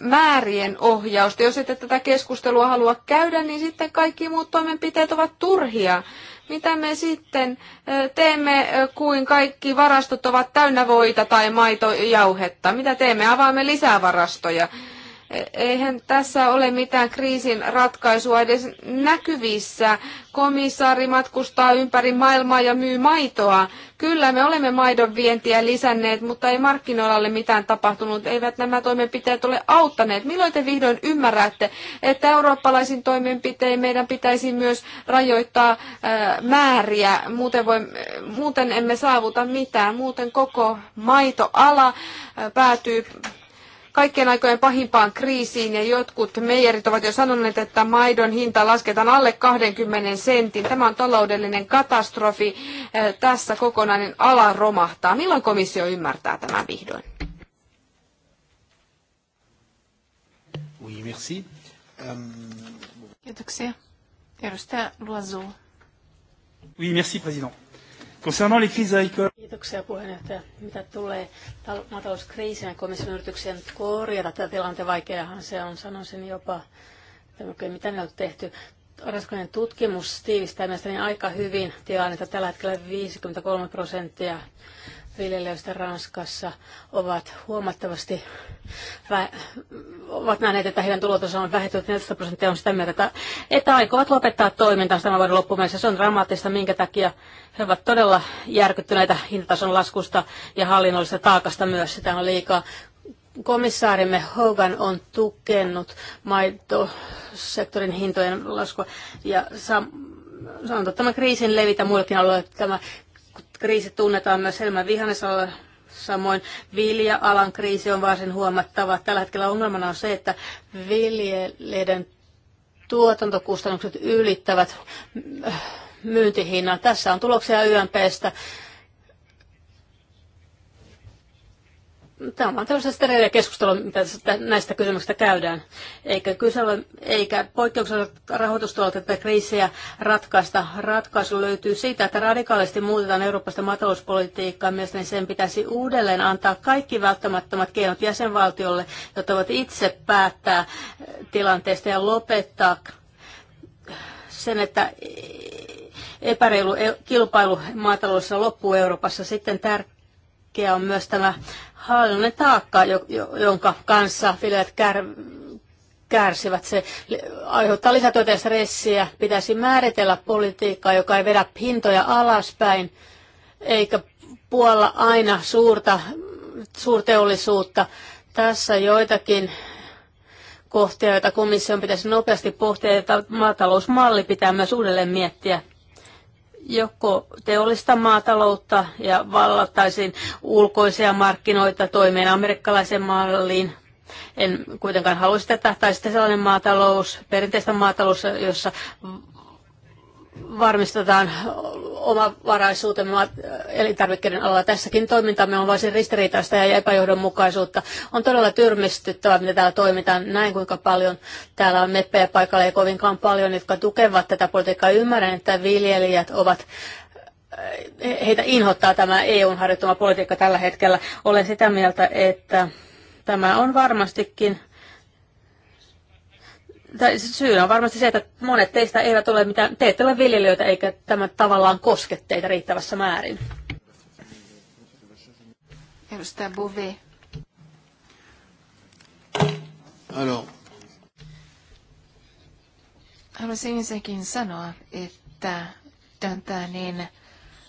[SPEAKER 3] määrien ohjausta. Jos ette tätä keskustelua halua käydä, niin sitten kaikki muut toimenpiteet ovat turhia. Mitä me sitten teemme, kuin kaikki varastot ovat täynnä voita tai maitojauhetta? Mitä teemme? Avaamme lisää varastoja. Mm Eihän tässä ole mitään kriisin ratkaisua edes näkyvissä. Komissaari matkustaa ympäri maailmaa ja myy maitoa. Kyllä me olemme maidon vientiä lisänneet, mutta ei markkinoilla ole mitään tapahtunut. Eivät nämä toimenpiteet ole auttaneet. Milloin te vihdoin ymmärrätte, että eurooppalaisin toimenpitein meidän pitäisi myös rajoittaa äh, määriä, muuten, voi, muuten emme saavuta mitään, muuten koko maitoala äh, päätyy kaikkien aikojen pahimpaan kriisiin ja jotkut meijerit ovat jo sanoneet, että maidon hinta lasketaan alle 20 sentin. Tämä on taloudellinen katastrofi. Äh, tässä kokonainen ala romahtaa. Milloin komissio ymmärtää tämän vihdoin?
[SPEAKER 1] Oui, merci. Um...
[SPEAKER 2] Kiitoksia. Edustaja Loiseau.
[SPEAKER 1] Oui, merci, président. Concernant les crises agricoles.
[SPEAKER 4] Kiitoksia puheenjohtaja. Mitä tulee maatalouskriisiin ja komission yritykseen korjata tätä tilanteen vaikeahan se on, sanoisin jopa, että mitä ne on tehty. Raskainen tutkimus tiivistää mielestäni aika hyvin tilannetta. Tällä hetkellä 53 prosenttia viljelijöistä Ranskassa ovat huomattavasti vä- ovat nähneet, että heidän tulotaso on vähentynyt 14 prosenttia on sitä mieltä, että, että aikovat lopettaa toimintansa tämän vuoden loppuun mennessä. Se on dramaattista, minkä takia he ovat todella järkyttyneitä hintatason laskusta ja hallinnollisesta taakasta myös. Sitä on liikaa komissaarimme Hogan on tukenut maitosektorin hintojen laskua ja sam- että tämä kriisin levitä muillekin alueille. Tämä kriisi tunnetaan myös helmän vihannesalalla. Samoin vilja-alan kriisi on varsin huomattava. Tällä hetkellä ongelmana on se, että viljeleiden tuotantokustannukset ylittävät äh, myyntihinnan. Tässä on tuloksia YMPstä. Tämä on tällaista stereillä keskustelua, mitä näistä kysymyksistä käydään. Eikä, kysellä, eikä poikkeuksella rahoitustuolta tätä kriisiä ratkaista. Ratkaisu löytyy siitä, että radikaalisti muutetaan Euroopasta maatalouspolitiikkaa. Mielestäni sen pitäisi uudelleen antaa kaikki välttämättömät keinot jäsenvaltiolle, jotta voivat itse päättää eh, tilanteesta ja lopettaa sen, että e- e- epäreilu e- kilpailu maataloudessa loppuu Euroopassa. Sitten tär- tärkeä on myös tämä hallinnollinen taakka, jonka kanssa viljelijät kär, kärsivät. Se aiheuttaa lisätyötä ja stressiä. Pitäisi määritellä politiikkaa, joka ei vedä hintoja alaspäin, eikä puolla aina suurta, suurteollisuutta. Tässä joitakin kohtia, joita komission pitäisi nopeasti pohtia, että maatalousmalli pitää myös uudelleen miettiä joko teollista maataloutta ja vallattaisiin ulkoisia markkinoita toimeen amerikkalaisen malliin. En kuitenkaan haluaisi tätä, tai sitten sellainen maatalous, perinteistä maatalous, jossa varmistetaan oma varaisuutemme elintarvikkeiden alalla. Tässäkin toimintamme on varsin ristiriitaista ja epäjohdonmukaisuutta. On todella tyrmistyttävää, mitä täällä toimitaan, näin kuinka paljon täällä on meppejä paikalla ja kovinkaan paljon, jotka tukevat tätä politiikkaa. Ymmärrän, että viljelijät ovat eh, heitä inhottaa tämä EUn harjoittama politiikka tällä hetkellä. Olen sitä mieltä, että tämä on varmastikin tai siis syy on varmasti se, että monet teistä eivät ole mitään, te ette ole viljelijöitä eikä tämä tavallaan koske teitä riittävässä määrin.
[SPEAKER 2] Edustaja Bouvet. Alors. Haluaisin ensinnäkin sanoa, että niin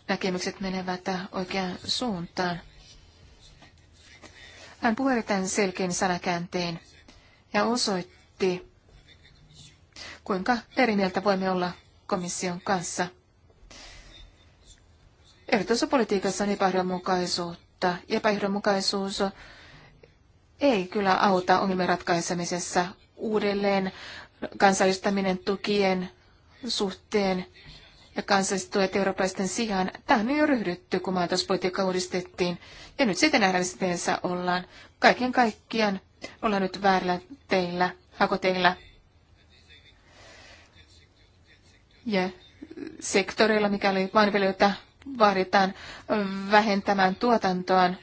[SPEAKER 2] näkemykset menevät oikeaan suuntaan. Hän puhui tämän selkeän sanakäänteen ja osoitti, kuinka eri mieltä voimme olla komission kanssa. Erityispolitiikassa on epäjohdonmukaisuutta. Epäjohdonmukaisuus ei kyllä auta ongelmien ratkaisemisessa uudelleen kansallistaminen tukien suhteen ja kansallistuet eurooppalaisten sijaan. Tähän on jo ryhdytty, kun maatalouspolitiikka uudistettiin. Ja nyt sitten nähdään, ollaan. Kaiken kaikkiaan ollaan nyt väärillä teillä, hakoteillä. ja sektoreilla, mikäli maanviljelijöitä vaaditaan vähentämään tuotantoaan,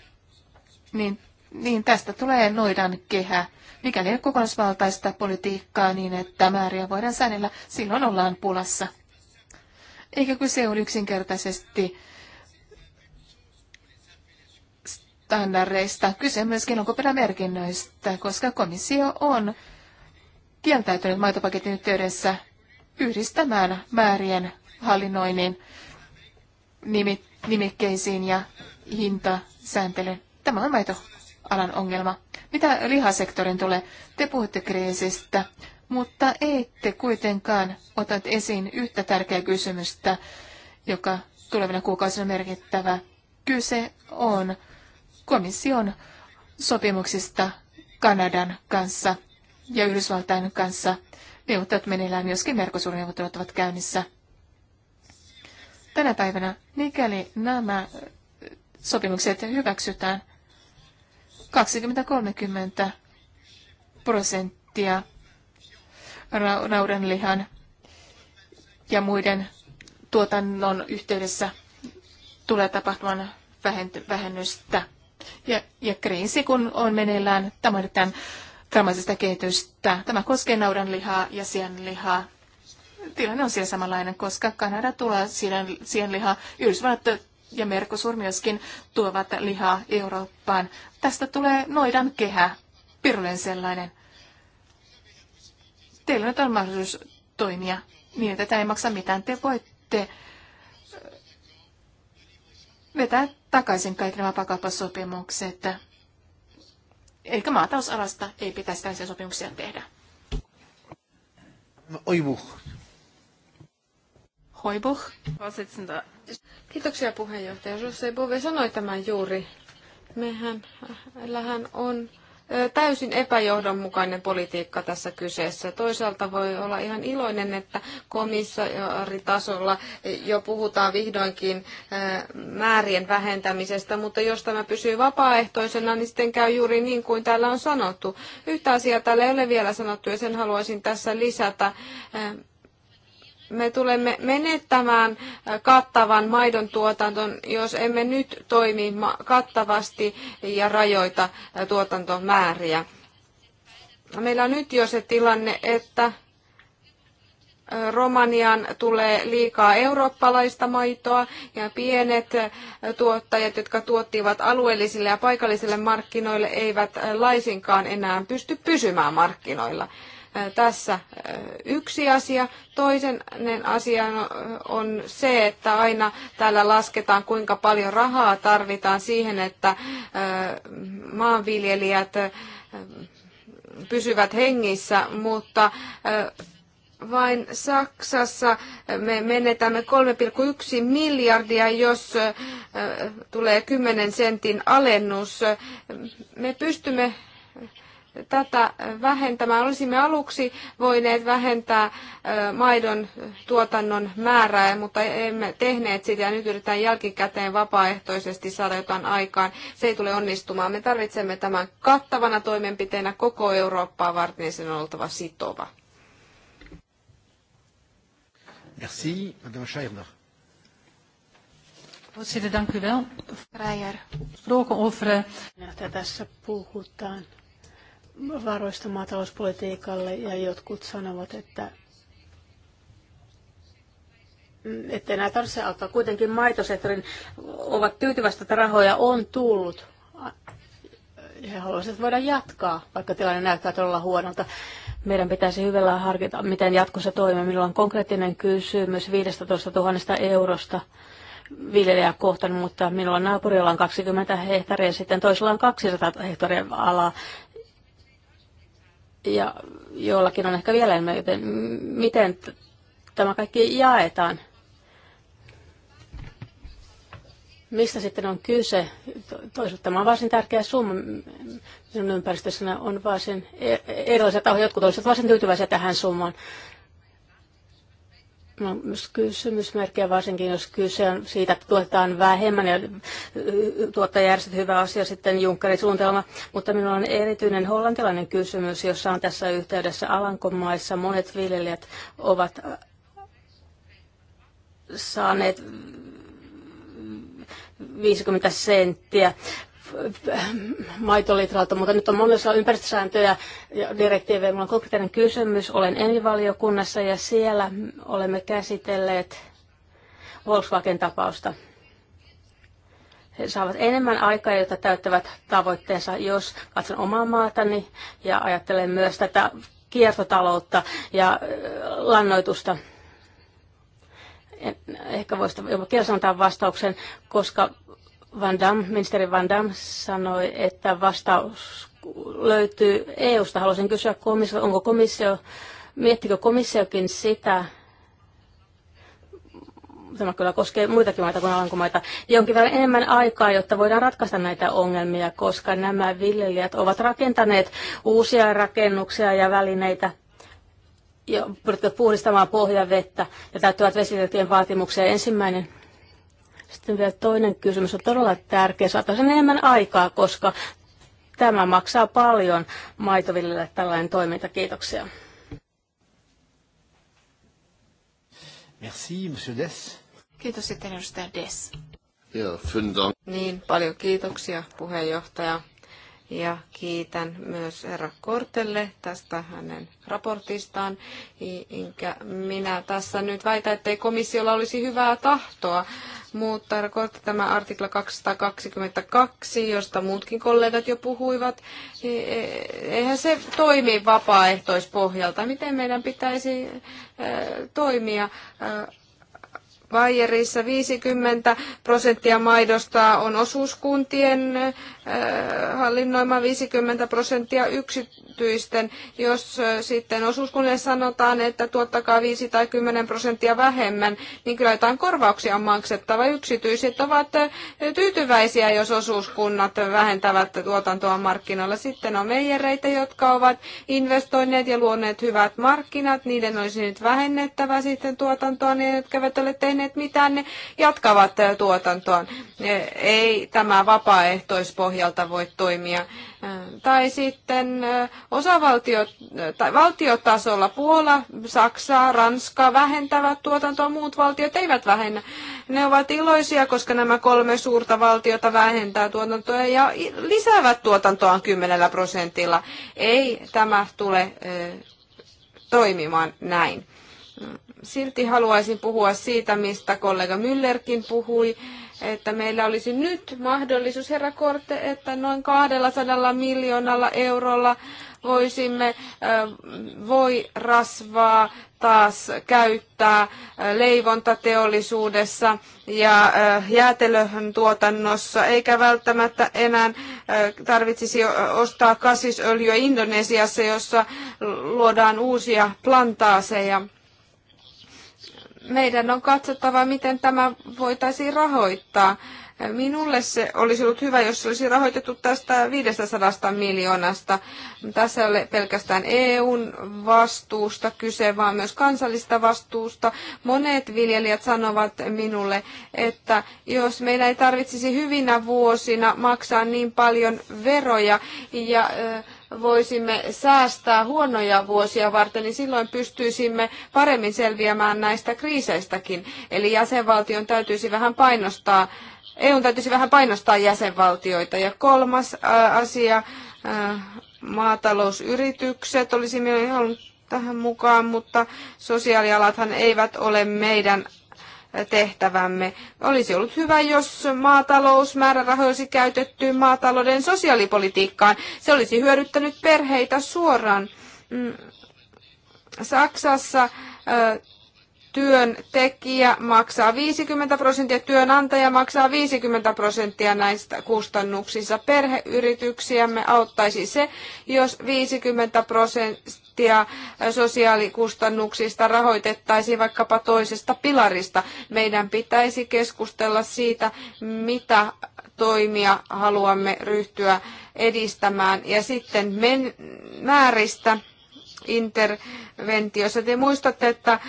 [SPEAKER 2] niin, niin tästä tulee noidan kehä. Mikäli ei kokonaisvaltaista politiikkaa niin, että määriä voidaan säännellä, silloin ollaan pulassa. Eikä kyse ole yksinkertaisesti standardeista. Kyse myöskin alkuperämerkinnöistä, koska komissio on kieltäytynyt maitopaketin yhteydessä yhdistämään määrien hallinnoinnin nimikkeisiin ja hintasääntelyyn. Tämä on maitoalan ongelma. Mitä lihasektorin tulee? Te puhutte kriisistä, mutta ette kuitenkaan otat esiin yhtä tärkeää kysymystä, joka tulevina kuukausina merkittävä. Kyse on komission sopimuksista Kanadan kanssa ja Yhdysvaltain kanssa – Neuvottelut meneillään myöskin Merkosuurineuvottelut ovat käynnissä. Tänä päivänä, mikäli nämä sopimukset hyväksytään, 20-30 prosenttia naudanlihan ja muiden tuotannon yhteydessä tulee tapahtumaan vähennystä. Ja, ja kriisi kun on meneillään, tämä on karmaisesta kehitystä. Tämä koskee naudanlihaa ja sienlihaa. Tilanne on siellä samanlainen, koska Kanada tulee sien, sienlihaa. Yhdysvallat ja Merkosur myöskin tuovat lihaa Eurooppaan. Tästä tulee noidan kehä, pirulen sellainen. Teillä nyt on mahdollisuus toimia niin, että tämä ei maksa mitään. Te voitte äh, vetää takaisin kaikki nämä pakapasopimukset. Eli maatausalasta ei pitäisi tällaisia sopimuksia tehdä.
[SPEAKER 1] No, Oivuh.
[SPEAKER 2] Hoibuh.
[SPEAKER 3] Kiitoksia puheenjohtaja. Jose Bove sanoi tämän juuri. Mehän äh, lähän on täysin epäjohdonmukainen politiikka tässä kyseessä. Toisaalta voi olla ihan iloinen, että komissaaritasolla jo puhutaan vihdoinkin määrien vähentämisestä, mutta jos tämä pysyy vapaaehtoisena, niin sitten käy juuri niin kuin täällä on sanottu. Yhtä asiaa täällä ei ole vielä sanottu ja sen haluaisin tässä lisätä me tulemme menettämään kattavan maidon tuotanton, jos emme nyt toimi kattavasti ja rajoita tuotantomääriä. Meillä on nyt jo se tilanne, että Romanian tulee liikaa eurooppalaista maitoa ja pienet tuottajat, jotka tuottivat alueellisille ja paikallisille markkinoille, eivät laisinkaan enää pysty pysymään markkinoilla tässä yksi asia. Toisen asia on se, että aina täällä lasketaan, kuinka paljon rahaa tarvitaan siihen, että maanviljelijät pysyvät hengissä, mutta vain Saksassa me menetämme 3,1 miljardia, jos tulee 10 sentin alennus. Me pystymme tätä vähentämään. Olisimme aluksi voineet vähentää maidon tuotannon määrää, mutta emme tehneet sitä ja nyt yritetään jälkikäteen vapaaehtoisesti saada jotain aikaan. Se ei tule onnistumaan. Me tarvitsemme tämän kattavana toimenpiteenä koko Eurooppaa varten ja sen on oltava sitova.
[SPEAKER 1] Merci, Madame Scheirner.
[SPEAKER 2] Voorzitter, dank u wel. Vrijer. Gesproken over. Eh, Tässä puhutaan
[SPEAKER 4] varoista maatalouspolitiikalle ja jotkut sanovat, että että enää tarvitse alkaa. Kuitenkin maitosektorin ovat tyytyväistä, että rahoja on tullut. He haluaisivat voida jatkaa, vaikka tilanne näyttää todella huonolta. Meidän pitäisi hyvällä harkita, miten jatkossa toimia. Minulla on konkreettinen kysymys 15 000 eurosta viljelijä kohtaan, mutta minulla naapurilla on 20 hehtaaria, sitten toisella on 200 hehtaaria alaa ja jollakin on ehkä vielä enemmän, joten miten tämä kaikki jaetaan? Mistä sitten on kyse? Toisaalta tämä on varsin tärkeä summa. Minun ympäristössäni on varsin e- e- erilaisia tahoja. Jotkut olisivat varsin tyytyväisiä tähän summaan. No, kysymysmerkkiä varsinkin, jos kyse on siitä, että tuotetaan vähemmän ja tuottajärjestöt hyvä asia sitten Junckerin suunnitelma. Mutta minulla on erityinen hollantilainen kysymys, jossa on tässä yhteydessä Alankomaissa. Monet viljelijät ovat äh, saaneet 50 senttiä maitolitralta, mutta nyt on monessa ympäristösääntöjä ja direktiivejä. Minulla on konkreettinen kysymys. Olen envivaliokunnassa ja siellä olemme käsitelleet Volkswagen-tapausta. He saavat enemmän aikaa, jota täyttävät tavoitteensa, jos katson omaa maatani ja ajattelen myös tätä kiertotaloutta ja lannoitusta. En, ehkä voisi jopa kielessä vastauksen, koska Van Damme, ministeri Van Damme sanoi, että vastaus löytyy EU-sta. Haluaisin kysyä komissio, onko komissio, miettikö komissiokin sitä, tämä kyllä koskee muitakin maita kuin alankomaita, jonkin verran enemmän aikaa, jotta voidaan ratkaista näitä ongelmia, koska nämä viljelijät ovat rakentaneet uusia rakennuksia ja välineitä ja puhdistamaan pohjavettä ja täyttävät vesitettyjen vaatimuksia. Ensimmäinen sitten vielä toinen kysymys on todella tärkeä, saataisiin enemmän aikaa, koska tämä maksaa paljon maitoville tällainen toiminta. Kiitoksia.
[SPEAKER 1] Merci, Monsieur Des.
[SPEAKER 3] Kiitos sitten edustaja Des. Joo, Niin, paljon kiitoksia puheenjohtaja ja kiitän myös herra Kortelle tästä hänen raportistaan. Enkä minä tässä nyt väitä, ettei komissiolla olisi hyvää tahtoa, mutta herra Korte, tämä artikla 222, josta muutkin kollegat jo puhuivat, e, e, eihän se toimi vapaaehtoispohjalta. Miten meidän pitäisi e, toimia? Bayerissa 50 prosenttia maidosta on osuuskuntien hallinnoima 50 prosenttia yksityisten. Jos sitten osuuskunnille sanotaan, että tuottakaa 5 tai 10 prosenttia vähemmän, niin kyllä jotain korvauksia on maksettava. Yksityiset ovat tyytyväisiä, jos osuuskunnat vähentävät tuotantoa markkinoilla. Sitten on meijereitä, jotka ovat investoineet ja luoneet hyvät markkinat. Niiden olisi nyt vähennettävä sitten tuotantoa, niin jotka eivät ole tehneet tehneet mitään, ne jatkavat tuotantoon. Ei tämä vapaaehtoispohjalta voi toimia. Tai sitten osavaltio, tai valtiotasolla Puola, Saksa, Ranska vähentävät tuotantoa, muut valtiot eivät vähennä. Ne ovat iloisia, koska nämä kolme suurta valtiota vähentää tuotantoa ja lisäävät tuotantoaan 10 prosentilla. Ei tämä tule toimimaan näin silti haluaisin puhua siitä, mistä kollega Müllerkin puhui, että meillä olisi nyt mahdollisuus, herra Korte, että noin 200 miljoonalla eurolla voisimme voi rasvaa taas käyttää leivontateollisuudessa ja jäätelöhön tuotannossa, eikä välttämättä enää tarvitsisi ostaa kasvisöljyä Indonesiassa, jossa luodaan uusia plantaaseja meidän on katsottava, miten tämä voitaisiin rahoittaa. Minulle se olisi ollut hyvä, jos se olisi rahoitettu tästä 500 miljoonasta. Tässä ei ole pelkästään EUn vastuusta kyse, vaan myös kansallista vastuusta. Monet viljelijät sanovat minulle, että jos meillä ei tarvitsisi hyvinä vuosina maksaa niin paljon veroja ja äh, voisimme säästää huonoja vuosia varten, niin silloin pystyisimme paremmin selviämään näistä kriiseistäkin. Eli jäsenvaltion täytyisi vähän painostaa, EUn täytyisi vähän painostaa jäsenvaltioita. Ja kolmas asia, maatalousyritykset olisi halunnut tähän mukaan, mutta sosiaalialathan eivät ole meidän tehtävämme. Olisi ollut hyvä, jos maatalousmäärärahoja olisi käytetty maatalouden sosiaalipolitiikkaan. Se olisi hyödyttänyt perheitä suoraan. Mm, Saksassa työntekijä maksaa 50 prosenttia, työnantaja maksaa 50 prosenttia näistä kustannuksista. Perheyrityksiämme auttaisi se, jos 50 prosenttia prosenttia sosiaalikustannuksista rahoitettaisiin vaikkapa toisesta pilarista. Meidän pitäisi keskustella siitä, mitä toimia haluamme ryhtyä edistämään ja sitten men- määristä interventiossa. Te muistatte, että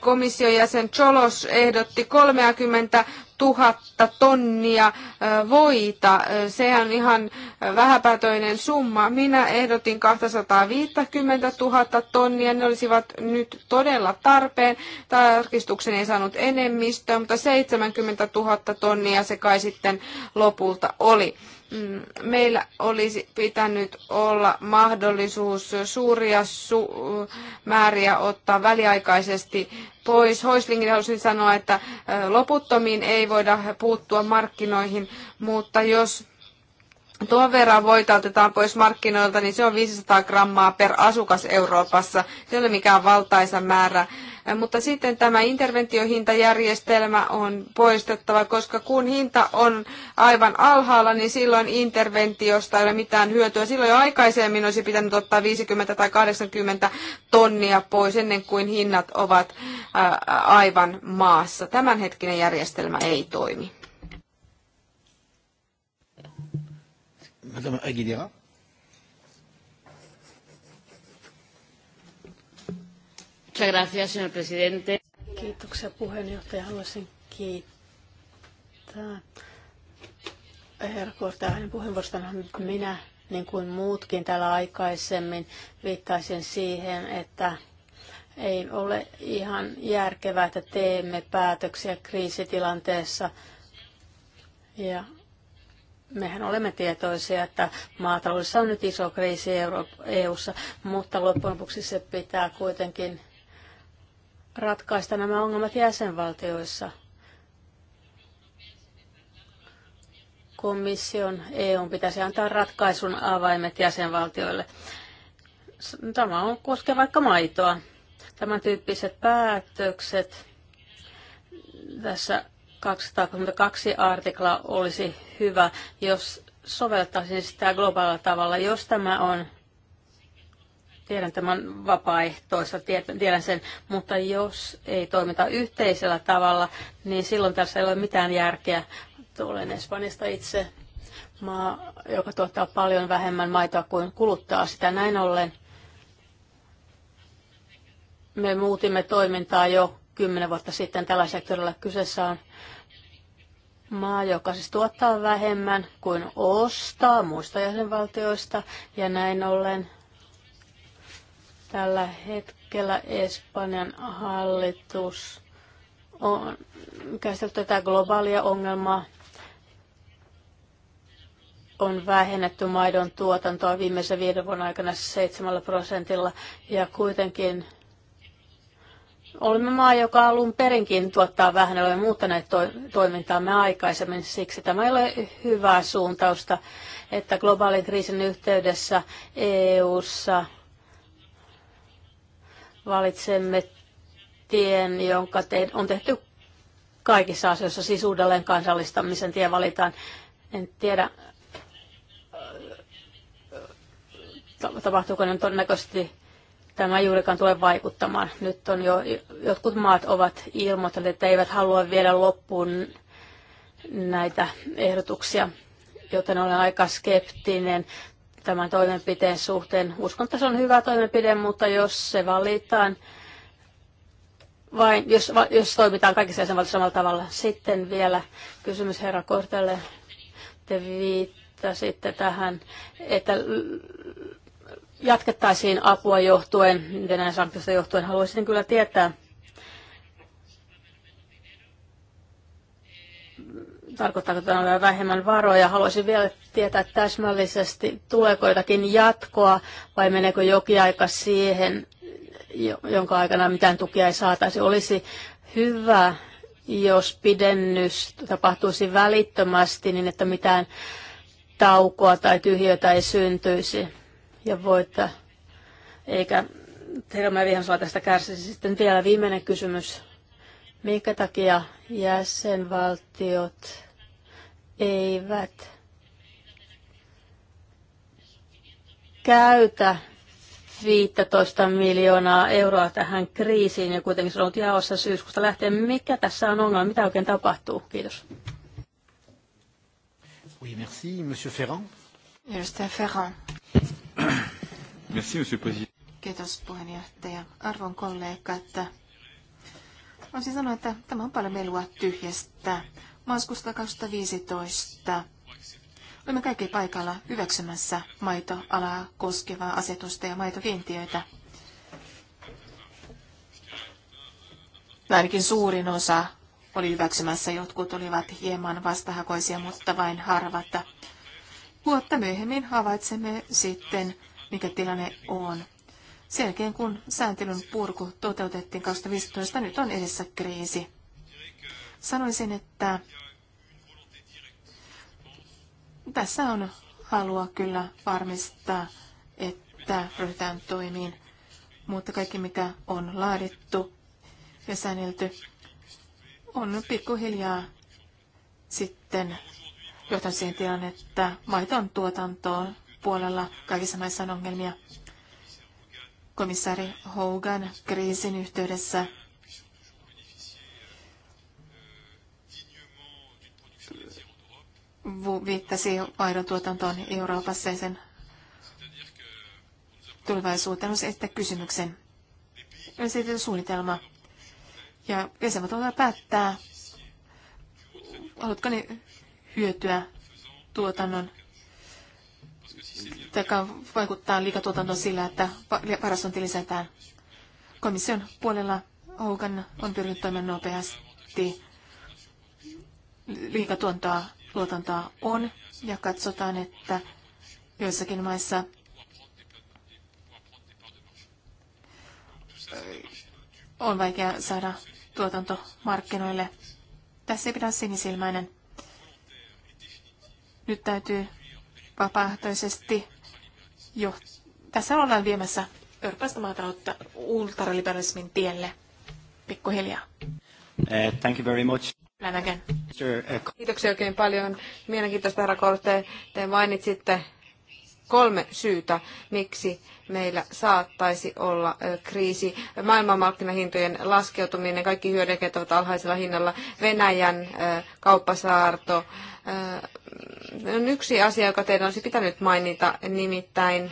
[SPEAKER 3] komission jäsen Cholos ehdotti 30 tuhatta tonnia voita. Sehän on ihan vähäpätöinen summa. Minä ehdotin 250 000 tonnia. Ne olisivat nyt todella tarpeen. Tarkistuksen ei saanut enemmistöä, mutta 70 000 tonnia se kai sitten lopulta oli. Mm, meillä olisi pitänyt olla mahdollisuus suuria su- määriä ottaa väliaikaisesti pois. Hoislingin halusin sanoa, että loputtomiin ei voida puuttua markkinoihin, mutta jos tuon verran voita otetaan pois markkinoilta, niin se on 500 grammaa per asukas Euroopassa. Se ei ole mikään valtaisa määrä mutta sitten tämä interventiohintajärjestelmä on poistettava, koska kun hinta on aivan alhaalla, niin silloin interventiosta ei ole mitään hyötyä. Silloin jo aikaisemmin olisi pitänyt ottaa 50 tai 80 tonnia pois ennen kuin hinnat ovat aivan maassa. Tämänhetkinen järjestelmä ei toimi.
[SPEAKER 1] Madame Aguilera.
[SPEAKER 4] Kiitoksia puheenjohtaja. Haluaisin kiittää herra Kortaa hänen puheenvuorostaan. Minä, niin kuin muutkin täällä aikaisemmin, viittaisin siihen, että ei ole ihan järkevää, että teemme päätöksiä kriisitilanteessa. Ja mehän olemme tietoisia, että maataloudessa on nyt iso kriisi EU-ssa, mutta loppujen lopuksi se pitää kuitenkin ratkaista nämä ongelmat jäsenvaltioissa. Komission EU pitäisi antaa ratkaisun avaimet jäsenvaltioille. Tämä on koskee vaikka maitoa. Tämän tyyppiset päätökset tässä 232 artikla olisi hyvä, jos sovellettaisiin sitä globaalilla tavalla. Jos tämä on Tiedän tämän vapaaehtoista, tiedän sen, mutta jos ei toimita yhteisellä tavalla, niin silloin tässä ei ole mitään järkeä. Tulen Espanjasta itse, maa, joka tuottaa paljon vähemmän maitoa kuin kuluttaa sitä. Näin ollen me muutimme toimintaa jo kymmenen vuotta sitten tällä sektorilla. Kyseessä on maa, joka siis tuottaa vähemmän kuin ostaa muista jäsenvaltioista ja näin ollen Tällä hetkellä Espanjan hallitus on käsitellyt tätä globaalia ongelmaa. On vähennetty maidon tuotantoa viimeisen viiden vuoden aikana 7 prosentilla ja kuitenkin Olemme maa, joka alun perinkin tuottaa vähän, olemme muuttaneet to- toimintaamme aikaisemmin, siksi tämä ei ole hyvää suuntausta, että globaalin kriisin yhteydessä EU:ssa Valitsemme tien, jonka te- on tehty kaikissa asioissa, siis uudelleen kansallistamisen tie valitaan. En tiedä, äh, tapahtuuko ne todennäköisesti tämä juurikaan tule vaikuttamaan. Nyt on jo, jotkut maat ovat ilmoittaneet, että eivät halua viedä loppuun näitä ehdotuksia, joten olen aika skeptinen tämän toimenpiteen suhteen. Uskon, että se on hyvä toimenpide, mutta jos se valitaan, vain, jos, jos toimitaan kaikissa jäsenvaltioissa samalla tavalla. Sitten vielä kysymys herra Kortelle. Te viittasitte tähän, että jatkettaisiin apua johtuen, Venäjän sanktiosta johtuen. Haluaisin kyllä tietää, tarkoittaako tämä vähemmän varoja. Haluaisin vielä tietää täsmällisesti, tuleeko jotakin jatkoa vai meneekö jokin aika siihen, jonka aikana mitään tukia ei saataisi. Olisi hyvä, jos pidennys tapahtuisi välittömästi niin, että mitään taukoa tai tyhjötä ei syntyisi. Ja voitta. eikä Helma Vihansala tästä kärsisi. Sitten vielä viimeinen kysymys. Minkä takia jäsenvaltiot eivät käytä 15 miljoonaa euroa tähän kriisiin ja kuitenkin se on ollut jaossa syyskuusta lähtien. Mikä tässä on ongelma? Mitä oikein tapahtuu? Kiitos.
[SPEAKER 1] Oui, merci. Monsieur Ferrand.
[SPEAKER 2] Edustaja
[SPEAKER 3] Ferrand.
[SPEAKER 1] merci, monsieur président.
[SPEAKER 2] Kiitos puheenjohtaja. Arvon kollega, että voisin sanoa, että tämä on paljon melua tyhjästä maaliskuusta 2015. Olemme kaikki paikalla hyväksymässä maitoalaa koskevaa asetusta ja maitokiintiöitä. Ainakin suurin osa oli hyväksymässä. Jotkut olivat hieman vastahakoisia, mutta vain harvat. Vuotta myöhemmin havaitsemme sitten, mikä tilanne on. Sen jälkeen, kun sääntelyn purku toteutettiin 2015, nyt on edessä kriisi. Sanoisin, että tässä on halua kyllä varmistaa, että ryhdytään toimiin, mutta kaikki mikä on laadittu ja säännelty on pikkuhiljaa sitten johtanut siihen tilanne, että maiton tuotantoon puolella kaikissa maissa on ongelmia. Komissaari Hogan kriisin yhteydessä viittasi vaihdon Euroopassa ja sen tulevaisuuteen, on se että kysymyksen. Esitetty suunnitelma. Ja jäsenmät voivat päättää, haluatko ne hyötyä tuotannon tai vaikuttaa liikatuotantoon sillä, että varastointi lisätään. Komission puolella Hogan on pyrkinyt toimimaan nopeasti liikatuontoa tuotantoa on ja katsotaan, että joissakin maissa on vaikea saada tuotanto markkinoille. Tässä ei pidä sinisilmäinen. Nyt täytyy vapaaehtoisesti jo. Tässä ollaan viemässä eurooppalaista maataloutta ultraliberalismin tielle pikkuhiljaa.
[SPEAKER 1] Uh, thank you very much.
[SPEAKER 3] Kiitoksia oikein paljon. Mielenkiintoista, herra Korte. Te mainitsitte kolme syytä, miksi meillä saattaisi olla kriisi. Maailmanmarkkinahintojen laskeutuminen, kaikki hyödykkeet ovat alhaisella hinnalla, Venäjän kauppasaarto. On yksi asia, joka teidän olisi pitänyt mainita, nimittäin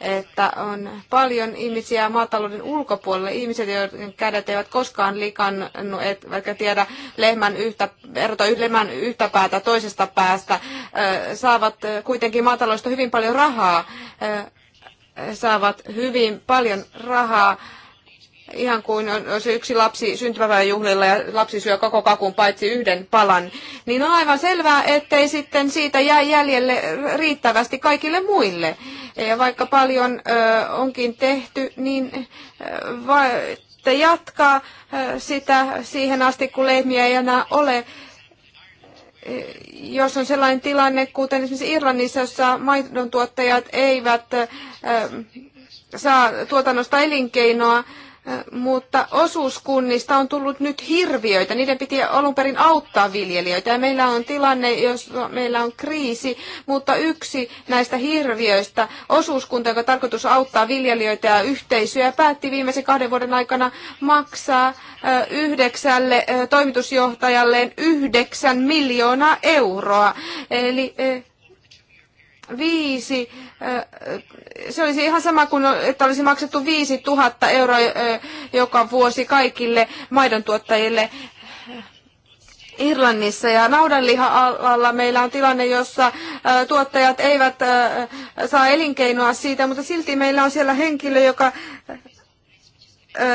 [SPEAKER 3] että on paljon ihmisiä maatalouden ulkopuolella, ihmiset, joiden kädet eivät koskaan likannut, et, vaikka tiedä lehmän yhtä, erota lehmän yhtä päätä toisesta päästä, saavat kuitenkin maataloudesta hyvin paljon rahaa, saavat hyvin paljon rahaa ihan kuin olisi yksi lapsi syntymäpäivän juhlilla ja lapsi syö koko kakun paitsi yhden palan, niin on aivan selvää, ettei sitten siitä jää jäljelle riittävästi kaikille muille. Ja vaikka paljon ö, onkin tehty, niin va, te jatkaa ö, sitä siihen asti, kun lehmiä ei enää ole e, jos on sellainen tilanne, kuten esimerkiksi Irlannissa, jossa tuottajat eivät saa tuotannosta elinkeinoa, mutta osuuskunnista on tullut nyt hirviöitä. Niiden piti alun perin auttaa viljelijöitä ja meillä on tilanne, jos meillä on kriisi, mutta yksi näistä hirviöistä, osuuskunta, joka tarkoitus auttaa viljelijöitä ja yhteisöjä, päätti viimeisen kahden vuoden aikana maksaa yhdeksälle toimitusjohtajalleen yhdeksän miljoonaa euroa. Eli viisi se olisi ihan sama kuin, että olisi maksettu 5000 euroa joka vuosi kaikille maidontuottajille Irlannissa ja naudanliha-alalla meillä on tilanne, jossa tuottajat eivät saa elinkeinoa siitä, mutta silti meillä on siellä henkilö, joka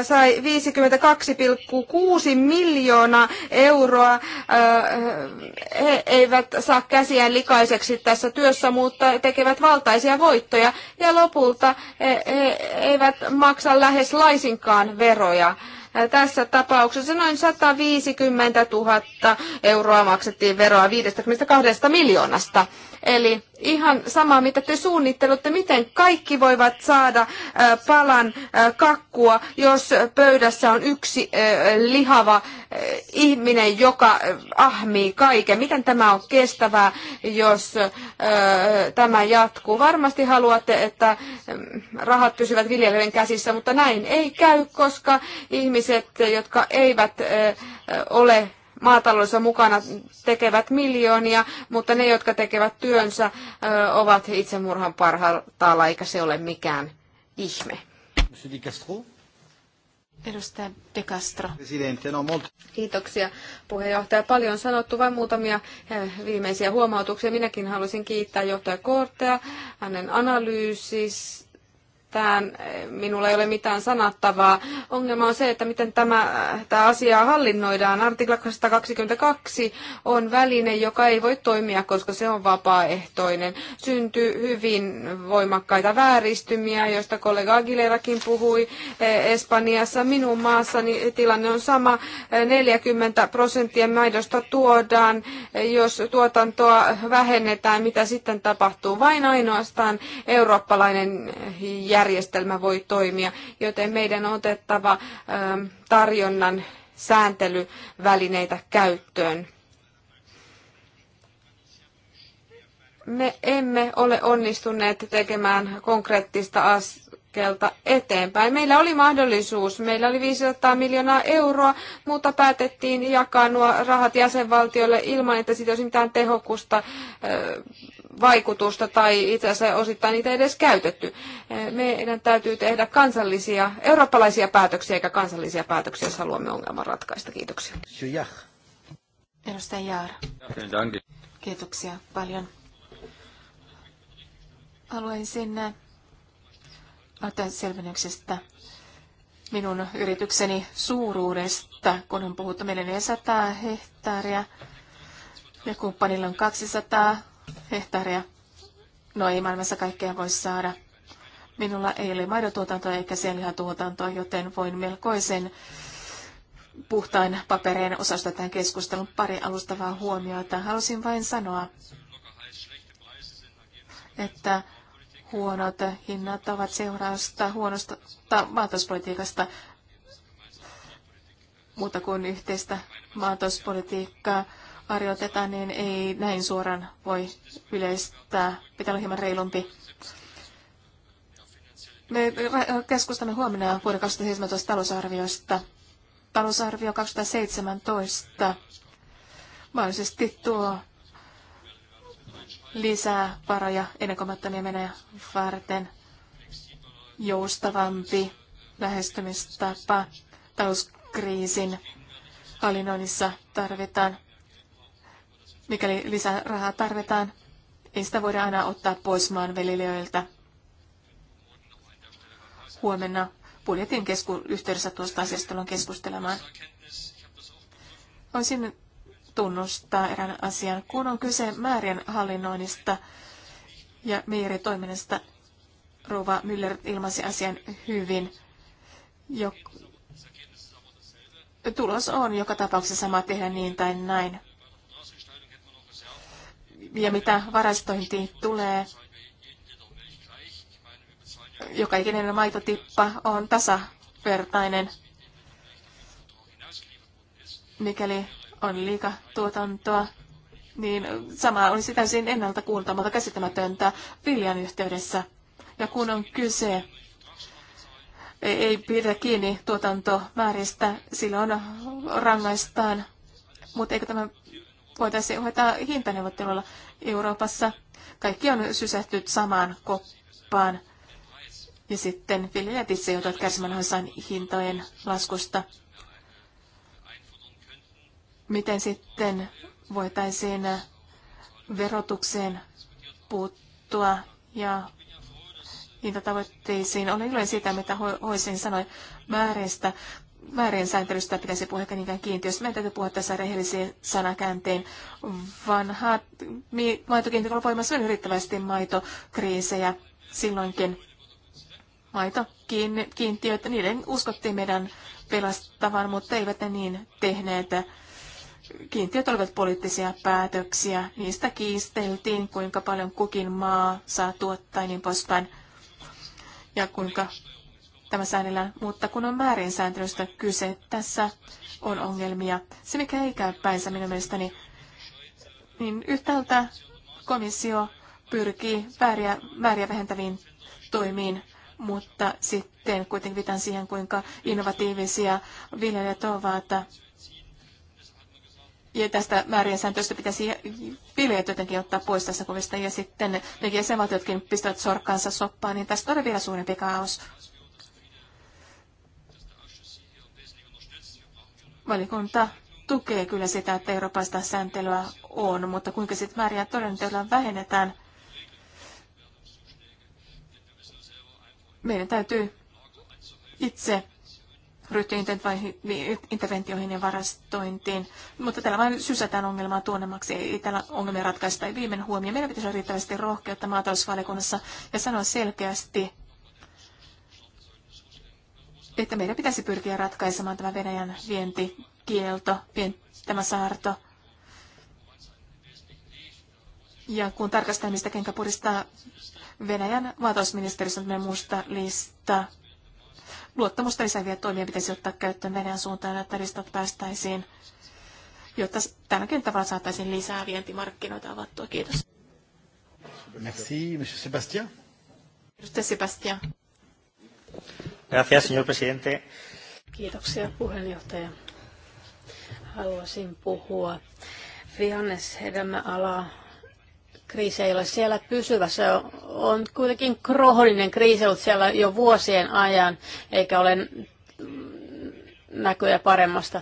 [SPEAKER 3] sai 52,6 miljoonaa euroa. He eivät saa käsiään likaiseksi tässä työssä, mutta tekevät valtaisia voittoja ja lopulta he eivät maksa lähes laisinkaan veroja. Tässä tapauksessa noin 150 000 euroa maksettiin veroa 52 miljoonasta Eli ihan sama, mitä te suunnittelette, miten kaikki voivat saada palan kakkua, jos pöydässä on yksi lihava ihminen, joka ahmii kaiken. Miten tämä on kestävää, jos tämä jatkuu? Varmasti haluatte, että rahat pysyvät viljelijöiden käsissä, mutta näin ei käy, koska ihmiset, jotka eivät ole maataloudessa mukana tekevät miljoonia, mutta ne, jotka tekevät työnsä, ovat itsemurhan parhaalla, eikä se ole mikään ihme. Edustaja De Castro. No, Kiitoksia puheenjohtaja. Paljon sanottu, vain muutamia viimeisiä huomautuksia. Minäkin haluaisin kiittää johtaja Kortea hänen analyysistä tähän minulla ei ole mitään sanattavaa. Ongelma on se, että miten tämä, tämä asia hallinnoidaan. Artikla 122 on väline, joka ei voi toimia, koska se on vapaaehtoinen. Syntyy hyvin voimakkaita vääristymiä, joista kollega Aguilerakin puhui Espanjassa. Minun maassani tilanne on sama. 40 prosenttia maidosta tuodaan. Jos tuotantoa vähennetään, mitä sitten tapahtuu? Vain ainoastaan eurooppalainen jä järjestelmä voi toimia, joten meidän on otettava tarjonnan sääntelyvälineitä käyttöön. Me emme ole onnistuneet tekemään konkreettista askelta eteenpäin. Meillä oli mahdollisuus, meillä oli 500 miljoonaa euroa, mutta päätettiin jakaa nuo rahat jäsenvaltioille ilman, että siitä olisi mitään tehokusta vaikutusta tai itse asiassa osittain niitä ei edes käytetty. Eh, meidän täytyy tehdä kansallisia, eurooppalaisia päätöksiä eikä kansallisia päätöksiä, jos haluamme ongelman ratkaista. Kiitoksia. Edustaja Jaara. Kiitoksia
[SPEAKER 2] paljon. Haluaisin eh, ottaa selvennyksestä minun yritykseni suuruudesta, kun on puhuttu meille 400 hehtaaria ja kumppanilla on 200 hehtaaria. No ei maailmassa kaikkea voi saada. Minulla ei ole maidotuotantoa eikä sienlihatuotantoa, joten voin melkoisen puhtain papereen osasta tämän keskustelun pari alustavaa huomiota. Halusin vain sanoa, että huonot hinnat ovat seurausta huonosta maatalouspolitiikasta muuta kuin yhteistä maatalouspolitiikkaa harjoiteta, niin ei näin suoraan voi yleistää. Pitää olla hieman reilumpi. Me keskustamme huomenna vuoden 2017 talousarviosta. Talousarvio 2017 mahdollisesti tuo lisää varoja ennakomattomia menee varten joustavampi lähestymistapa talouskriisin hallinnoinnissa tarvitaan. Mikäli lisärahaa tarvitaan, ei sitä voida aina ottaa pois maan viljelijöiltä. Huomenna budjetin kesku- yhteydessä tuosta asiasta tullaan keskustelemaan. Voisin tunnustaa erään asian. Kun on kyse määrien hallinnoinnista ja toiminnasta, Rova Müller ilmaisi asian hyvin. Jok tulos on joka tapauksessa sama tehdä niin tai näin ja mitä varastointiin tulee, joka ikinen maitotippa on tasavertainen. Mikäli on liika tuotantoa, niin sama olisi täysin ennalta kuultamatta käsittämätöntä viljan yhteydessä. Ja kun on kyse ei pidä kiinni tuotantomääristä, silloin rangaistaan. Mutta eikö tämä voitaisiin hoitaa hintaneuvotteluilla Euroopassa. Kaikki on sysähtynyt samaan koppaan. Ja sitten viljelijät itse joutuvat kärsimään osan hintojen laskusta. Miten sitten voitaisiin verotukseen puuttua ja hintatavoitteisiin. Olen iloinen siitä, mitä Hoisin sanoi määristä väärien sääntelystä pitäisi puhua niinkään kiintiöstä. Meidän täytyy puhua tässä rehellisiin sanakäänteen. Vanha maitokiintiö on voimassa on yrittävästi maitokriisejä silloinkin. Maito että niiden uskottiin meidän pelastavan, mutta eivät ne niin tehneet. Kiintiöt olivat poliittisia päätöksiä. Niistä kiisteltiin, kuinka paljon kukin maa saa tuottaa niin poispäin. Ja kuinka tämä säännellä, mutta kun on määrien sääntelystä kyse, tässä on ongelmia. Se, mikä ei käy päinsä minun mielestäni, niin yhtäältä komissio pyrkii vääriä, vääriä vähentäviin toimiin, mutta sitten kuitenkin vitan siihen, kuinka innovatiivisia viljelijät ovat. Ja tästä määrien sääntöstä pitäisi viljelijät jotenkin ottaa pois tässä kuvista. Ja sitten ne jäsenvaltiotkin pistävät sorkkaansa soppaan, niin tästä on vielä suurempi kaos. Valikunta tukee kyllä sitä, että Euroopasta sääntelyä on, mutta kuinka sitten määriä todennäköisesti vähennetään, meidän täytyy itse ryhtyä interventioihin ja varastointiin, mutta tällä vain sysätään ongelmaa tuonnemmaksi, ei tällä ongelmia ratkaista, ei viimeinen huomio. Meidän pitäisi olla riittävästi rohkeutta maatalousvaliokunnassa ja sanoa selkeästi, että meidän pitäisi pyrkiä ratkaisemaan tämä Venäjän vientikielto, tämä saarto. Ja kun tarkastaa, mistä kenkä puristaa Venäjän maatalousministeriössä on muusta lista, luottamusta lisääviä toimia pitäisi ottaa käyttöön Venäjän suuntaan, että listat päästäisiin, jotta tälläkin tavalla saataisiin lisää vientimarkkinoita avattua. Kiitos.
[SPEAKER 1] Merci, Monsieur Sébastien.
[SPEAKER 2] Edustaja Sébastien.
[SPEAKER 1] Gracias, señor presidente.
[SPEAKER 2] Kiitoksia puheenjohtaja.
[SPEAKER 4] Haluaisin puhua vihanneshedelmäalaa kriisi ei ole siellä pysyvä. Se on kuitenkin krooninen kriisi ollut siellä jo vuosien ajan, eikä ole näköjä paremmasta.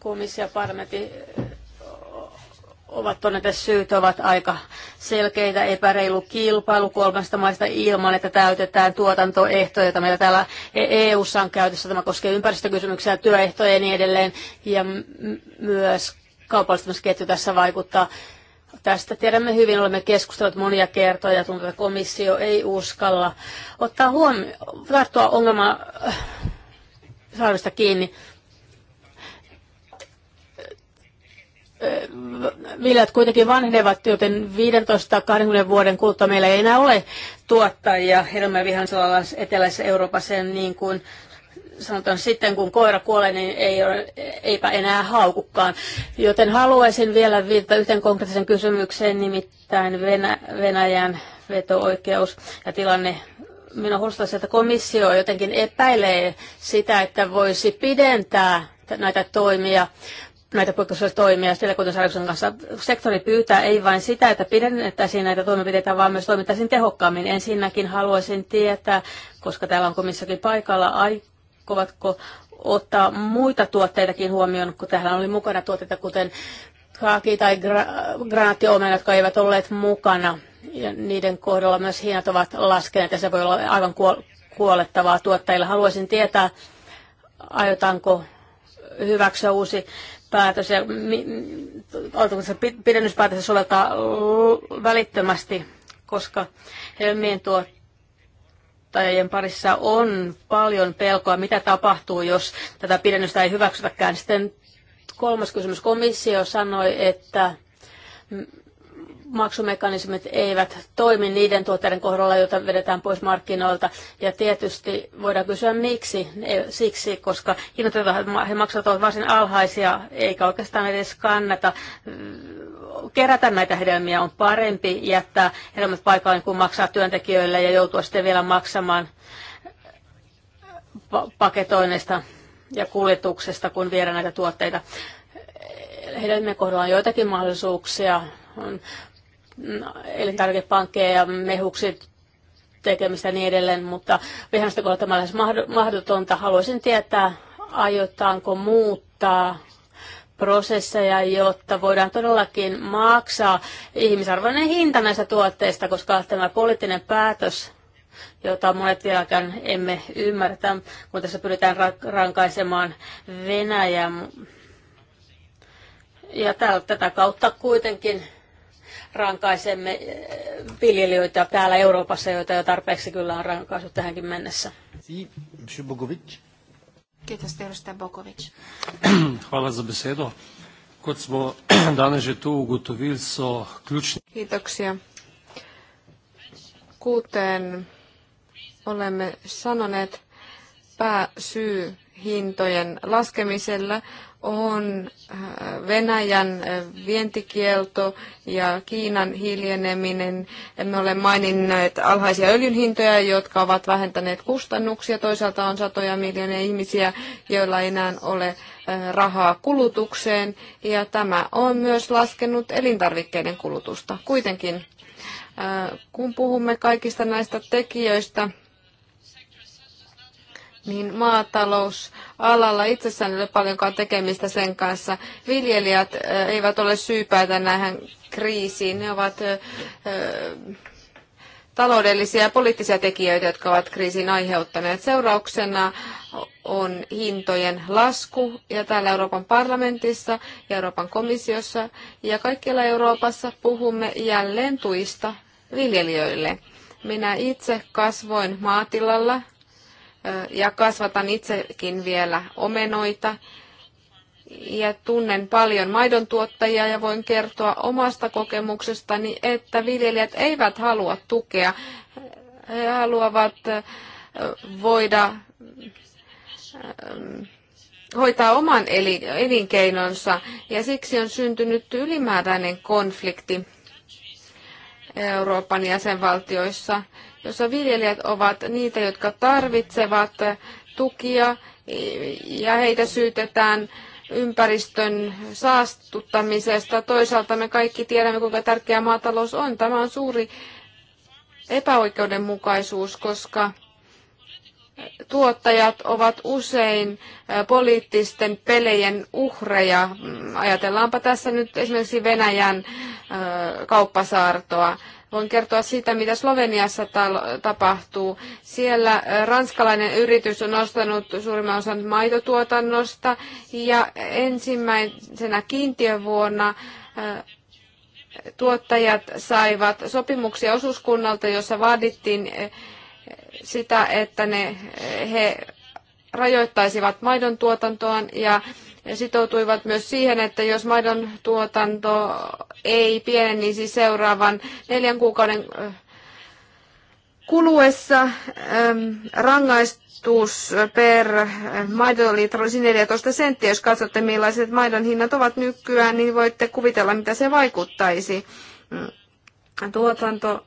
[SPEAKER 4] Komissio parlamentti ovat todennäköiset syyt ovat aika selkeitä, epäreilu kilpailu kolmesta maista ilman, että täytetään tuotantoehtoja, joita meillä täällä EU-ssa e on käytössä. Tämä koskee ympäristökysymyksiä, työehtoja ja niin edelleen. Ja myös kaupallistamisketju tässä vaikuttaa. Tästä tiedämme hyvin, olemme keskustelleet monia kertoja, tuntuu, että komissio ei uskalla ottaa huomioon, tarttua ongelmaa saavista kiinni. viljat kuitenkin vanhenevat, joten 15-20 vuoden kuluttua meillä ei enää ole tuottajia hedelmä- ja eteläisessä Euroopassa niin kuin sanotaan sitten, kun koira kuolee, niin ei ole, eipä enää haukukaan. Joten haluaisin vielä viitata yhteen konkreettisen kysymykseen, nimittäin Venäjän veto-oikeus ja tilanne Minä huolestuttaa että komissio jotenkin epäilee sitä, että voisi pidentää näitä toimia näitä poikkeuksellisia toimia telekuntosäädöksen kanssa. Sektori pyytää ei vain sitä, että pidennettäisiin näitä toimenpiteitä, vaan myös toimittaisiin tehokkaammin. Ensinnäkin haluaisin tietää, koska täällä on komissakin paikalla, aikovatko ottaa muita tuotteitakin huomioon, kun täällä oli mukana tuotteita, kuten kaaki tai gra- granaattiomena, jotka eivät olleet mukana. Ja niiden kohdalla myös hinnat ovat laskeneet ja se voi olla aivan kuolettavaa tuottajille. Haluaisin tietää, aiotaanko hyväksyä uusi päätös ja pidennyspäätös soveltaa välittömästi, koska helmien tuottajien parissa on paljon pelkoa, mitä tapahtuu, jos tätä pidennystä ei hyväksytäkään. Sitten kolmas kysymys. Komissio sanoi, että maksumekanismit eivät toimi niiden tuotteiden kohdalla, joita vedetään pois markkinoilta. Ja tietysti voidaan kysyä miksi. Siksi, koska hinnat, he maksavat, ovat varsin alhaisia, eikä oikeastaan edes kannata kerätä näitä hedelmiä. On parempi jättää hedelmät paikalleen kuin maksaa työntekijöille ja joutua sitten vielä maksamaan paketoinnista ja kuljetuksesta, kun viedä näitä tuotteita. Hedelmien kohdalla on joitakin mahdollisuuksia on elintarvikepankkeja ja mehuksi tekemistä ja niin edelleen, mutta vihannasta kohdalla tämä lähes mahdotonta. Haluaisin tietää, aiotaanko muuttaa prosesseja, jotta voidaan todellakin maksaa ihmisarvoinen hinta näistä tuotteista, koska tämä poliittinen päätös, jota monet vieläkään emme ymmärtä, kun tässä pyritään rankaisemaan Venäjää. Ja tätä kautta kuitenkin rankaisemme eh, viljelijöitä täällä Euroopassa, joita jo tarpeeksi kyllä on rankaisu tähänkin mennessä. Kiitos, edustaja Bokovic.
[SPEAKER 1] Hvala za besedo. Kot smo danes že tu ugotovili, so ključni...
[SPEAKER 3] Kiitoksia. Kuten olemme sanoneet, pääsyy hintojen laskemisella on äh, Venäjän äh, vientikielto ja Kiinan hiljeneminen. Emme ole maininneet alhaisia öljynhintoja, jotka ovat vähentäneet kustannuksia. Toisaalta on satoja miljoonia ihmisiä, joilla ei enää ole äh, rahaa kulutukseen. Ja tämä on myös laskenut elintarvikkeiden kulutusta. Kuitenkin, kun puhumme kaikista näistä tekijöistä, niin maatalousalalla itsessään ei ole paljonkaan tekemistä sen kanssa. Viljelijät eivät ole syypäitä näihin kriisiin. Ne ovat taloudellisia ja poliittisia tekijöitä, jotka ovat kriisin aiheuttaneet. Seurauksena on hintojen lasku ja täällä Euroopan parlamentissa ja Euroopan komissiossa ja kaikkialla Euroopassa puhumme jälleen tuista viljelijöille. Minä itse kasvoin maatilalla ja kasvatan itsekin vielä omenoita ja tunnen paljon maidon tuottajia ja voin kertoa omasta kokemuksestani, että viljelijät eivät halua tukea. He haluavat voida hoitaa oman elinkeinonsa ja siksi on syntynyt ylimääräinen konflikti Euroopan jäsenvaltioissa jossa viljelijät ovat niitä, jotka tarvitsevat tukia ja heitä syytetään ympäristön saastuttamisesta. Toisaalta me kaikki tiedämme, kuinka tärkeä maatalous on. Tämä on suuri epäoikeudenmukaisuus, koska tuottajat ovat usein poliittisten pelejen uhreja. Mm, ajatellaanpa tässä nyt esimerkiksi Venäjän kauppasaartoa. Voin kertoa siitä, mitä Sloveniassa tapahtuu. Siellä äh, ranskalainen yritys on ostanut suurimman osan maitotuotannosta ja ensimmäisenä kiintiövuonna äh, tuottajat saivat sopimuksia osuuskunnalta, jossa vaadittiin äh, sitä, että ne, he rajoittaisivat maidon tuotantoa ja sitoutuivat myös siihen, että jos maidon tuotanto ei pienenisi seuraavan neljän kuukauden äh, kuluessa ähm, rangaistus per maidolitra olisi 14 senttiä. Jos katsotte, millaiset maidon hinnat ovat nykyään, niin voitte kuvitella, mitä se vaikuttaisi mm. tuotanto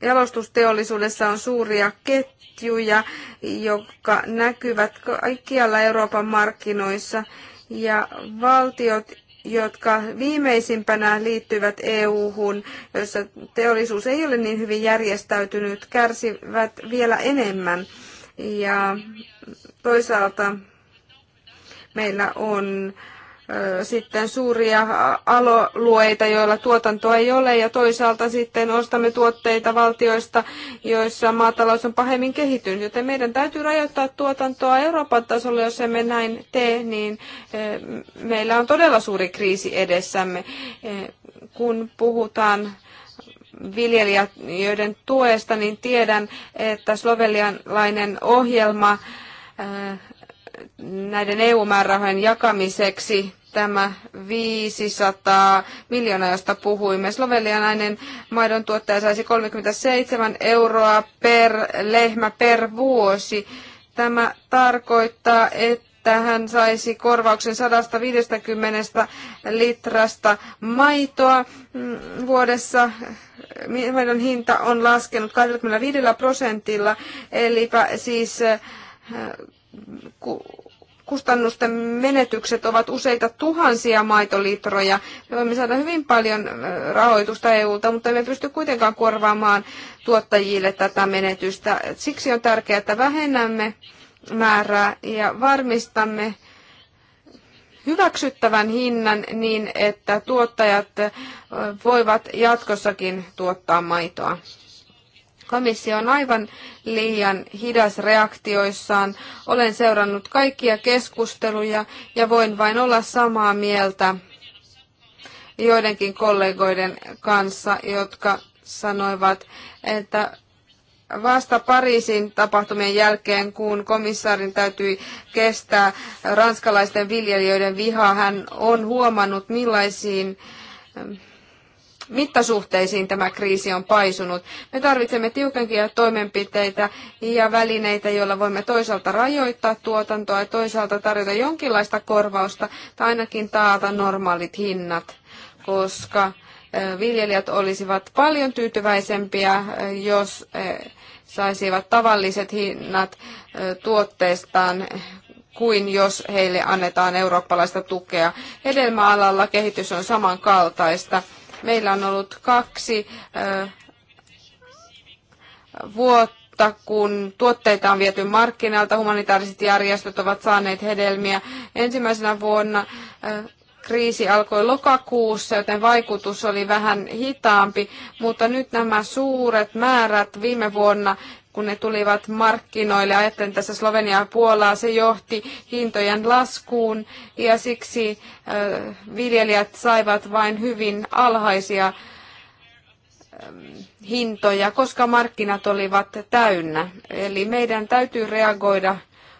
[SPEAKER 3] jalostusteollisuudessa on suuria ketjuja, jotka näkyvät kaikkialla Euroopan markkinoissa. Ja valtiot, jotka viimeisimpänä liittyvät EU-hun, joissa teollisuus ei ole niin hyvin järjestäytynyt, kärsivät vielä enemmän. Ja toisaalta meillä on äh, sitten suuria alolueita, joilla tuotantoa ei ole, ja toisaalta sitten ostamme tuotteita valtioista, joissa maatalous on pahemmin kehittynyt. Joten meidän täytyy rajoittaa tuotantoa Euroopan tasolla, jos emme näin tee, niin meillä on todella suuri kriisi edessämme, kun puhutaan viljelijöiden tuesta, niin tiedän, että slovelianlainen ohjelma näiden EU-määrärahojen jakamiseksi tämä 500 miljoonaa, josta puhuimme. Slovelianainen maidon tuottaja saisi 37 euroa per lehmä per vuosi. Tämä tarkoittaa, että hän saisi korvauksen 150 litrasta maitoa mm, vuodessa. Maidon hinta on laskenut 25 prosentilla, eli siis äh, kustannusten menetykset ovat useita tuhansia maitolitroja. Me voimme saada hyvin paljon rahoitusta EUlta, mutta emme pysty kuitenkaan korvaamaan tuottajille tätä menetystä. Siksi on tärkeää, että vähennämme määrää ja varmistamme hyväksyttävän hinnan niin, että tuottajat voivat jatkossakin tuottaa maitoa. Komissio on aivan liian hidas reaktioissaan. Olen seurannut kaikkia keskusteluja ja voin vain olla samaa mieltä joidenkin kollegoiden kanssa, jotka sanoivat, että vasta Pariisin tapahtumien jälkeen, kun komissaarin täytyi kestää ranskalaisten viljelijöiden vihaa, hän on huomannut millaisiin mittasuhteisiin tämä kriisi on paisunut. Me tarvitsemme tiukempia toimenpiteitä ja välineitä, joilla voimme toisaalta rajoittaa tuotantoa ja toisaalta tarjota jonkinlaista korvausta tai ainakin taata normaalit hinnat, koska viljelijät olisivat paljon tyytyväisempiä, jos saisivat tavalliset hinnat tuotteestaan kuin jos heille annetaan eurooppalaista tukea. Hedelmäalalla kehitys on samankaltaista. Meillä on ollut kaksi vuotta, kun tuotteita on viety markkinoilta, humanitaariset järjestöt ovat saaneet hedelmiä. Ensimmäisenä vuonna kriisi alkoi lokakuussa, joten vaikutus oli vähän hitaampi, mutta nyt nämä suuret määrät viime vuonna kun ne tulivat markkinoille. Ajattelin tässä Sloveniaa ja Puolaa, se johti hintojen laskuun ja siksi viljelijät saivat vain hyvin alhaisia hintoja, koska markkinat olivat täynnä. Eli meidän täytyy reagoida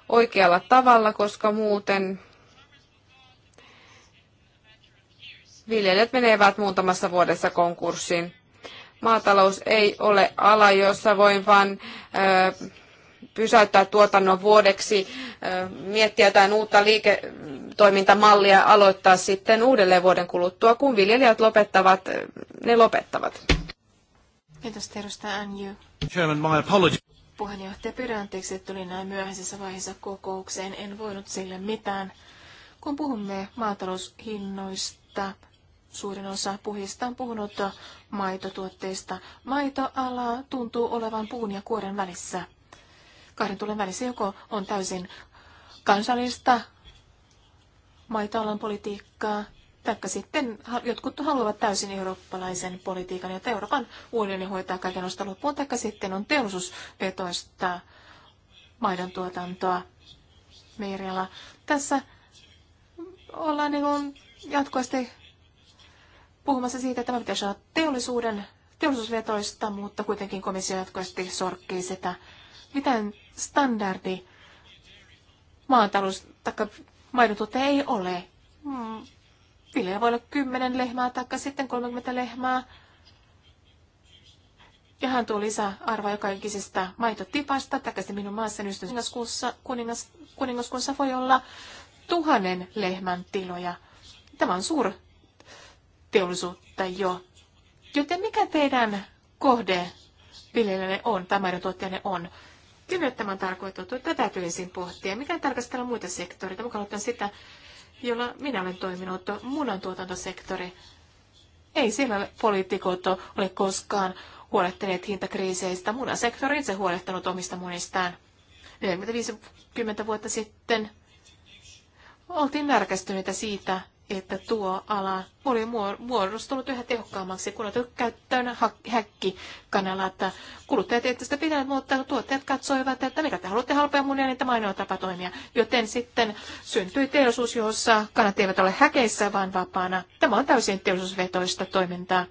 [SPEAKER 3] oikealla tavalla, koska muuten viljelijät menevät muutamassa vuodessa konkurssiin maatalous ei ole ala, jossa voin vain pysäyttää tuotannon vuodeksi, miettiä jotain uutta liiketoimintamallia ja aloittaa sitten uudelleen vuoden kuluttua, kun viljelijät lopettavat, ne lopettavat. Kiitos, edustaja Anju.
[SPEAKER 2] Chairman, my apologies. Puheenjohtaja, pyydän anteeksi, että tuli näin myöhäisessä vaiheessa kokoukseen. En voinut sille mitään. Kun puhumme maataloushinnoista, suurin osa puhista on puhunut maitotuotteista. Maitoala tuntuu olevan puun ja kuoren välissä. Kahden tulen välissä joko on täysin kansallista maitoalan politiikkaa, taikka sitten jotkut haluavat täysin eurooppalaisen politiikan, jota Euroopan unioni hoitaa kaiken osta loppuun, taikka sitten on teollisuusvetoista maidon tuotantoa meirialla. Tässä ollaan niin jatkuvasti puhumassa siitä, että tämä pitäisi olla teollisuuden, teollisuusvetoista, mutta kuitenkin komissio jatkuvasti sorkkii sitä. Mitään standardi maatalous- tai ei ole. Hmm. Viljelijä voi olla 10 lehmää tai sitten 30 lehmää. Ja hän tuo lisää joka ikisestä maitotipasta, takaisin minun maassani kuningaskunnassa, kuningas, kuningaskunnassa voi olla tuhannen lehmän tiloja. Tämä on suur teollisuutta jo. Joten mikä teidän kohde viljelijänne on tai maidontuottajanne on? Kyllä tämä on tarkoitettu. Tätä täytyy ensin pohtia. Mikä tarkastella muita sektoreita? Mukaan ottaen sitä, jolla minä olen toiminut, munan tuotantosektori. Ei siellä poliitikot ole koskaan huolehtineet hintakriiseistä. sektori itse huolehtanut omista munistaan. 40 vuotta sitten oltiin närkästyneitä siitä, että tuo ala oli muodostunut yhä tehokkaammaksi, kun otettu käyttöön häkkikanalla, että kuluttajat eivät sitä pitäneet, mutta tuottajat katsoivat, että mikä te haluatte halpea munia, niin tämä ainoa tapa toimia. Joten sitten syntyi teollisuus, jossa kanat eivät ole häkeissä, vaan vapaana. Tämä on täysin teollisuusvetoista toimintaa.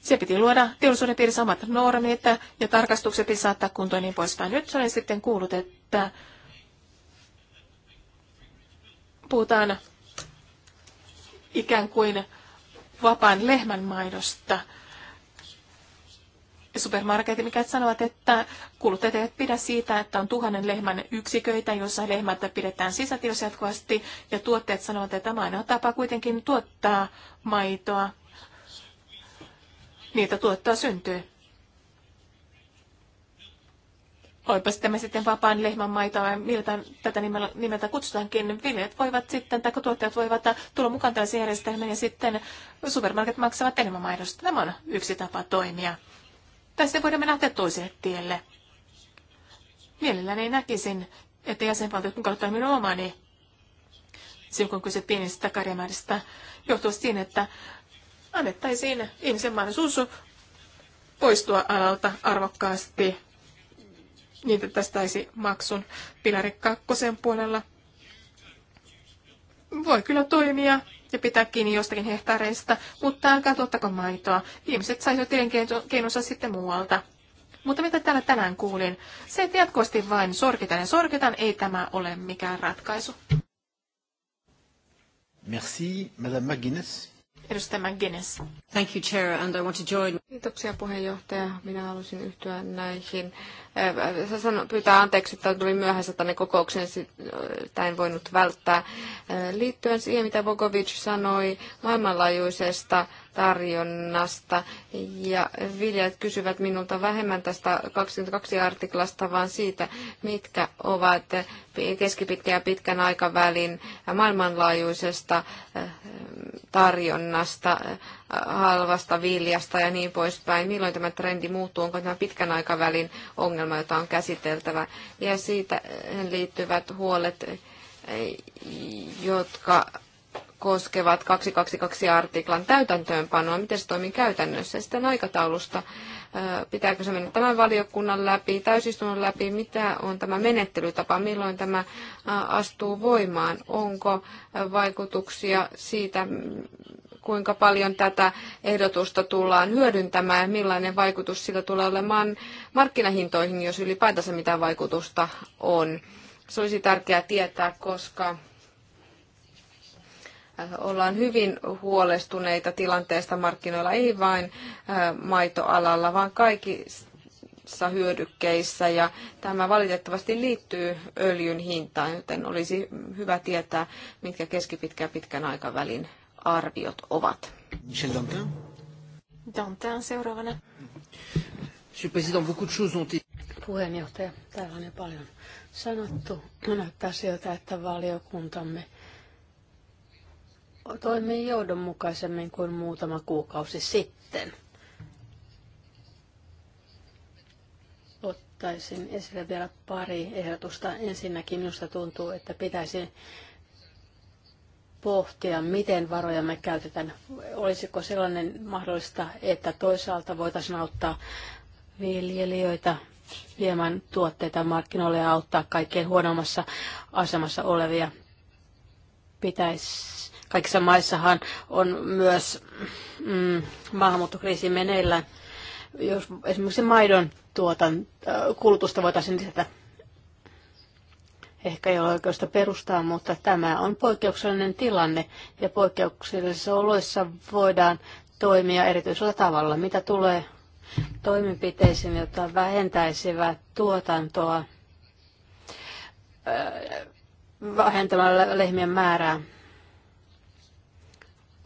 [SPEAKER 2] Se piti luoda teollisuuden piirissä samat normit ja tarkastukset piti saattaa kuntoon niin poispäin. Nyt olen sitten kuullut, että Puhutaan ikään kuin vapaan lehmän maidosta. Supermarketit, mikä sanovat, että kuluttajat eivät pidä siitä, että on tuhannen lehmän yksiköitä, joissa lehmät pidetään sisätilassa jatkuvasti, ja tuotteet sanovat, että tämä ainoa tapa kuitenkin tuottaa maitoa. Niitä tuottaa syntyy. olipa me sitten vapaan lehmän ja miltä tätä nimeltä kutsutaankin, niin Viljet voivat sitten, tai tuottajat voivat tulla mukaan tällaisiin järjestelmiin, ja sitten supermarket maksavat enemmän maidosta. Tämä on yksi tapa toimia. Tai sitten voidaan mennä toiselle tielle. Mielelläni näkisin, että jäsenvaltiot mukaan ottaa minun omani, silloin kun kyse pienistä karjamääristä, johtuu siinä, että annettaisiin ihmisen mahdollisuus poistua alalta arvokkaasti niitä tästäisi maksun pilari kakkosen puolella. Voi kyllä toimia ja pitää kiinni jostakin hehtaareista, mutta älkää tuottako maitoa. Ihmiset saisivat keinonsa sitten muualta. Mutta mitä täällä tänään kuulin? Se, että jatkuvasti vain sorkitaan ja sorkitaan, ei tämä ole mikään ratkaisu.
[SPEAKER 1] Merci, Madame McGuinness.
[SPEAKER 2] Edustaja
[SPEAKER 3] McGuinness. Thank you, Chair, and I want to join. Kiitoksia puheenjohtaja. Minä halusin yhtyä näihin. Sanon, pyytää anteeksi, että tuli myöhässä tänne kokoukseen, sitä en voinut välttää. Liittyen siihen, mitä Bogovic sanoi maailmanlaajuisesta tarjonnasta. Ja viljat kysyvät minulta vähemmän tästä 22 artiklasta, vaan siitä, mitkä ovat keskipitkän ja pitkän aikavälin maailmanlaajuisesta eh, tarjonnasta, eh, halvasta viljasta ja niin poispäin. Milloin tämä trendi muuttuu? Onko tämä pitkän aikavälin ongelma, jota on käsiteltävä? Ja siitä eh, liittyvät huolet jotka koskevat 222 artiklan täytäntöönpanoa, miten se toimii käytännössä, ja sitten aikataulusta, pitääkö se mennä tämän valiokunnan läpi, täysistunnon läpi, mitä on tämä menettelytapa, milloin tämä astuu voimaan, onko vaikutuksia siitä, kuinka paljon tätä ehdotusta tullaan hyödyntämään ja millainen vaikutus sillä tulee olemaan markkinahintoihin, jos ylipäätänsä mitään vaikutusta on. Se olisi tärkeää tietää, koska ollaan hyvin huolestuneita tilanteesta markkinoilla, ei vain maitoalalla, vaan kaikissa hyödykkeissä. Ja tämä valitettavasti liittyy öljyn hintaan, joten olisi hyvä tietää, mitkä keskipitkän ja pitkän aikavälin arviot ovat.
[SPEAKER 1] Michel Dantin.
[SPEAKER 2] Dantin seuraavana. Monsieur Président, beaucoup de choses
[SPEAKER 1] ont
[SPEAKER 4] puheenjohtaja, täällä on jo paljon sanottu. Näyttää siltä, että valiokuntamme toimii johdonmukaisemmin kuin muutama kuukausi sitten. Ottaisin esille vielä pari ehdotusta. Ensinnäkin minusta tuntuu, että pitäisi pohtia, miten varoja me käytetään. Olisiko sellainen mahdollista, että toisaalta voitaisiin auttaa viljelijöitä viemään tuotteita markkinoille ja auttaa kaikkein huonommassa asemassa olevia. Pitäisi Kaikissa maissahan on myös mm, maahanmuuttokriisi meneillään. Jos esimerkiksi maidon tuotan, äh, kulutusta voitaisiin lisätä, ehkä ei ole oikeusta perustaa, mutta tämä on poikkeuksellinen tilanne ja poikkeuksellisissa oloissa voidaan toimia erityisellä tavalla. Mitä tulee toimenpiteisiin, jotka vähentäisivät tuotantoa äh, vähentämällä lehmien määrää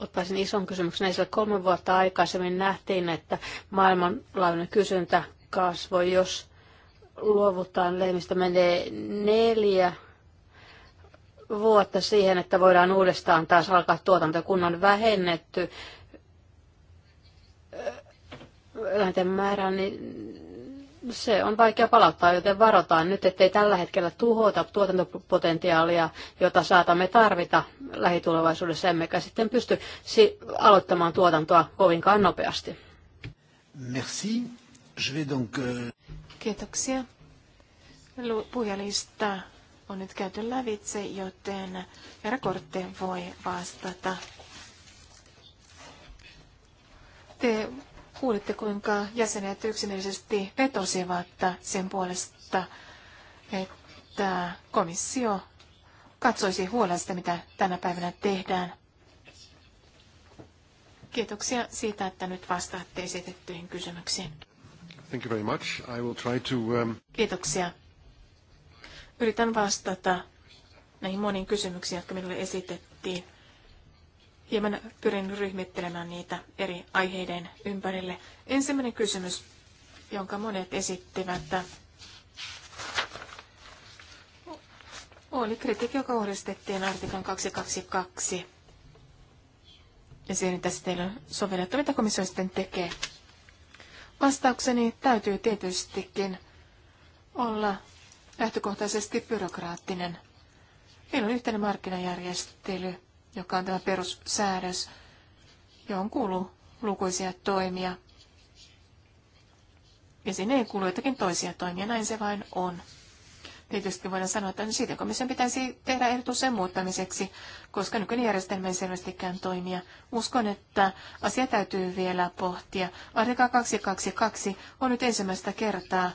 [SPEAKER 4] ottaisin ison kysymyksen esille. Kolme vuotta aikaisemmin nähtiin, että maailmanlaajuinen kysyntä kasvoi, jos luovutaan lehmistä, menee neljä vuotta siihen, että voidaan uudestaan taas alkaa tuotanto, kun on vähennetty eläinten määrää, niin se on vaikea palauttaa, joten varotaan nyt, ettei tällä hetkellä tuhota tuotantopotentiaalia, jota saatamme tarvita lähitulevaisuudessa, emmekä sitten pysty aloittamaan tuotantoa kovinkaan
[SPEAKER 1] nopeasti. Merci. Je vais donc... Euh,
[SPEAKER 2] Kiitoksia. Puhujalista on nyt käyty lävitse, joten herra Kortte voi vastata. Te kuulitte, kuinka jäsenet yksimielisesti vetosivat sen puolesta, että komissio katsoisi huolella sitä, mitä tänä päivänä tehdään. Kiitoksia siitä, että nyt vastaatte esitettyihin kysymyksiin.
[SPEAKER 1] Thank you very much. I will try to, um...
[SPEAKER 2] Kiitoksia. Yritän vastata näihin moniin kysymyksiin, jotka minulle esitettiin hieman pyrin ryhmittelemään niitä eri aiheiden ympärille. Ensimmäinen kysymys, jonka monet esittivät, oli kritiikki, joka uudistettiin artiklan 222. Ja siihen tässä teillä on sovellettu, mitä komissio sitten tekee. Vastaukseni täytyy tietystikin olla lähtökohtaisesti byrokraattinen. Meillä on yhteinen markkinajärjestely, joka on tämä perussäädös, johon kuuluu lukuisia toimia. Ja sinne ei kuulu jotakin toisia toimia, näin se vain on. Tietysti voidaan sanoa, että siitä komission pitäisi tehdä ehdotus sen muuttamiseksi, koska nykyinen järjestelmä ei selvästikään toimia. Uskon, että asia täytyy vielä pohtia. Artikla 222 on nyt ensimmäistä kertaa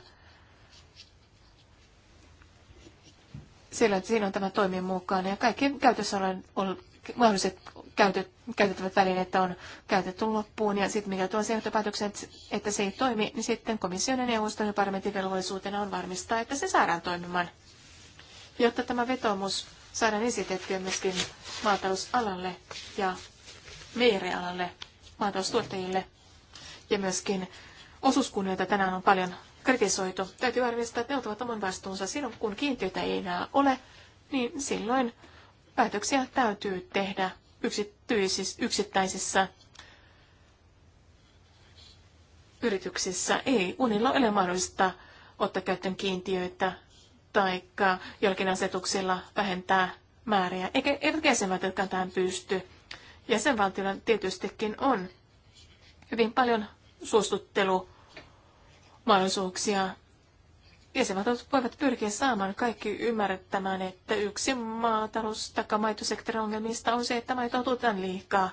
[SPEAKER 2] siellä, siinä on tämä toimi mukaan ja kaikki käytössä mahdolliset käytet, käytettävät välineet on käytetty loppuun, ja sitten mikä tuo johtopäätöksen, että se ei toimi, niin sitten komission ja neuvoston ja parlamentin velvollisuutena on varmistaa, että se saadaan toimimaan, jotta tämä vetomus saadaan esitettyä myöskin maatalousalalle ja meirealalle, maataloustuottajille ja myöskin osuuskunnioita tänään on paljon kritisoitu. Täytyy varmistaa, että ne ottavat oman vastuunsa silloin, kun kiintiötä ei enää ole, niin silloin Päätöksiä täytyy tehdä yksittäisissä yrityksissä. Ei unilla ole mahdollista ottaa käyttöön kiintiöitä tai jollakin asetuksella vähentää määriä. Eikä jäsenvaltiotkaan tähän pysty. Jäsenvaltiolla tietystikin on hyvin paljon suostuttelu mahdollisuuksia Jäsenvaltiot voivat pyrkiä saamaan kaikki ymmärrettämään, että yksi maatalous- tai maitosektorin ongelmista on se, että maito tuotetaan liikaa.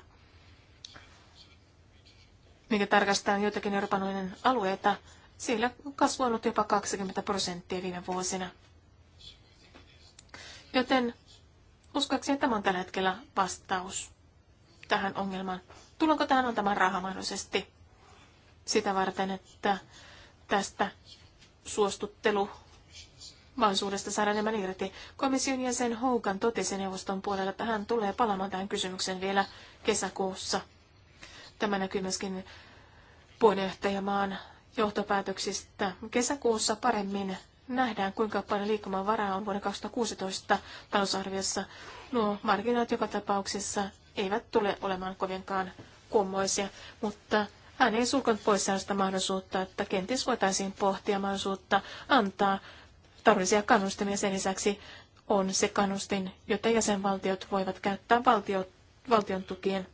[SPEAKER 2] Mikä tarkastetaan joitakin Euroopan unionin alueita, siellä kasvu on ollut jopa 20 prosenttia viime vuosina. Joten uskoakseni tämä on tällä hetkellä vastaus tähän ongelmaan. Tullaanko tähän antamaan rahaa mahdollisesti sitä varten, että tästä suostuttelu mahdollisuudesta saada enemmän irti. Komission jäsen Houkan totesi neuvoston puolella, että hän tulee palaamaan tähän kysymykseen vielä kesäkuussa. Tämä näkyy myöskin puheenjohtajamaan johtopäätöksistä. Kesäkuussa paremmin nähdään, kuinka paljon varaa on vuoden 2016 talousarviossa. Nuo markkinat joka tapauksessa eivät tule olemaan kovinkaan kummoisia, mutta hän ei sulkanut pois sellaista mahdollisuutta, että kenties voitaisiin pohtia mahdollisuutta antaa tarvallisia kannustimia. Sen lisäksi on se kannustin, jota jäsenvaltiot voivat käyttää valtio, valtion tukien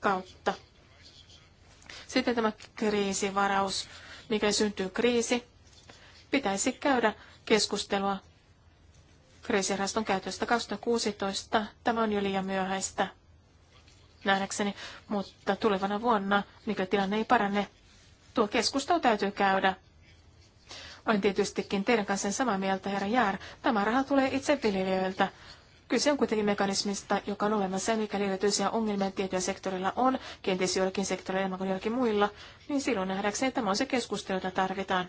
[SPEAKER 2] kautta. Sitten tämä kriisivaraus, mikä syntyy kriisi, pitäisi käydä keskustelua kriisirahaston käytöstä 2016. Tämä on jo liian myöhäistä nähdäkseni, mutta tulevana vuonna, mikä tilanne ei parane, tuo keskustelu täytyy käydä. Olen tietystikin teidän kanssa samaa mieltä, herra Jär. Tämä raha tulee itse viljelijöiltä. Kyse on kuitenkin mekanismista, joka on olemassa, mikä mikäli erityisiä ongelmia tietyillä sektorilla on, kenties joillakin sektorilla enemmän kuin joillakin muilla, niin silloin nähdäkseni tämä on se keskustelu, jota tarvitaan.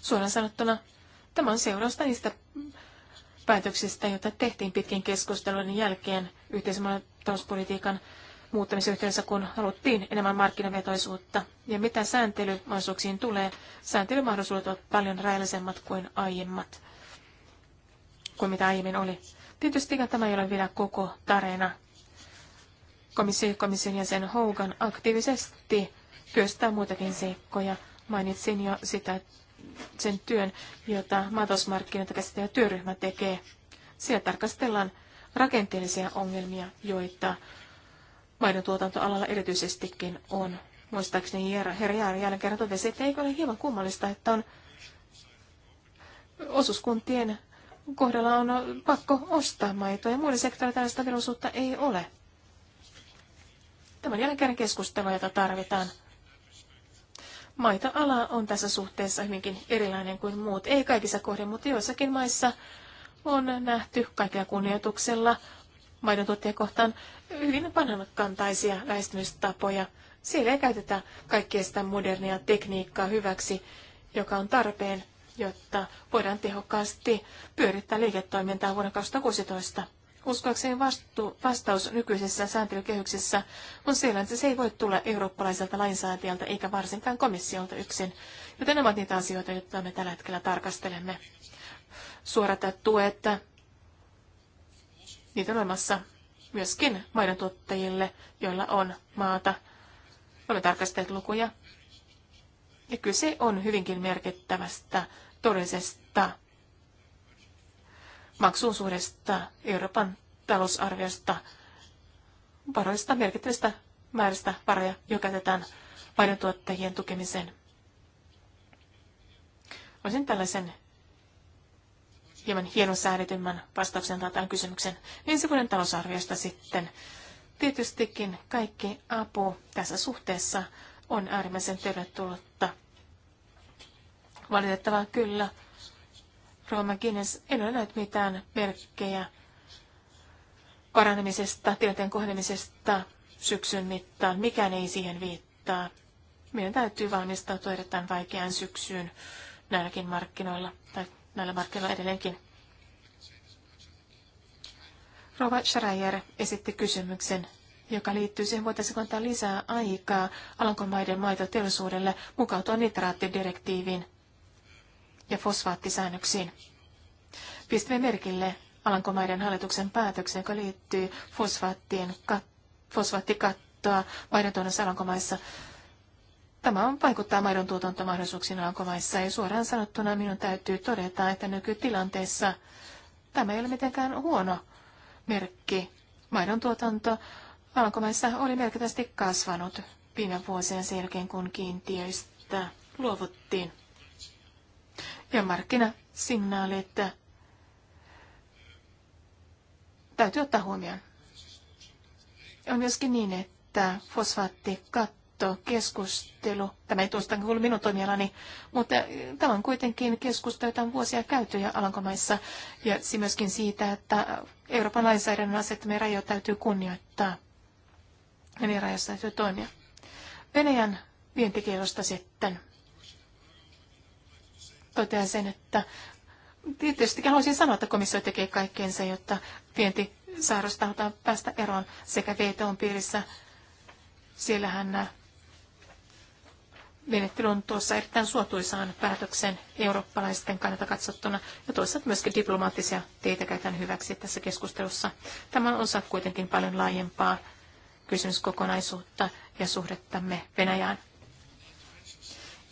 [SPEAKER 2] Suoraan sanottuna, tämä on seurausta niistä päätöksistä, jota tehtiin pitkin keskustelun jälkeen yhteisemmän talouspolitiikan muuttamisen yhteydessä, kun haluttiin enemmän markkinavetoisuutta. Ja mitä sääntelymahdollisuuksiin tulee, sääntelymahdollisuudet ovat paljon rajallisemmat kuin aiemmat, kuin mitä aiemmin oli. Tietysti tämä ei ole vielä koko tarina. Komission, komission jäsen Hogan aktiivisesti työstää muitakin seikkoja. Mainitsin jo sitä, sen työn, jota maatalousmarkkinoita käsittelevä työryhmä tekee. Siellä tarkastellaan rakenteellisia ongelmia, joita maidon tuotantoalalla erityisestikin on. Muistaakseni herra Jaari jälleen kerran totesi, että eikö ole hieman kummallista, että on osuuskuntien kohdalla on pakko ostaa maitoa ja muilla sektoreilla tällaista velvollisuutta ei ole. jälleen kerran keskustelua, jota tarvitaan maitoala on tässä suhteessa hyvinkin erilainen kuin muut. Ei kaikissa kohden, mutta joissakin maissa on nähty kaikilla kunnioituksella maidontuottajia kohtaan hyvin vanhankantaisia lähestymistapoja. Siellä ei käytetä kaikkea sitä modernia tekniikkaa hyväksi, joka on tarpeen, jotta voidaan tehokkaasti pyörittää liiketoimintaa vuonna 2016. Uskoakseni vastu, vastaus nykyisessä sääntelykehyksessä on siellä, että se ei voi tulla eurooppalaiselta lainsäätäjältä eikä varsinkaan komissiolta yksin. Joten nämä ovat niitä asioita, joita me tällä hetkellä tarkastelemme. Suorat tuet, niitä on olemassa myöskin tuottajille, joilla on maata. Olemme tarkastelleet lukuja. Ja kyse on hyvinkin merkittävästä todellisesta maksun suuresta Euroopan talousarviosta varoista merkittävistä määristä varoja, joka käytetään painotuottajien tukemiseen. Olisin tällaisen hieman hienon säädetymmän vastauksen antaa kysymyksen ensi vuoden talousarviosta sitten. Tietystikin kaikki apu tässä suhteessa on äärimmäisen tervetullutta. Valitettavaa kyllä Roma Guinness, en ole nähnyt mitään merkkejä paranemisesta, tilanteen kohdemisesta syksyn mittaan. Mikään ei siihen viittaa. Meidän täytyy valmistautua erittäin vaikeaan syksyyn näilläkin markkinoilla, tai näillä markkinoilla edelleenkin. Rova Schreier esitti kysymyksen, joka liittyy siihen, voitaisiinko antaa lisää aikaa Alankomaiden maitoteollisuudelle mukautua nitraattidirektiiviin ja fosfaattisäännöksiin. Pistimme merkille Alankomaiden hallituksen päätöksen, joka liittyy fosfaattien kat- fosfaattikattoa maidontuonnossa Alankomaissa. Tämä on vaikuttaa maidon tuotantomahdollisuuksiin Alankomaissa ja suoraan sanottuna minun täytyy todeta, että nykytilanteessa tämä ei ole mitenkään huono merkki. Maidon tuotanto Alankomaissa oli merkittävästi kasvanut viime vuosien sen jälkeen, kun kiintiöistä luovuttiin ja markkinasignaali, että täytyy ottaa huomioon. On myöskin niin, että fosfaattikatto, keskustelu, tämä ei tuosta kuulu minun toimialani, mutta äh, tämä on kuitenkin keskustelu, jota on vuosia käyty ja Alankomaissa, ja myöskin siitä, että Euroopan lainsäädännön asettamia rajoja täytyy kunnioittaa, ja niin rajoissa täytyy toimia. Venäjän vientikielosta sitten totean sen, että tietysti haluaisin sanoa, että komissio tekee kaikkeensa, jotta vienti sairastautaan päästä eroon sekä VTOn piirissä. Siellähän äh, menettely on tuossa erittäin suotuisaan päätöksen eurooppalaisten kannalta katsottuna ja toisaalta myöskin diplomaattisia teitä käytän hyväksi tässä keskustelussa. Tämä on osa kuitenkin paljon laajempaa kysymyskokonaisuutta ja suhdettamme Venäjään.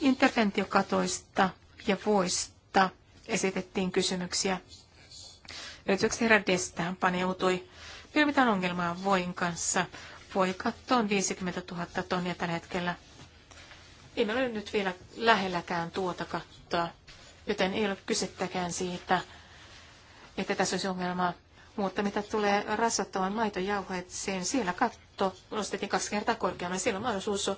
[SPEAKER 2] Interventiokatoista ja voista esitettiin kysymyksiä. Yritykseksi herra Destään paneutui. Ei mitään ongelmaa voin kanssa. Voi katto on 50 000 tonnia tällä hetkellä. Ei meillä ole nyt vielä lähelläkään tuota kattoa, joten ei ole kysettäkään siitä, että tässä olisi ongelmaa. Mutta mitä tulee rasvattavan maitojauheeseen, siellä katto nostettiin kaksi kertaa korkeammalle. Siellä on mahdollisuus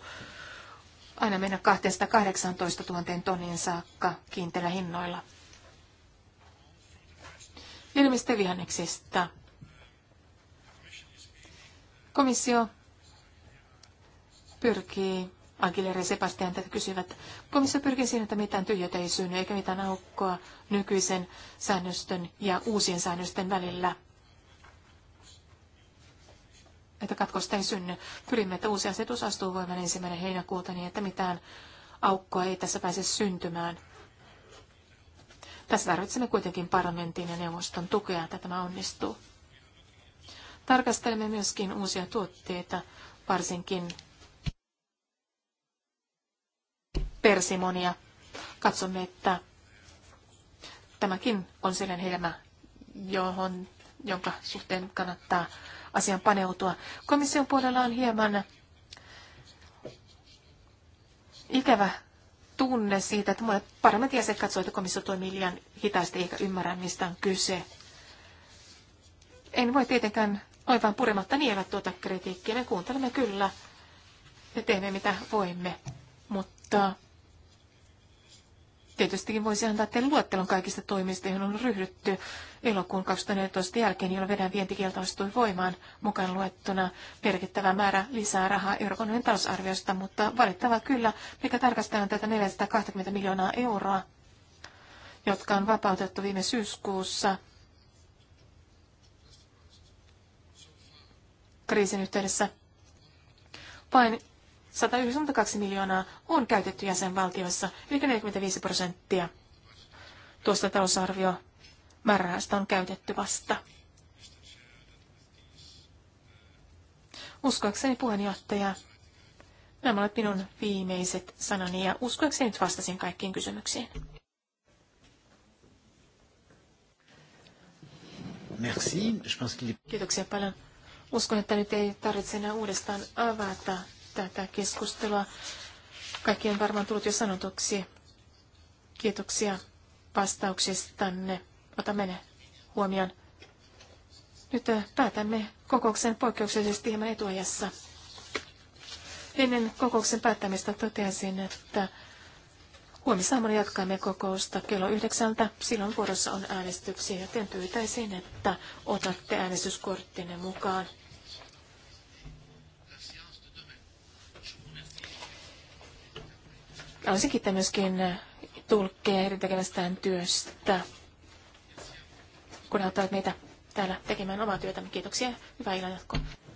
[SPEAKER 2] aina mennä 218 000 tonnin saakka kiinteillä hinnoilla. Ilmistä vihanneksista. Komissio pyrkii, Aguilera ja Sebastian tätä kysyvät, komissio pyrkii siihen, että mitään tyhjötä ei synny eikä mitään aukkoa nykyisen säännöstön ja uusien säännösten välillä – että katkosta ei synny. Pyrimme, että uusi asetus astuu voimaan ensimmäinen heinäkuuta niin, että mitään aukkoa ei tässä pääse syntymään. Tässä tarvitsemme kuitenkin parlamentin ja neuvoston tukea, että tämä onnistuu. Tarkastelemme myöskin uusia tuotteita, varsinkin persimonia. Katsomme, että tämäkin on sellainen helmä, johon, jonka suhteen kannattaa asian paneutua. Komission puolella on hieman ikävä tunne siitä, että monet parlamentin jäsenet katsovat, että komissio toimii liian hitaasti eikä ymmärrä, mistä on kyse. En voi tietenkään noin vaan purematta nielä tuota kritiikkiä. Me kuuntelemme kyllä ja teemme mitä voimme, mutta Tietystikin voisi antaa teille luettelon kaikista toimista, joihin on ryhdytty elokuun 2014 jälkeen, jolloin Venäjän vientikielto astui voimaan mukaan luettuna merkittävä määrä lisää rahaa Euroopan unionin talousarviosta, mutta valittava kyllä, mikä tarkastaa tätä 420 miljoonaa euroa, jotka on vapautettu viime syyskuussa kriisin yhteydessä. Vain 192 miljoonaa on käytetty jäsenvaltioissa, yli 45 prosenttia tuosta talousarvio määrärahasta on käytetty vasta. Uskoakseni puheenjohtaja, nämä ovat minun viimeiset sanani ja uskoakseni nyt vastasin kaikkiin kysymyksiin.
[SPEAKER 1] Merci. Je pense
[SPEAKER 2] Kiitoksia paljon. Uskon, että nyt ei tarvitse enää uudestaan avata tätä keskustelua. Kaikki on varmaan tullut jo sanotuksi. Kiitoksia vastauksistanne. Otamme ne huomioon. Nyt äh, päätämme kokouksen poikkeuksellisesti hieman etuajassa. Ennen kokouksen päättämistä toteaisin, että huomisaamalla jatkamme kokousta kello yhdeksältä. Silloin vuorossa on äänestyksiä, joten pyytäisin, että otatte äänestyskorttinne mukaan. Haluaisin kiittää myöskin tulkkeja eri tekemästään työstä, kun auttavat meitä täällä tekemään omaa työtämme. Kiitoksia. Hyvää jatkoa.